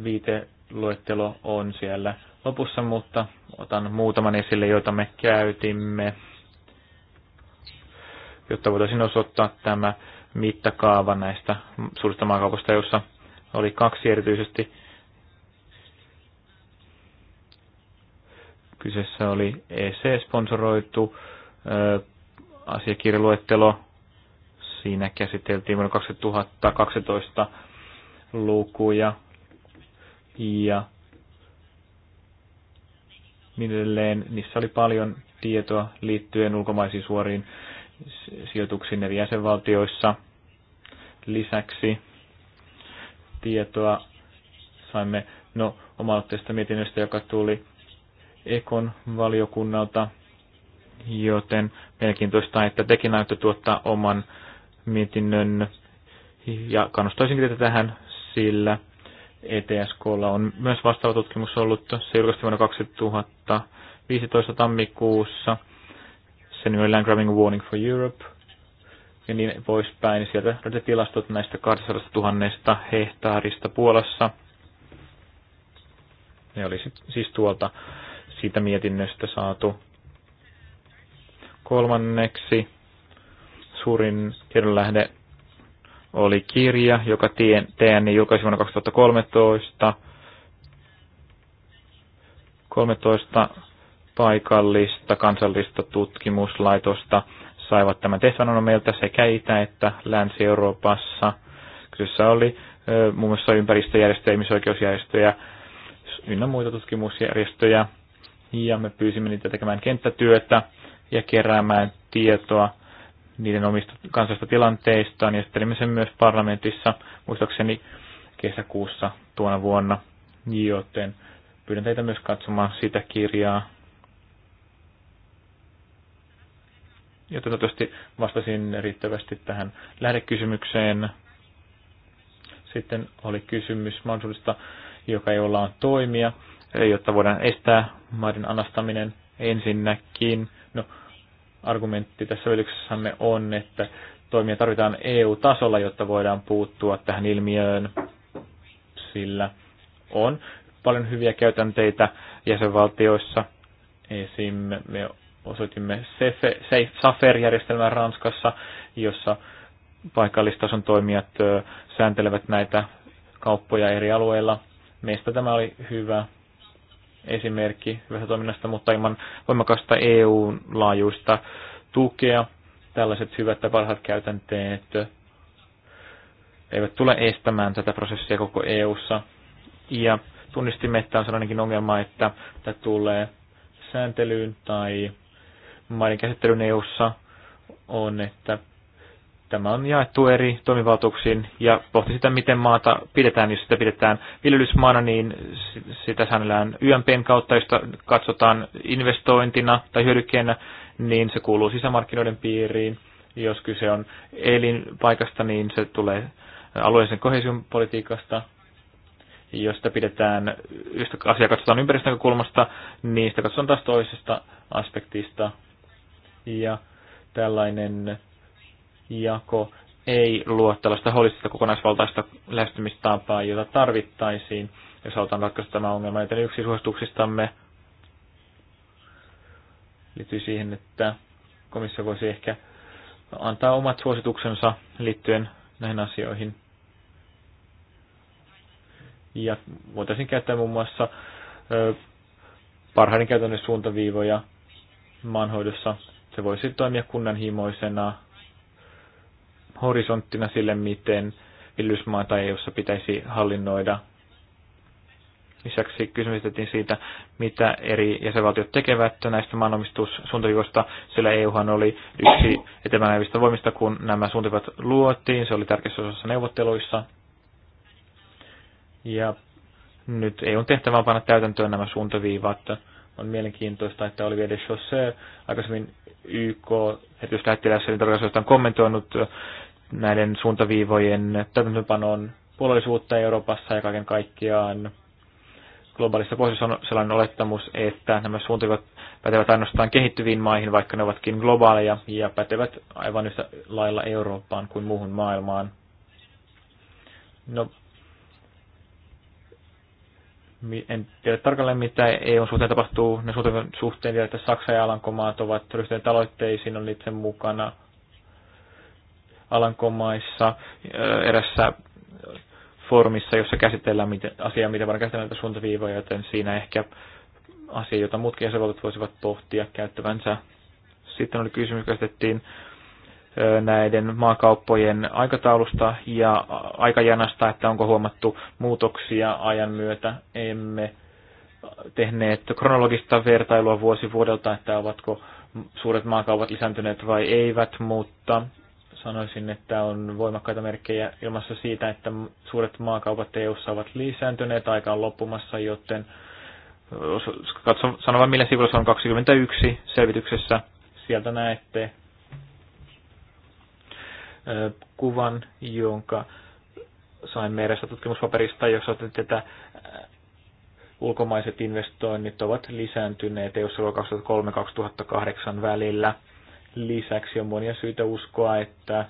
viiteluettelo on siellä lopussa, mutta otan muutaman esille, joita me käytimme, jotta voitaisiin osoittaa tämä mittakaava näistä suurista maakaupoista, jossa oli kaksi erityisesti. Kyseessä oli EC-sponsoroitu asiakirjaluettelo Siinä käsiteltiin vuonna 2012 lukuja ja niin edelleen. Niissä oli paljon tietoa liittyen ulkomaisiin suoriin sijoituksiin eri jäsenvaltioissa. Lisäksi tietoa saimme no, oma mietinnöstä, joka tuli Ekon valiokunnalta, joten mielenkiintoista, että tekin näyttö tuottaa oman mietinnön ja kannustaisin teitä tähän, sillä ETSKlla on myös vastaava tutkimus ollut. Se julkaistiin vuonna 2015 tammikuussa. Sen Land Grabbing Warning for Europe ja niin poispäin. Niin sieltä löytyy tilastot näistä 200 000 hehtaarista Puolassa. Ne oli siis tuolta siitä mietinnöstä saatu. Kolmanneksi Suurin tiedonlähde oli kirja, joka TN julkaisi vuonna 2013. 13 paikallista kansallista tutkimuslaitosta saivat tämän tehtävän on meiltä sekä Itä- että Länsi-Euroopassa. Kyseessä oli muun muassa ympäristöjärjestöjä, ihmisoikeusjärjestöjä ynnä muita tutkimusjärjestöjä. Ja me pyysimme niitä tekemään kenttätyötä ja keräämään tietoa niiden omista kansallista tilanteistaan ja esittelimme sen myös parlamentissa muistaakseni kesäkuussa tuona vuonna, joten pyydän teitä myös katsomaan sitä kirjaa. Joten toivottavasti vastasin riittävästi tähän lähdekysymykseen. Sitten oli kysymys mahdollisuudesta, joka ei olla on toimia, jotta voidaan estää maiden anastaminen ensinnäkin. No, argumentti tässä yrityksessämme on, että toimia tarvitaan EU-tasolla, jotta voidaan puuttua tähän ilmiöön, sillä on paljon hyviä käytänteitä jäsenvaltioissa. Esim. me osoitimme SAFER-järjestelmää Ranskassa, jossa paikallistason toimijat sääntelevät näitä kauppoja eri alueilla. Meistä tämä oli hyvä esimerkki hyvästä toiminnasta, mutta ilman voimakasta EU-laajuista tukea tällaiset hyvät ja parhaat käytänteet eivät tule estämään tätä prosessia koko EU:ssa. Ja tunnistimme, että on sellainenkin ongelma, että tämä tulee sääntelyyn tai maiden käsittelyn EU:ssa on, että tämä on jaettu eri toimivaltuuksiin ja pohti sitä, miten maata pidetään. Jos sitä pidetään viljelysmaana, niin sitä säännellään YMPn kautta, josta katsotaan investointina tai hyödykkeenä, niin se kuuluu sisämarkkinoiden piiriin. Jos kyse on elinpaikasta, niin se tulee alueellisen kohesion politiikasta. Jos sitä pidetään, jos asiaa katsotaan ympäristönäkökulmasta, niin sitä katsotaan taas toisesta aspektista. Ja tällainen jako ei luo tällaista holistista kokonaisvaltaista lähestymistapaa, jota tarvittaisiin, jos halutaan ratkaista tämä ongelma. Joten yksi suosituksistamme liittyy siihen, että komissio voisi ehkä antaa omat suosituksensa liittyen näihin asioihin. Ja voitaisiin käyttää muun muassa parhaiden käytännön suuntaviivoja maanhoidossa. Se voisi toimia kunnanhimoisena horisonttina sille, miten viljelysmaa tai EU-ssa pitäisi hallinnoida. Lisäksi kysymystettiin siitä, mitä eri jäsenvaltiot tekevät näistä maanomistussuuntajuosta. sillä EUhan oli yksi etemänäivistä voimista, kun nämä suuntivat luotiin. Se oli tärkeässä osassa neuvotteluissa. Ja nyt EUn tehtävä on panna täytäntöön nämä suuntaviivat. On mielenkiintoista, että oli vielä Chausseur, aikaisemmin YK erityislähettilässä, niin tarkastusta on kommentoinut näiden suuntaviivojen täytäntöönpanon puolellisuutta Euroopassa ja kaiken kaikkiaan globaalissa pohjoisessa on sellainen olettamus, että nämä suuntaviivat pätevät ainoastaan kehittyviin maihin, vaikka ne ovatkin globaaleja ja pätevät aivan yhtä lailla Eurooppaan kuin muuhun maailmaan. No, en tiedä tarkalleen, mitä EUn suhteen tapahtuu. Ne suhteen, suhteen että Saksa ja Alankomaat ovat ryhtyneet aloitteisiin, on itse mukana – Alankomaissa äh, erässä äh, foorumissa, jossa käsitellään asiaa, mitä voidaan käsitellä näitä suuntaviivoja, joten siinä ehkä asia, jota muutkin jäsenvaltiot voisivat pohtia käyttävänsä. Sitten oli kysymys, joka käsitettiin äh, näiden maakauppojen aikataulusta ja aikajanasta, että onko huomattu muutoksia ajan myötä. Emme tehneet kronologista vertailua vuosi vuodelta, että ovatko suuret maakaupat lisääntyneet vai eivät, mutta Sanoisin, että on voimakkaita merkkejä ilmassa siitä, että suuret maakaupat EU-ssa ovat lisääntyneet, aika on loppumassa, joten katson, sanon vain millä sivulla se on 21 selvityksessä. Sieltä näette kuvan, jonka sain meressä tutkimuspaperista, jossa otin tätä ulkomaiset investoinnit ovat lisääntyneet EU-ssa 2003-2008 välillä. Lisäksi on monia syitä uskoa, että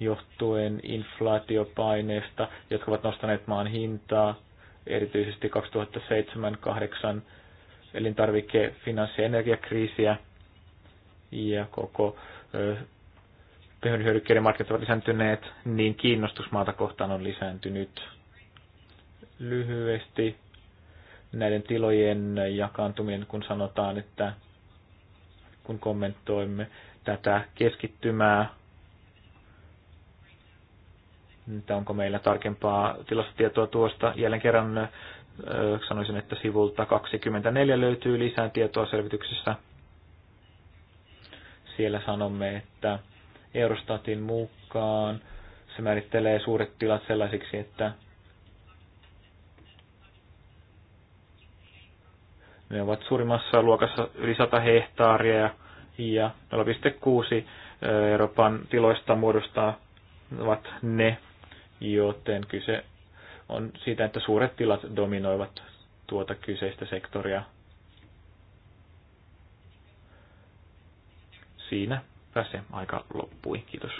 johtuen inflaatiopaineista, jotka ovat nostaneet maan hintaa, erityisesti 2007-2008 elintarvike-, finanssi- ja energiakriisiä ja koko pehmyhyödykkeiden markkinat ovat lisääntyneet, niin kiinnostus maata kohtaan on lisääntynyt. Lyhyesti näiden tilojen jakaantuminen, kun sanotaan, että kun kommentoimme tätä keskittymää, Nyt onko meillä tarkempaa tilastotietoa tuosta. Jälleen kerran sanoisin, että sivulta 24 löytyy lisää tietoa selvityksessä. Siellä sanomme, että Eurostatin mukaan se määrittelee suuret tilat sellaisiksi, että Ne ovat suurimmassa luokassa yli 100 hehtaaria ja 0,6 Euroopan tiloista muodostaa ovat ne, joten kyse on siitä, että suuret tilat dominoivat tuota kyseistä sektoria. Siinä pääsee aika loppui. Kiitos.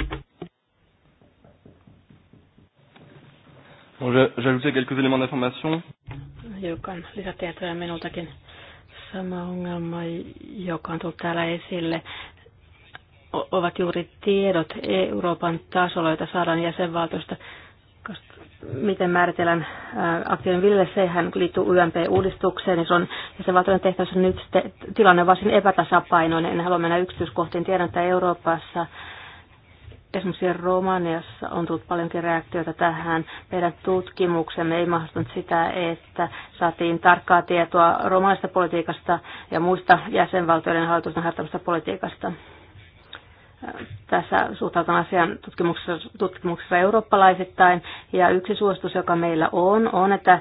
ajouté quelques éléments d'information. Hiukan lisätietoja minultakin sama ongelma, joka on tullut täällä esille, ovat juuri tiedot Euroopan tasolla, joita saadaan jäsenvaltoista. Miten määritellään aktiivinen viljelijä, sehän liittyy YMP-uudistukseen, niin se on jäsenvaltojen tehtävässä nyt tilanne varsin epätasapainoinen. En halua mennä yksityiskohtiin. Tiedän, että Euroopassa esimerkiksi Romaniassa on tullut paljonkin reaktioita tähän. Meidän tutkimuksemme ei mahdollistanut sitä, että saatiin tarkkaa tietoa romaista politiikasta ja muista jäsenvaltioiden hallitusten harjoittamasta politiikasta. Tässä suhtautan asian tutkimuksessa, tutkimuksessa eurooppalaisittain. Ja yksi suositus, joka meillä on, on, että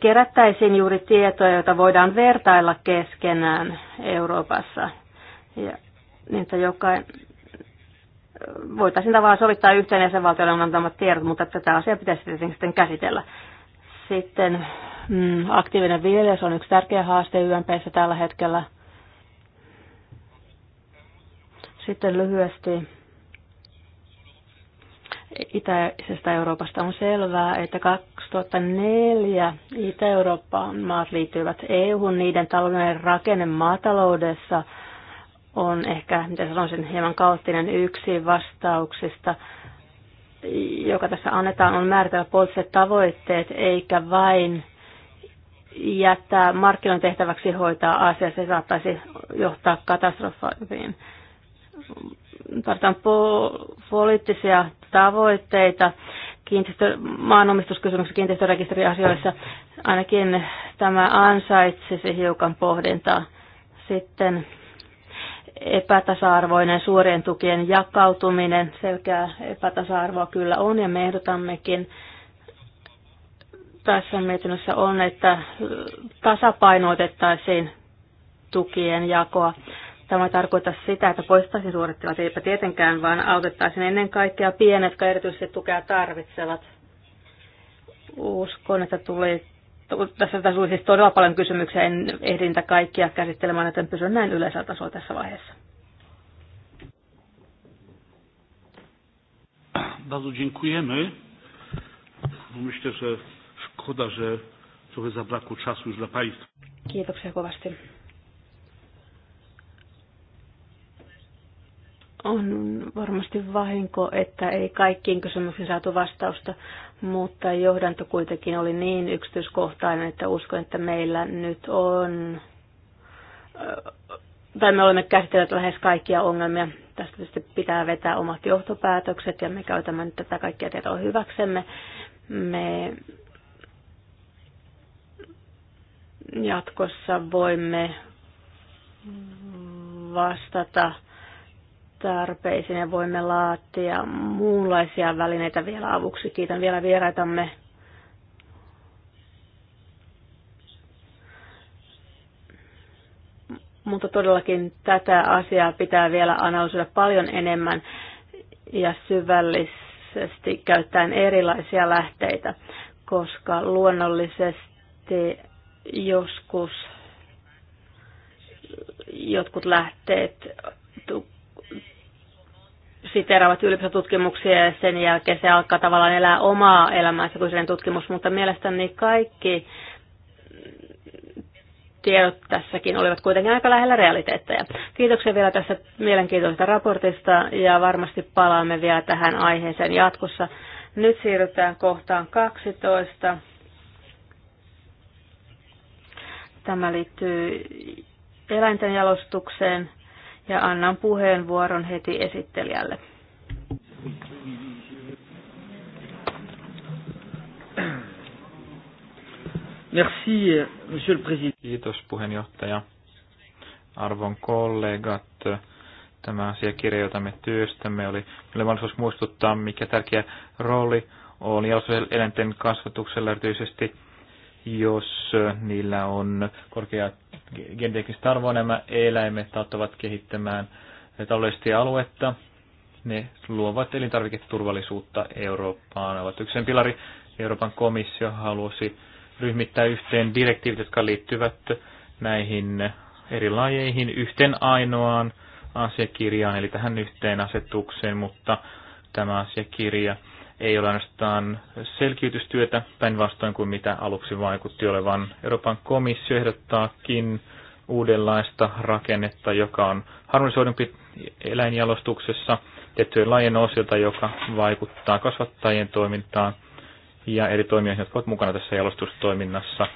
kerättäisiin juuri tietoja, joita voidaan vertailla keskenään Euroopassa. Ja, niin että jokainen voitaisiin tavallaan sovittaa yhteen jäsenvaltioiden antamat tiedot, mutta tätä asiaa pitäisi tietenkin sitten käsitellä. Sitten mm, aktiivinen viljely on yksi tärkeä haaste YMPssä tällä hetkellä. Sitten lyhyesti itäisestä Euroopasta on selvää, että 2004 Itä-Euroopan maat liittyivät EU-hun, niiden talouden rakenne maataloudessa – on ehkä, mitä sanoisin, hieman kaoottinen yksi vastauksista, joka tässä annetaan, on määritellä poliittiset tavoitteet, eikä vain jättää markkinoiden tehtäväksi hoitaa asia. Se saattaisi johtaa katastrofiin. Tarvitaan po- poliittisia tavoitteita kiinteistö, maanomistuskysymyksissä kiinteistörekisteriasioissa. Ainakin tämä ansaitsisi hiukan pohdintaa. Sitten epätasa-arvoinen suorien tukien jakautuminen, selkeä epätasa-arvoa kyllä on ja me ehdotammekin tässä mietinnössä on, että tasapainoitettaisiin tukien jakoa. Tämä tarkoittaa sitä, että poistaisiin suorittavat, eipä tietenkään, vaan autettaisiin ennen kaikkea pienet, jotka erityisesti tukea tarvitsevat. Uskon, että tuli tässä, tässä oli siis todella paljon kysymyksiä, en ehdi niitä kaikkia käsittelemään, joten pysyn näin yleisellä tasolla tässä vaiheessa. Bardzo dziękujemy. Myślę, że szkoda, że trochę zabrakło czasu już dla Państwa. Kiitoksia kovasti. On varmasti vahinko, että ei kaikkiin kysymyksiin saatu vastausta mutta johdanto kuitenkin oli niin yksityiskohtainen, että uskon, että meillä nyt on, tai me olemme käsitelleet lähes kaikkia ongelmia. Tästä tietysti pitää vetää omat johtopäätökset ja me käytämme nyt tätä kaikkia tietoa hyväksemme. Me jatkossa voimme vastata tarpeisiin ja voimme laatia muunlaisia välineitä vielä avuksi. Kiitän vielä vieraitamme. Mutta todellakin tätä asiaa pitää vielä analysoida paljon enemmän ja syvällisesti käyttäen erilaisia lähteitä, koska luonnollisesti joskus jotkut lähteet siteraavat yliopistotutkimuksia ja sen jälkeen se alkaa tavallaan elää omaa elämäänsä kuin sen tutkimus, mutta mielestäni kaikki tiedot tässäkin olivat kuitenkin aika lähellä realiteetteja. Kiitoksia vielä tästä mielenkiintoisesta raportista ja varmasti palaamme vielä tähän aiheeseen jatkossa. Nyt siirrytään kohtaan 12. Tämä liittyy eläinten jalostukseen ja annan puheenvuoron heti esittelijälle. Merci, monsieur le président. Kiitos puheenjohtaja. Arvon kollegat, tämä asiakirja, jota me työstämme, oli meillä mahdollisuus muistuttaa, mikä tärkeä rooli on jalostuseläinten kasvatuksella erityisesti jos niillä on korkea geneettisesti arvoa, nämä eläimet tahtovat kehittämään taloudellisesti aluetta. Ne luovat elintarviketurvallisuutta Eurooppaan. Ne ovat yksi sen pilari. Euroopan komissio halusi ryhmittää yhteen direktiivit, jotka liittyvät näihin eri lajeihin yhteen ainoaan asiakirjaan, eli tähän yhteen asetukseen, mutta tämä asiakirja ei ole ainoastaan selkiytystyötä päinvastoin kuin mitä aluksi vaikutti olevan. Euroopan komissio ehdottaakin uudenlaista rakennetta, joka on harmonisoidumpi eläinjalostuksessa tiettyjen lajien osilta, joka vaikuttaa kasvattajien toimintaan ja eri toimijoihin, jotka ovat mukana tässä jalostustoiminnassa.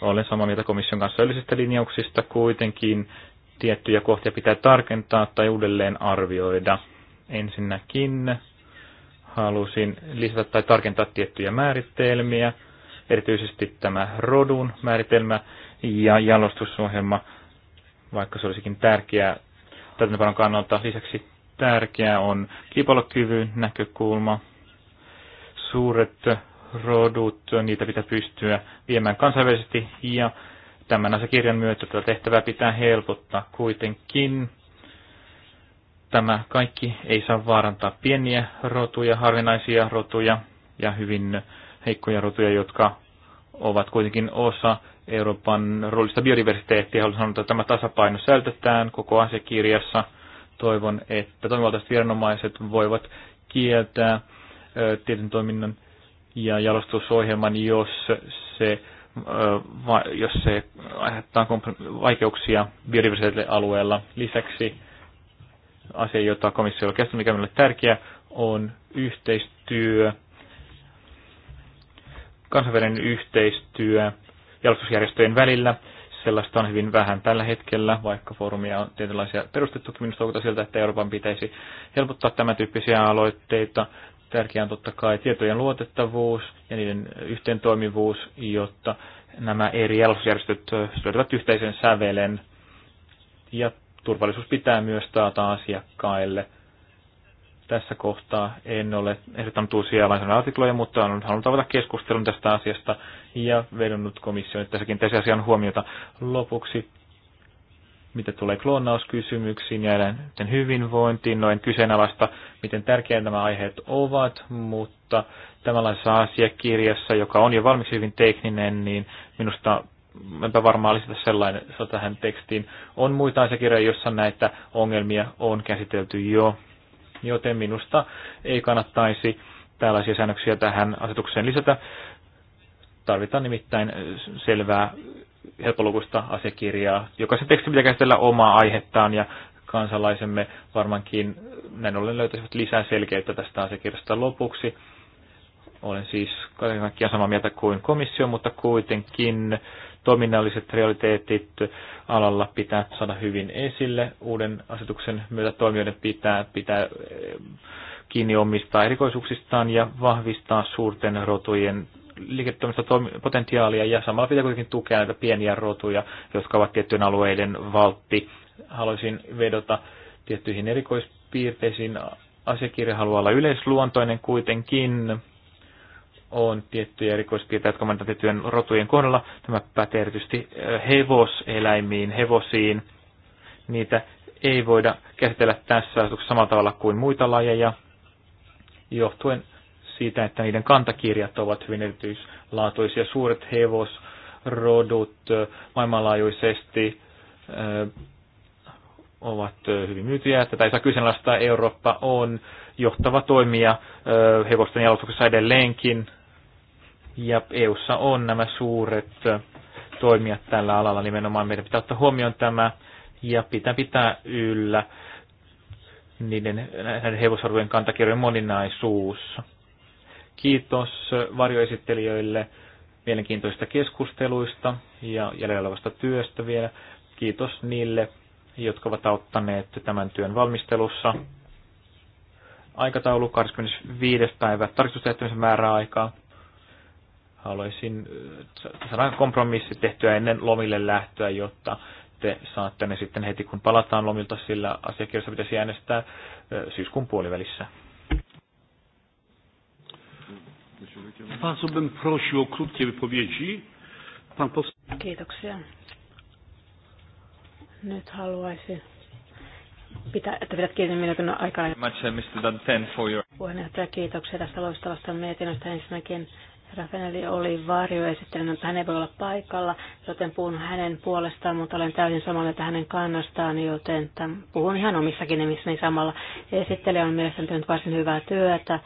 Olen samaa mieltä komission kanssa yleisistä linjauksista kuitenkin. Tiettyjä kohtia pitää tarkentaa tai uudelleen arvioida. Ensinnäkin halusin lisätä tai tarkentaa tiettyjä määritelmiä, erityisesti tämä rodun määritelmä ja jalostusohjelma, vaikka se olisikin tärkeää täytäntöpanon kannalta. Lisäksi tärkeää on kilpailukyvyn näkökulma, suuret rodut, niitä pitää pystyä viemään kansainvälisesti ja tämän asiakirjan myötä tätä tehtävää pitää helpottaa kuitenkin Tämä kaikki ei saa vaarantaa pieniä rotuja, harvinaisia rotuja ja hyvin heikkoja rotuja, jotka ovat kuitenkin osa Euroopan roolista biodiversiteettiä. Haluan sanoa, että tämä tasapaino säilytetään koko asiakirjassa. Toivon, että toimivaltaiset viranomaiset voivat kieltää tietyn toiminnan ja jalostusohjelman, jos se, jos se aiheuttaa vaikeuksia biodiversiteettialueella. alueella. Lisäksi asia, jota komissio on käsitellyt, mikä meille tärkeä, on yhteistyö, kansainvälinen yhteistyö jalostusjärjestöjen välillä. Sellaista on hyvin vähän tällä hetkellä, vaikka foorumia on tietynlaisia perustettu. Minusta onko siltä, että Euroopan pitäisi helpottaa tämän tyyppisiä aloitteita. Tärkeää on totta kai tietojen luotettavuus ja niiden yhteentoimivuus, jotta nämä eri jalostusjärjestöt syödyvät yhteisen sävelen. Ja turvallisuus pitää myös taata asiakkaille. Tässä kohtaa en ole ehdottanut uusia lainsäädännön artikloja, mutta olen halunnut avata keskustelun tästä asiasta ja vedonnut komissioon, että tässäkin tässä asian huomiota lopuksi. Mitä tulee kloonauskysymyksiin ja eläinten hyvinvointiin, noin kyseenalaista, miten tärkeitä nämä aiheet ovat, mutta tämänlaisessa asiakirjassa, joka on jo valmiiksi hyvin tekninen, niin minusta enpä varmaan lisätä sellainen tähän tekstiin. On muita asiakirjoja, joissa näitä ongelmia on käsitelty jo, joten minusta ei kannattaisi tällaisia säännöksiä tähän asetukseen lisätä. Tarvitaan nimittäin selvää helpolukuista asiakirjaa. Jokaisen tekstin pitää käsitellä omaa aihettaan ja kansalaisemme varmaankin näin ollen löytäisivät lisää selkeyttä tästä asiakirjasta lopuksi. Olen siis kaiken kaikkiaan samaa mieltä kuin komissio, mutta kuitenkin toiminnalliset realiteetit alalla pitää saada hyvin esille. Uuden asetuksen myötä toimijoiden pitää, pitää eh, kiinni omista erikoisuuksistaan ja vahvistaa suurten rotujen potentiaalia ja samalla pitää kuitenkin tukea näitä pieniä rotuja, jotka ovat tiettyjen alueiden valtti. Haluaisin vedota tiettyihin erikoispiirteisiin. Asiakirja haluaa olla yleisluontoinen kuitenkin on tiettyjä erikoispiirteitä, jotka mainitaan tiettyjen rotujen kohdalla. Tämä pätee erityisesti eh, hevoseläimiin, hevosiin. Niitä ei voida käsitellä tässä asetuksessa samalla tavalla kuin muita lajeja, johtuen siitä, että niiden kantakirjat ovat hyvin erityislaatuisia. Suuret hevosrodut eh, maailmanlaajuisesti eh, ovat hyvin myytyjä. Tätä ei saa kyseenalaistaa. Eurooppa on johtava toimija hevosten jalostuksessa edelleenkin. Ja EUssa on nämä suuret toimijat tällä alalla nimenomaan. Meidän pitää ottaa huomioon tämä ja pitää pitää yllä niiden näiden hevosarvojen kantakirjojen moninaisuus. Kiitos varjoesittelijöille mielenkiintoisista keskusteluista ja jäljellä olevasta työstä vielä. Kiitos niille, jotka ovat auttaneet tämän työn valmistelussa. Aikataulu 25. päivä tarkistustehtävisen määräaikaa haluaisin äh, saada kompromissi tehtyä ennen lomille lähtöä, jotta te saatte ne sitten heti, kun palataan lomilta, sillä asiakirjassa pitäisi äänestää äh, syyskuun puolivälissä. Kiitoksia. Nyt haluaisin pitää, että pidät kiinni minuutin aikana. Uh, Puheenjohtaja, kiitoksia tästä loistavasta mietinnöstä ensinnäkin Rafaeli oli varjoesittelijänä, että hän ei voi olla paikalla, joten puhun hänen puolestaan, mutta olen täysin samalla että hänen kannastaan, joten tämän, puhun ihan omissakin nimissäni samalla. Esittelijä on mielestäni tehnyt varsin hyvää työtä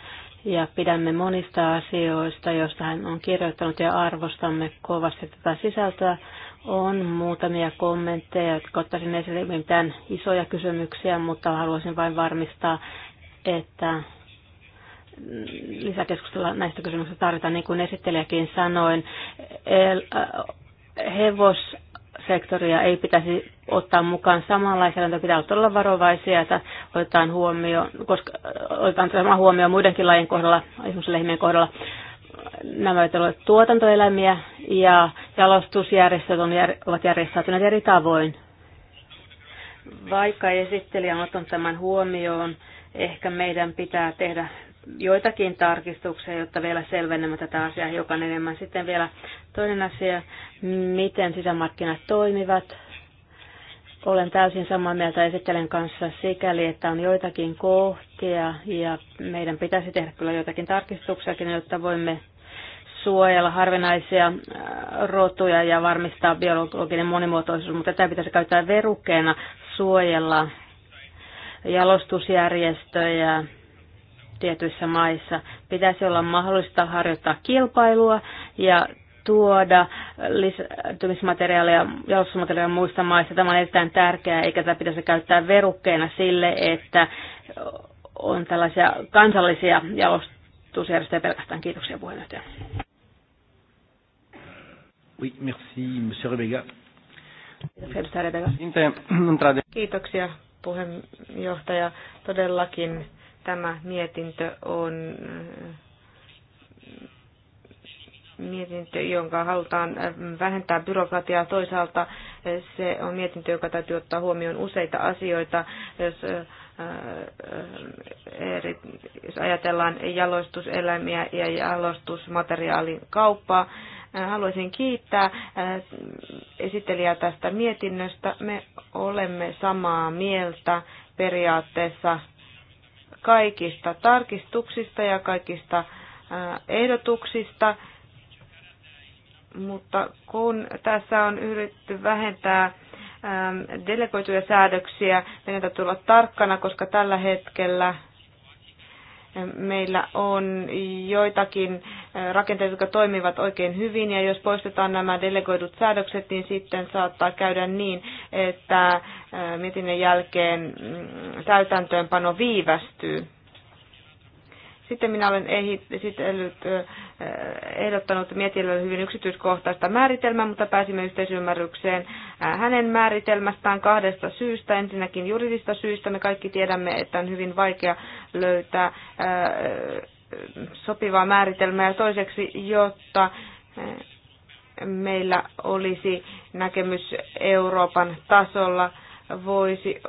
ja pidämme monista asioista, joista hän on kirjoittanut ja arvostamme kovasti tätä sisältöä. On muutamia kommentteja, jotka ottaisin esille mitään isoja kysymyksiä, mutta haluaisin vain varmistaa, että lisäkeskustella näistä kysymyksistä tarvitaan, niin kuin esittelijäkin sanoin. Äh, hevossektoria ei pitäisi ottaa mukaan samanlaisella, pitää olla varovaisia, että otetaan huomioon, koska äh, otetaan tämä huomioon muidenkin lajien kohdalla, esimerkiksi lehmien kohdalla. Nämä ovat olleet tuotantoeläimiä ja jalostusjärjestöt on, ovat järjestäytyneet eri tavoin. Vaikka esittelijä on ottanut tämän huomioon, ehkä meidän pitää tehdä joitakin tarkistuksia, jotta vielä selvennämme tätä asiaa hiukan enemmän. Sitten vielä toinen asia, miten sisämarkkinat toimivat. Olen täysin samaa mieltä esittelen kanssa sikäli, että on joitakin kohtia ja meidän pitäisi tehdä kyllä joitakin tarkistuksiakin, jotta voimme suojella harvinaisia äh, rotuja ja varmistaa biologinen monimuotoisuus, mutta tätä pitäisi käyttää verukkeena suojella jalostusjärjestöjä, tietyissä maissa. Pitäisi olla mahdollista harjoittaa kilpailua ja tuoda lisääntymismateriaalia, jalostusmateriaalia muista maista. Tämä on erittäin tärkeää, eikä tätä pitäisi käyttää verukkeena sille, että on tällaisia kansallisia jalostusjärjestöjä pelkästään. Kiitoksia puheenjohtaja. Oui, merci, monsieur Rebega. Kiitoksia, Rebega. Kiitoksia, puheenjohtaja. Todellakin Tämä mietintö on mietintö, jonka halutaan vähentää byrokratiaa. Toisaalta se on mietintö, joka täytyy ottaa huomioon useita asioita. Jos, jos ajatellaan jalostuseläimiä ja jalostusmateriaalin kauppaa, haluaisin kiittää esittelijää tästä mietinnöstä. Me olemme samaa mieltä periaatteessa kaikista tarkistuksista ja kaikista ehdotuksista, mutta kun tässä on yritetty vähentää delegoituja säädöksiä, meidän täytyy olla tarkkana, koska tällä hetkellä meillä on joitakin rakenteita, jotka toimivat oikein hyvin, ja jos poistetaan nämä delegoidut säädökset, niin sitten saattaa käydä niin, että mietinnön jälkeen mm, täytäntöönpano viivästyy. Sitten minä olen esitellyt, ehdottanut mietinnölle hyvin yksityiskohtaista määritelmää, mutta pääsimme yhteisymmärrykseen hänen määritelmästään kahdesta syystä. Ensinnäkin juridista syystä. Me kaikki tiedämme, että on hyvin vaikea löytää sopivaa määritelmää. Ja toiseksi, jotta meillä olisi näkemys Euroopan tasolla, voisi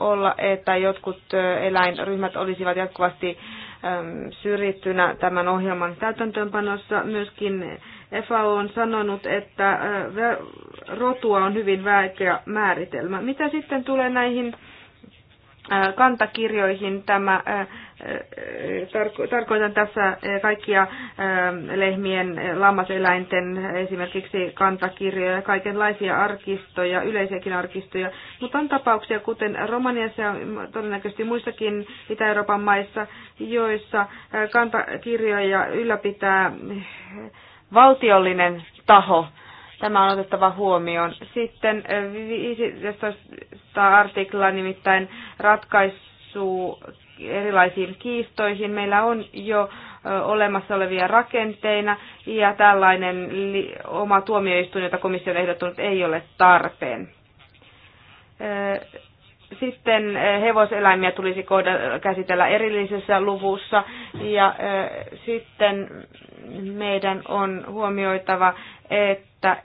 olla, että jotkut eläinryhmät olisivat jatkuvasti äh, syrjittynä tämän ohjelman täytäntöönpanossa. Myöskin FAO on sanonut, että rotua on hyvin vaikea määritelmä. Mitä sitten tulee näihin kantakirjoihin. Tämä, tarko, tarkoitan tässä kaikkia lehmien, lammaseläinten esimerkiksi kantakirjoja, kaikenlaisia arkistoja, yleisiäkin arkistoja, mutta on tapauksia, kuten Romaniassa ja todennäköisesti muissakin Itä-Euroopan maissa, joissa kantakirjoja ylläpitää valtiollinen taho, Tämä on otettava huomioon. Sitten 15 eh, artikla nimittäin ratkaisu erilaisiin kiistoihin. Meillä on jo eh, olemassa olevia rakenteina ja tällainen oma tuomioistuin, jota komissio on ehdottanut, ei ole tarpeen. Eh, sitten hevoseläimiä tulisi käsitellä erillisessä luvussa ja sitten meidän on huomioitava, että että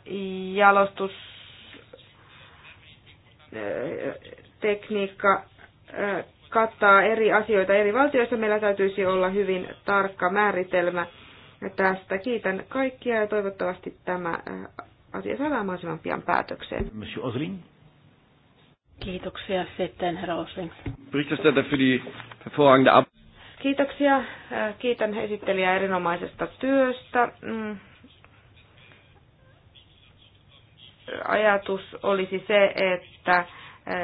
jalostustekniikka eh, eh, kattaa eri asioita eri valtioissa. Meillä täytyisi olla hyvin tarkka määritelmä tästä. Kiitän kaikkia ja toivottavasti tämä eh, asia saadaan mahdollisimman pian päätökseen. Monsieur Osling. Kiitoksia sitten, herra Osling. Kiitoksia. Kiitän esittelijää erinomaisesta työstä. Mm. ajatus olisi se, että äh,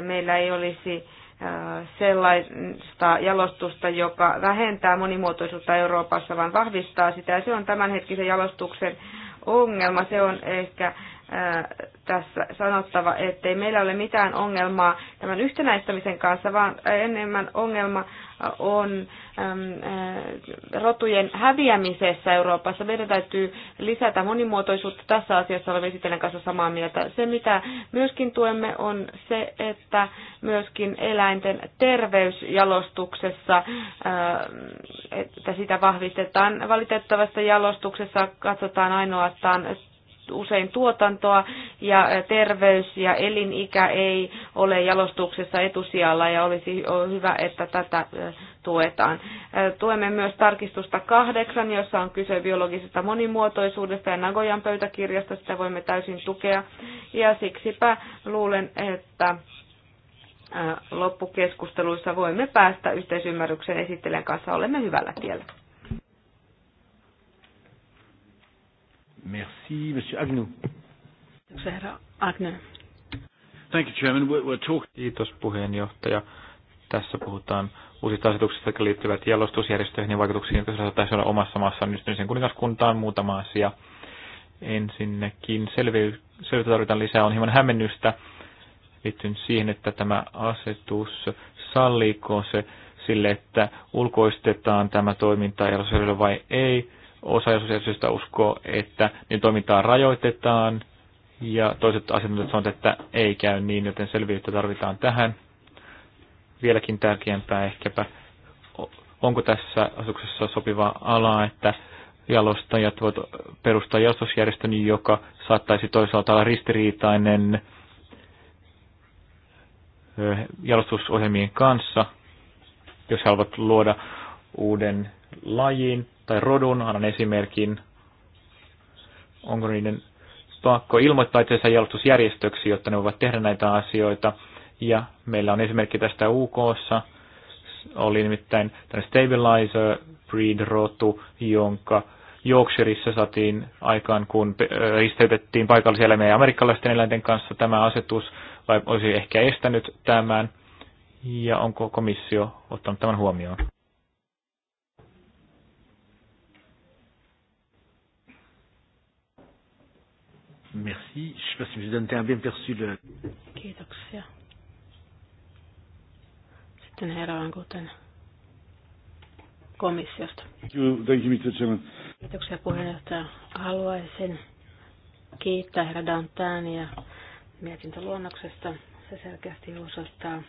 meillä ei olisi äh, sellaista jalostusta, joka vähentää monimuotoisuutta Euroopassa, vaan vahvistaa sitä. Ja se on tämänhetkisen jalostuksen ongelma. Se on ehkä tässä sanottava, ettei meillä ole mitään ongelmaa tämän yhtenäistämisen kanssa, vaan enemmän ongelma on rotujen häviämisessä Euroopassa. Meidän täytyy lisätä monimuotoisuutta tässä asiassa, olemme esitellen kanssa samaa mieltä. Se, mitä myöskin tuemme, on se, että myöskin eläinten terveysjalostuksessa, että sitä vahvistetaan. valitettavasti jalostuksessa katsotaan ainoastaan usein tuotantoa ja terveys ja elinikä ei ole jalostuksessa etusijalla ja olisi hyvä, että tätä tuetaan. Tuemme myös tarkistusta kahdeksan, jossa on kyse biologisesta monimuotoisuudesta ja Nagojan pöytäkirjasta. Sitä voimme täysin tukea ja siksipä luulen, että loppukeskusteluissa voimme päästä yhteisymmärrykseen esittelijän kanssa. Olemme hyvällä tiellä. Merci, Monsieur Agnew. Herra Agnew. Thank you, Chairman. We're talk- Kiitos puheenjohtaja. Tässä puhutaan uusista asetuksista, jotka liittyvät jalostusjärjestöihin ja vaikutuksiin, jotka saattaisi olla omassa nyt yhdistymisen kuningaskuntaan muutama asia. Ensinnäkin selviy- selvyyttä tarvitaan lisää. On hieman hämmennystä liittyen siihen, että tämä asetus salliiko se sille, että ulkoistetaan tämä toiminta jalostusjärjestöille vai ei osa sosiaalisesta uskoo, että niin toimintaa rajoitetaan, ja toiset asiantuntijat sanovat, että ei käy niin, joten selviyttä tarvitaan tähän. Vieläkin tärkeämpää ehkäpä, onko tässä asuksessa sopiva ala, että jalostajat voivat perustaa jalostusjärjestön, joka saattaisi toisaalta olla ristiriitainen jalostusohjelmien kanssa, jos haluavat luoda uuden lajin, tai rodun, annan esimerkin, onko niiden pakko ilmoittaa itsensä jalostusjärjestöksi, jotta ne voivat tehdä näitä asioita. Ja meillä on esimerkki tästä UKssa, oli nimittäin stabilizer breed-rotu, jonka Yorkshireissa saatiin aikaan, kun risteytettiin paikallisia eläimiä amerikkalaisten eläinten kanssa tämä asetus, vai olisi ehkä estänyt tämän, ja onko komissio ottanut tämän huomioon? Merci. Je ne sais pas si vous avez bien perçu le... Kiitoksia. Sitten herra on kuten komissiosta. Thank you, Mr. Chairman. Kiitoksia puheenjohtaja. Haluaisin kiittää herra Dantani ja mietintöluonnoksesta. Se selkeästi osoittaa,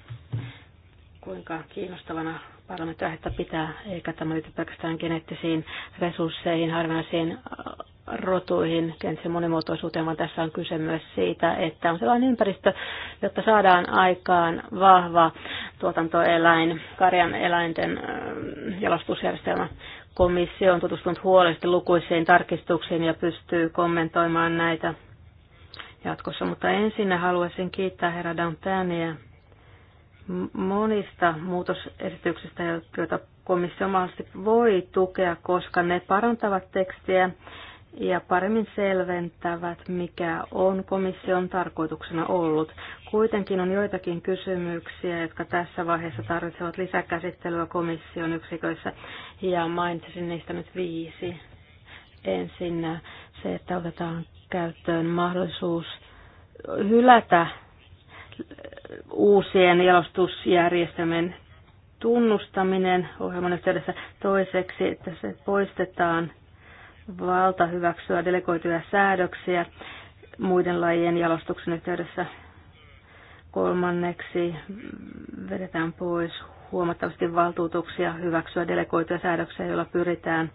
kuinka kiinnostavana parlamenttiaihetta pitää, eikä tämä liity pelkästään geneettisiin resursseihin, harvinaisiin äh, rotuihin, kenties monimuotoisuuteen, vaan tässä on kyse myös siitä, että on sellainen ympäristö, jotta saadaan aikaan vahva tuotantoeläin, karjan eläinten äh, jalostusjärjestelmä. Komissio on tutustunut huolellisesti lukuisiin tarkistuksiin ja pystyy kommentoimaan näitä jatkossa. Mutta ensin haluaisin kiittää herra Dantania monista muutosesityksistä, joita komissio mahdollisesti voi tukea, koska ne parantavat tekstiä ja paremmin selventävät, mikä on komission tarkoituksena ollut. Kuitenkin on joitakin kysymyksiä, jotka tässä vaiheessa tarvitsevat lisäkäsittelyä komission yksiköissä, ja mainitsin niistä nyt viisi. Ensin se, että otetaan käyttöön mahdollisuus hylätä uusien jalostusjärjestelmien tunnustaminen ohjelman yhteydessä toiseksi, että se poistetaan valta hyväksyä delegoituja säädöksiä muiden lajien jalostuksen yhteydessä. Kolmanneksi vedetään pois huomattavasti valtuutuksia hyväksyä delegoituja säädöksiä, joilla pyritään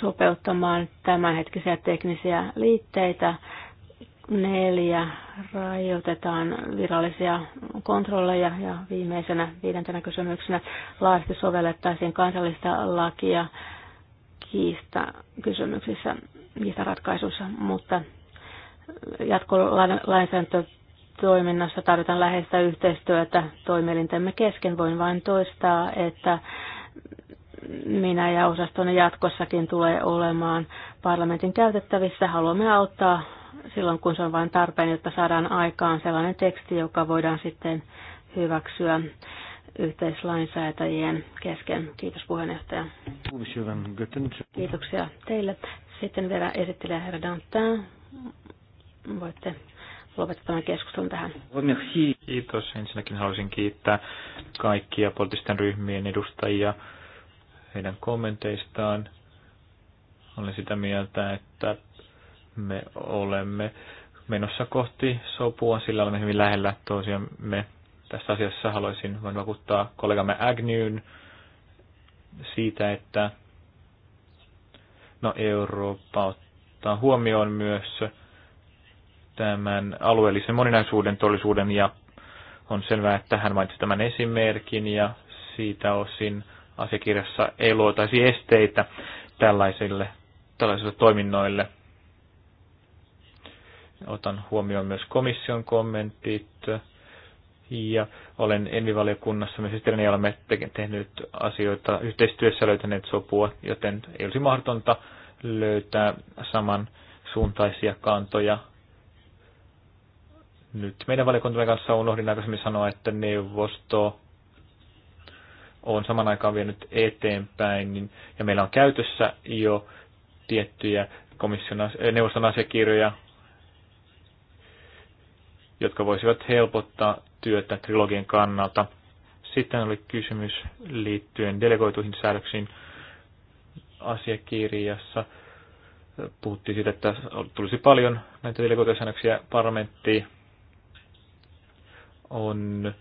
sopeuttamaan tämänhetkisiä teknisiä liitteitä Neljä. Rajoitetaan virallisia kontrolleja ja viimeisenä viidentenä kysymyksenä laajasti sovellettaisiin kansallista lakia kiista kysymyksissä, ratkaisuissa, mutta jatkolainsäädäntö toiminnassa tarvitaan läheistä yhteistyötä toimielintemme kesken. Voin vain toistaa, että minä ja osastoni jatkossakin tulee olemaan parlamentin käytettävissä. Haluamme auttaa silloin, kun se on vain tarpeen, jotta saadaan aikaan sellainen teksti, joka voidaan sitten hyväksyä yhteislainsäätäjien kesken. Kiitos puheenjohtaja. Kiitoksia teille. Sitten vielä esittelijä herra Dantin. Voitte lopettaa tämän keskustelun tähän. Kiitos. Ensinnäkin haluaisin kiittää kaikkia poliittisten ryhmien edustajia heidän kommenteistaan. Olen sitä mieltä, että me olemme menossa kohti sopua, sillä olemme hyvin lähellä toisiamme. Tässä asiassa haluaisin vain vakuuttaa kollegamme Agnewn siitä, että no Eurooppa ottaa huomioon myös tämän alueellisen moninaisuuden, todellisuuden ja on selvää, että hän mainitsi tämän esimerkin ja siitä osin asiakirjassa ei luotaisi esteitä tällaisille, tällaisille toiminnoille – Otan huomioon myös komission kommentit ja olen Envivaliokunnassa, myös sitten olemme tehneet asioita yhteistyössä löytäneet sopua, joten ei olisi mahdotonta löytää saman suuntaisia kantoja. Nyt meidän valiokuntamme kanssa unohdin aikaisemmin sanoa, että neuvosto on saman aikaan vienyt eteenpäin, niin, ja meillä on käytössä jo tiettyjä komission, neuvoston asiakirjoja, jotka voisivat helpottaa työtä trilogien kannalta. Sitten oli kysymys liittyen delegoituihin säädöksiin asiakirjassa. Puhuttiin siitä, että tulisi paljon näitä delegoituja säännöksiä parlamenttiin. On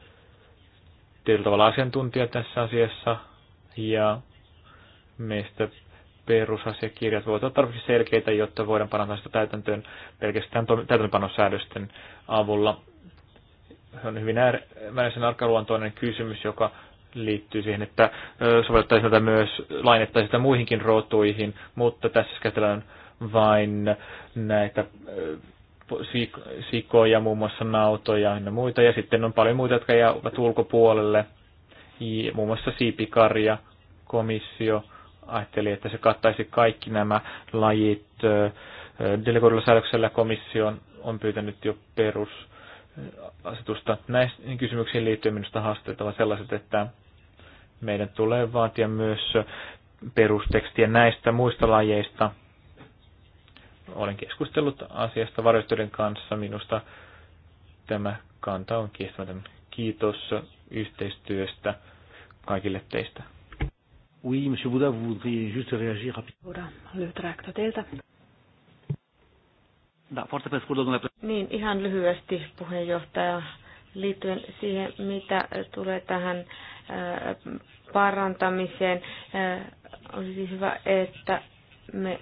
tietyllä tavalla asiantuntija tässä asiassa ja meistä perusasiakirjat voivat olla tarpeeksi selkeitä, jotta voidaan parantaa sitä täytäntöön pelkästään täytäntöpanosäädösten avulla. Se on hyvin äärimmäisen arkaluontoinen kysymys, joka liittyy siihen, että sovellettaisiin tätä myös, lainettaisiin sitä muihinkin rotuihin, mutta tässä käsitellään vain näitä sikoja, muun muassa nautoja ja muita, ja sitten on paljon muita, jotka jäävät ulkopuolelle, muun muassa siipikarja, komissio, ajatteli, että se kattaisi kaikki nämä lajit delegoidulla säädöksellä komission on pyytänyt jo perusasetusta. Näihin kysymyksiin liittyen minusta haasteet ovat sellaiset, että meidän tulee vaatia myös perustekstiä näistä muista lajeista. Olen keskustellut asiasta varjoistoiden kanssa. Minusta tämä kanta on kiehtomaton. Kiitos yhteistyöstä kaikille teistä. Oui, monsieur Bouda, vous voudriez juste réagir rapidement. Bouda, le reaktio teiltä. Niin, ihan lyhyesti puheenjohtaja liittyen siihen, mitä tulee tähän äh, parantamiseen. Äh, olisi siis hyvä, että me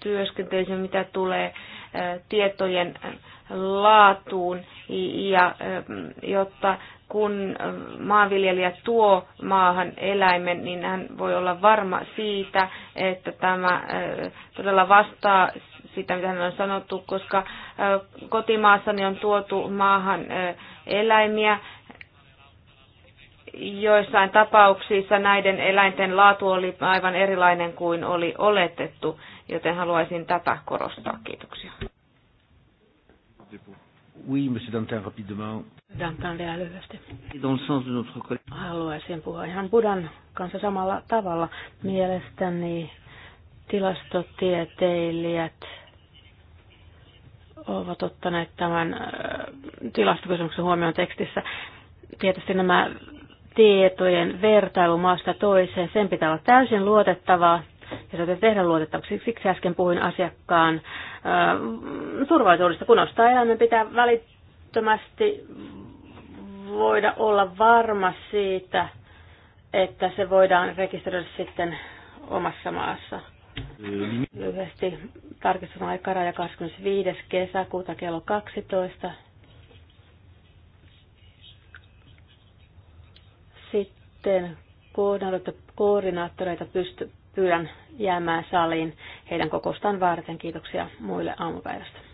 työskentelisimme, mitä tulee äh, tietojen laatuun ja jotta kun maanviljelijä tuo maahan eläimen, niin hän voi olla varma siitä, että tämä todella vastaa sitä, mitä hän on sanottu, koska kotimaassani on tuotu maahan eläimiä. Joissain tapauksissa näiden eläinten laatu oli aivan erilainen kuin oli oletettu, joten haluaisin tätä korostaa. Kiitoksia. Oui, monsieur Dantin, rapidement. Dantin vielä lyhyesti. Dans le sens de notre Haluaisin puhua ihan Budan kanssa samalla tavalla. Mielestäni tilastotieteilijät ovat ottaneet tämän äh, tilastokysymyksen huomioon tekstissä. Tietysti nämä tietojen vertailu maasta toiseen, sen pitää olla täysin luotettavaa ja se pitää tehdä luotettavaksi. Siksi äsken puhuin asiakkaan äh, turvallisuudesta. Kun ostaa eläimen, pitää välittömästi voida olla varma siitä, että se voidaan rekisteröidä sitten omassa maassa Lyhyesti tarkistus on aikaraja 25. kesäkuuta kello 12. Sitten koordinaattoreita pyydän jäämään saliin heidän kokoustaan varten. Kiitoksia muille aamupäivästä.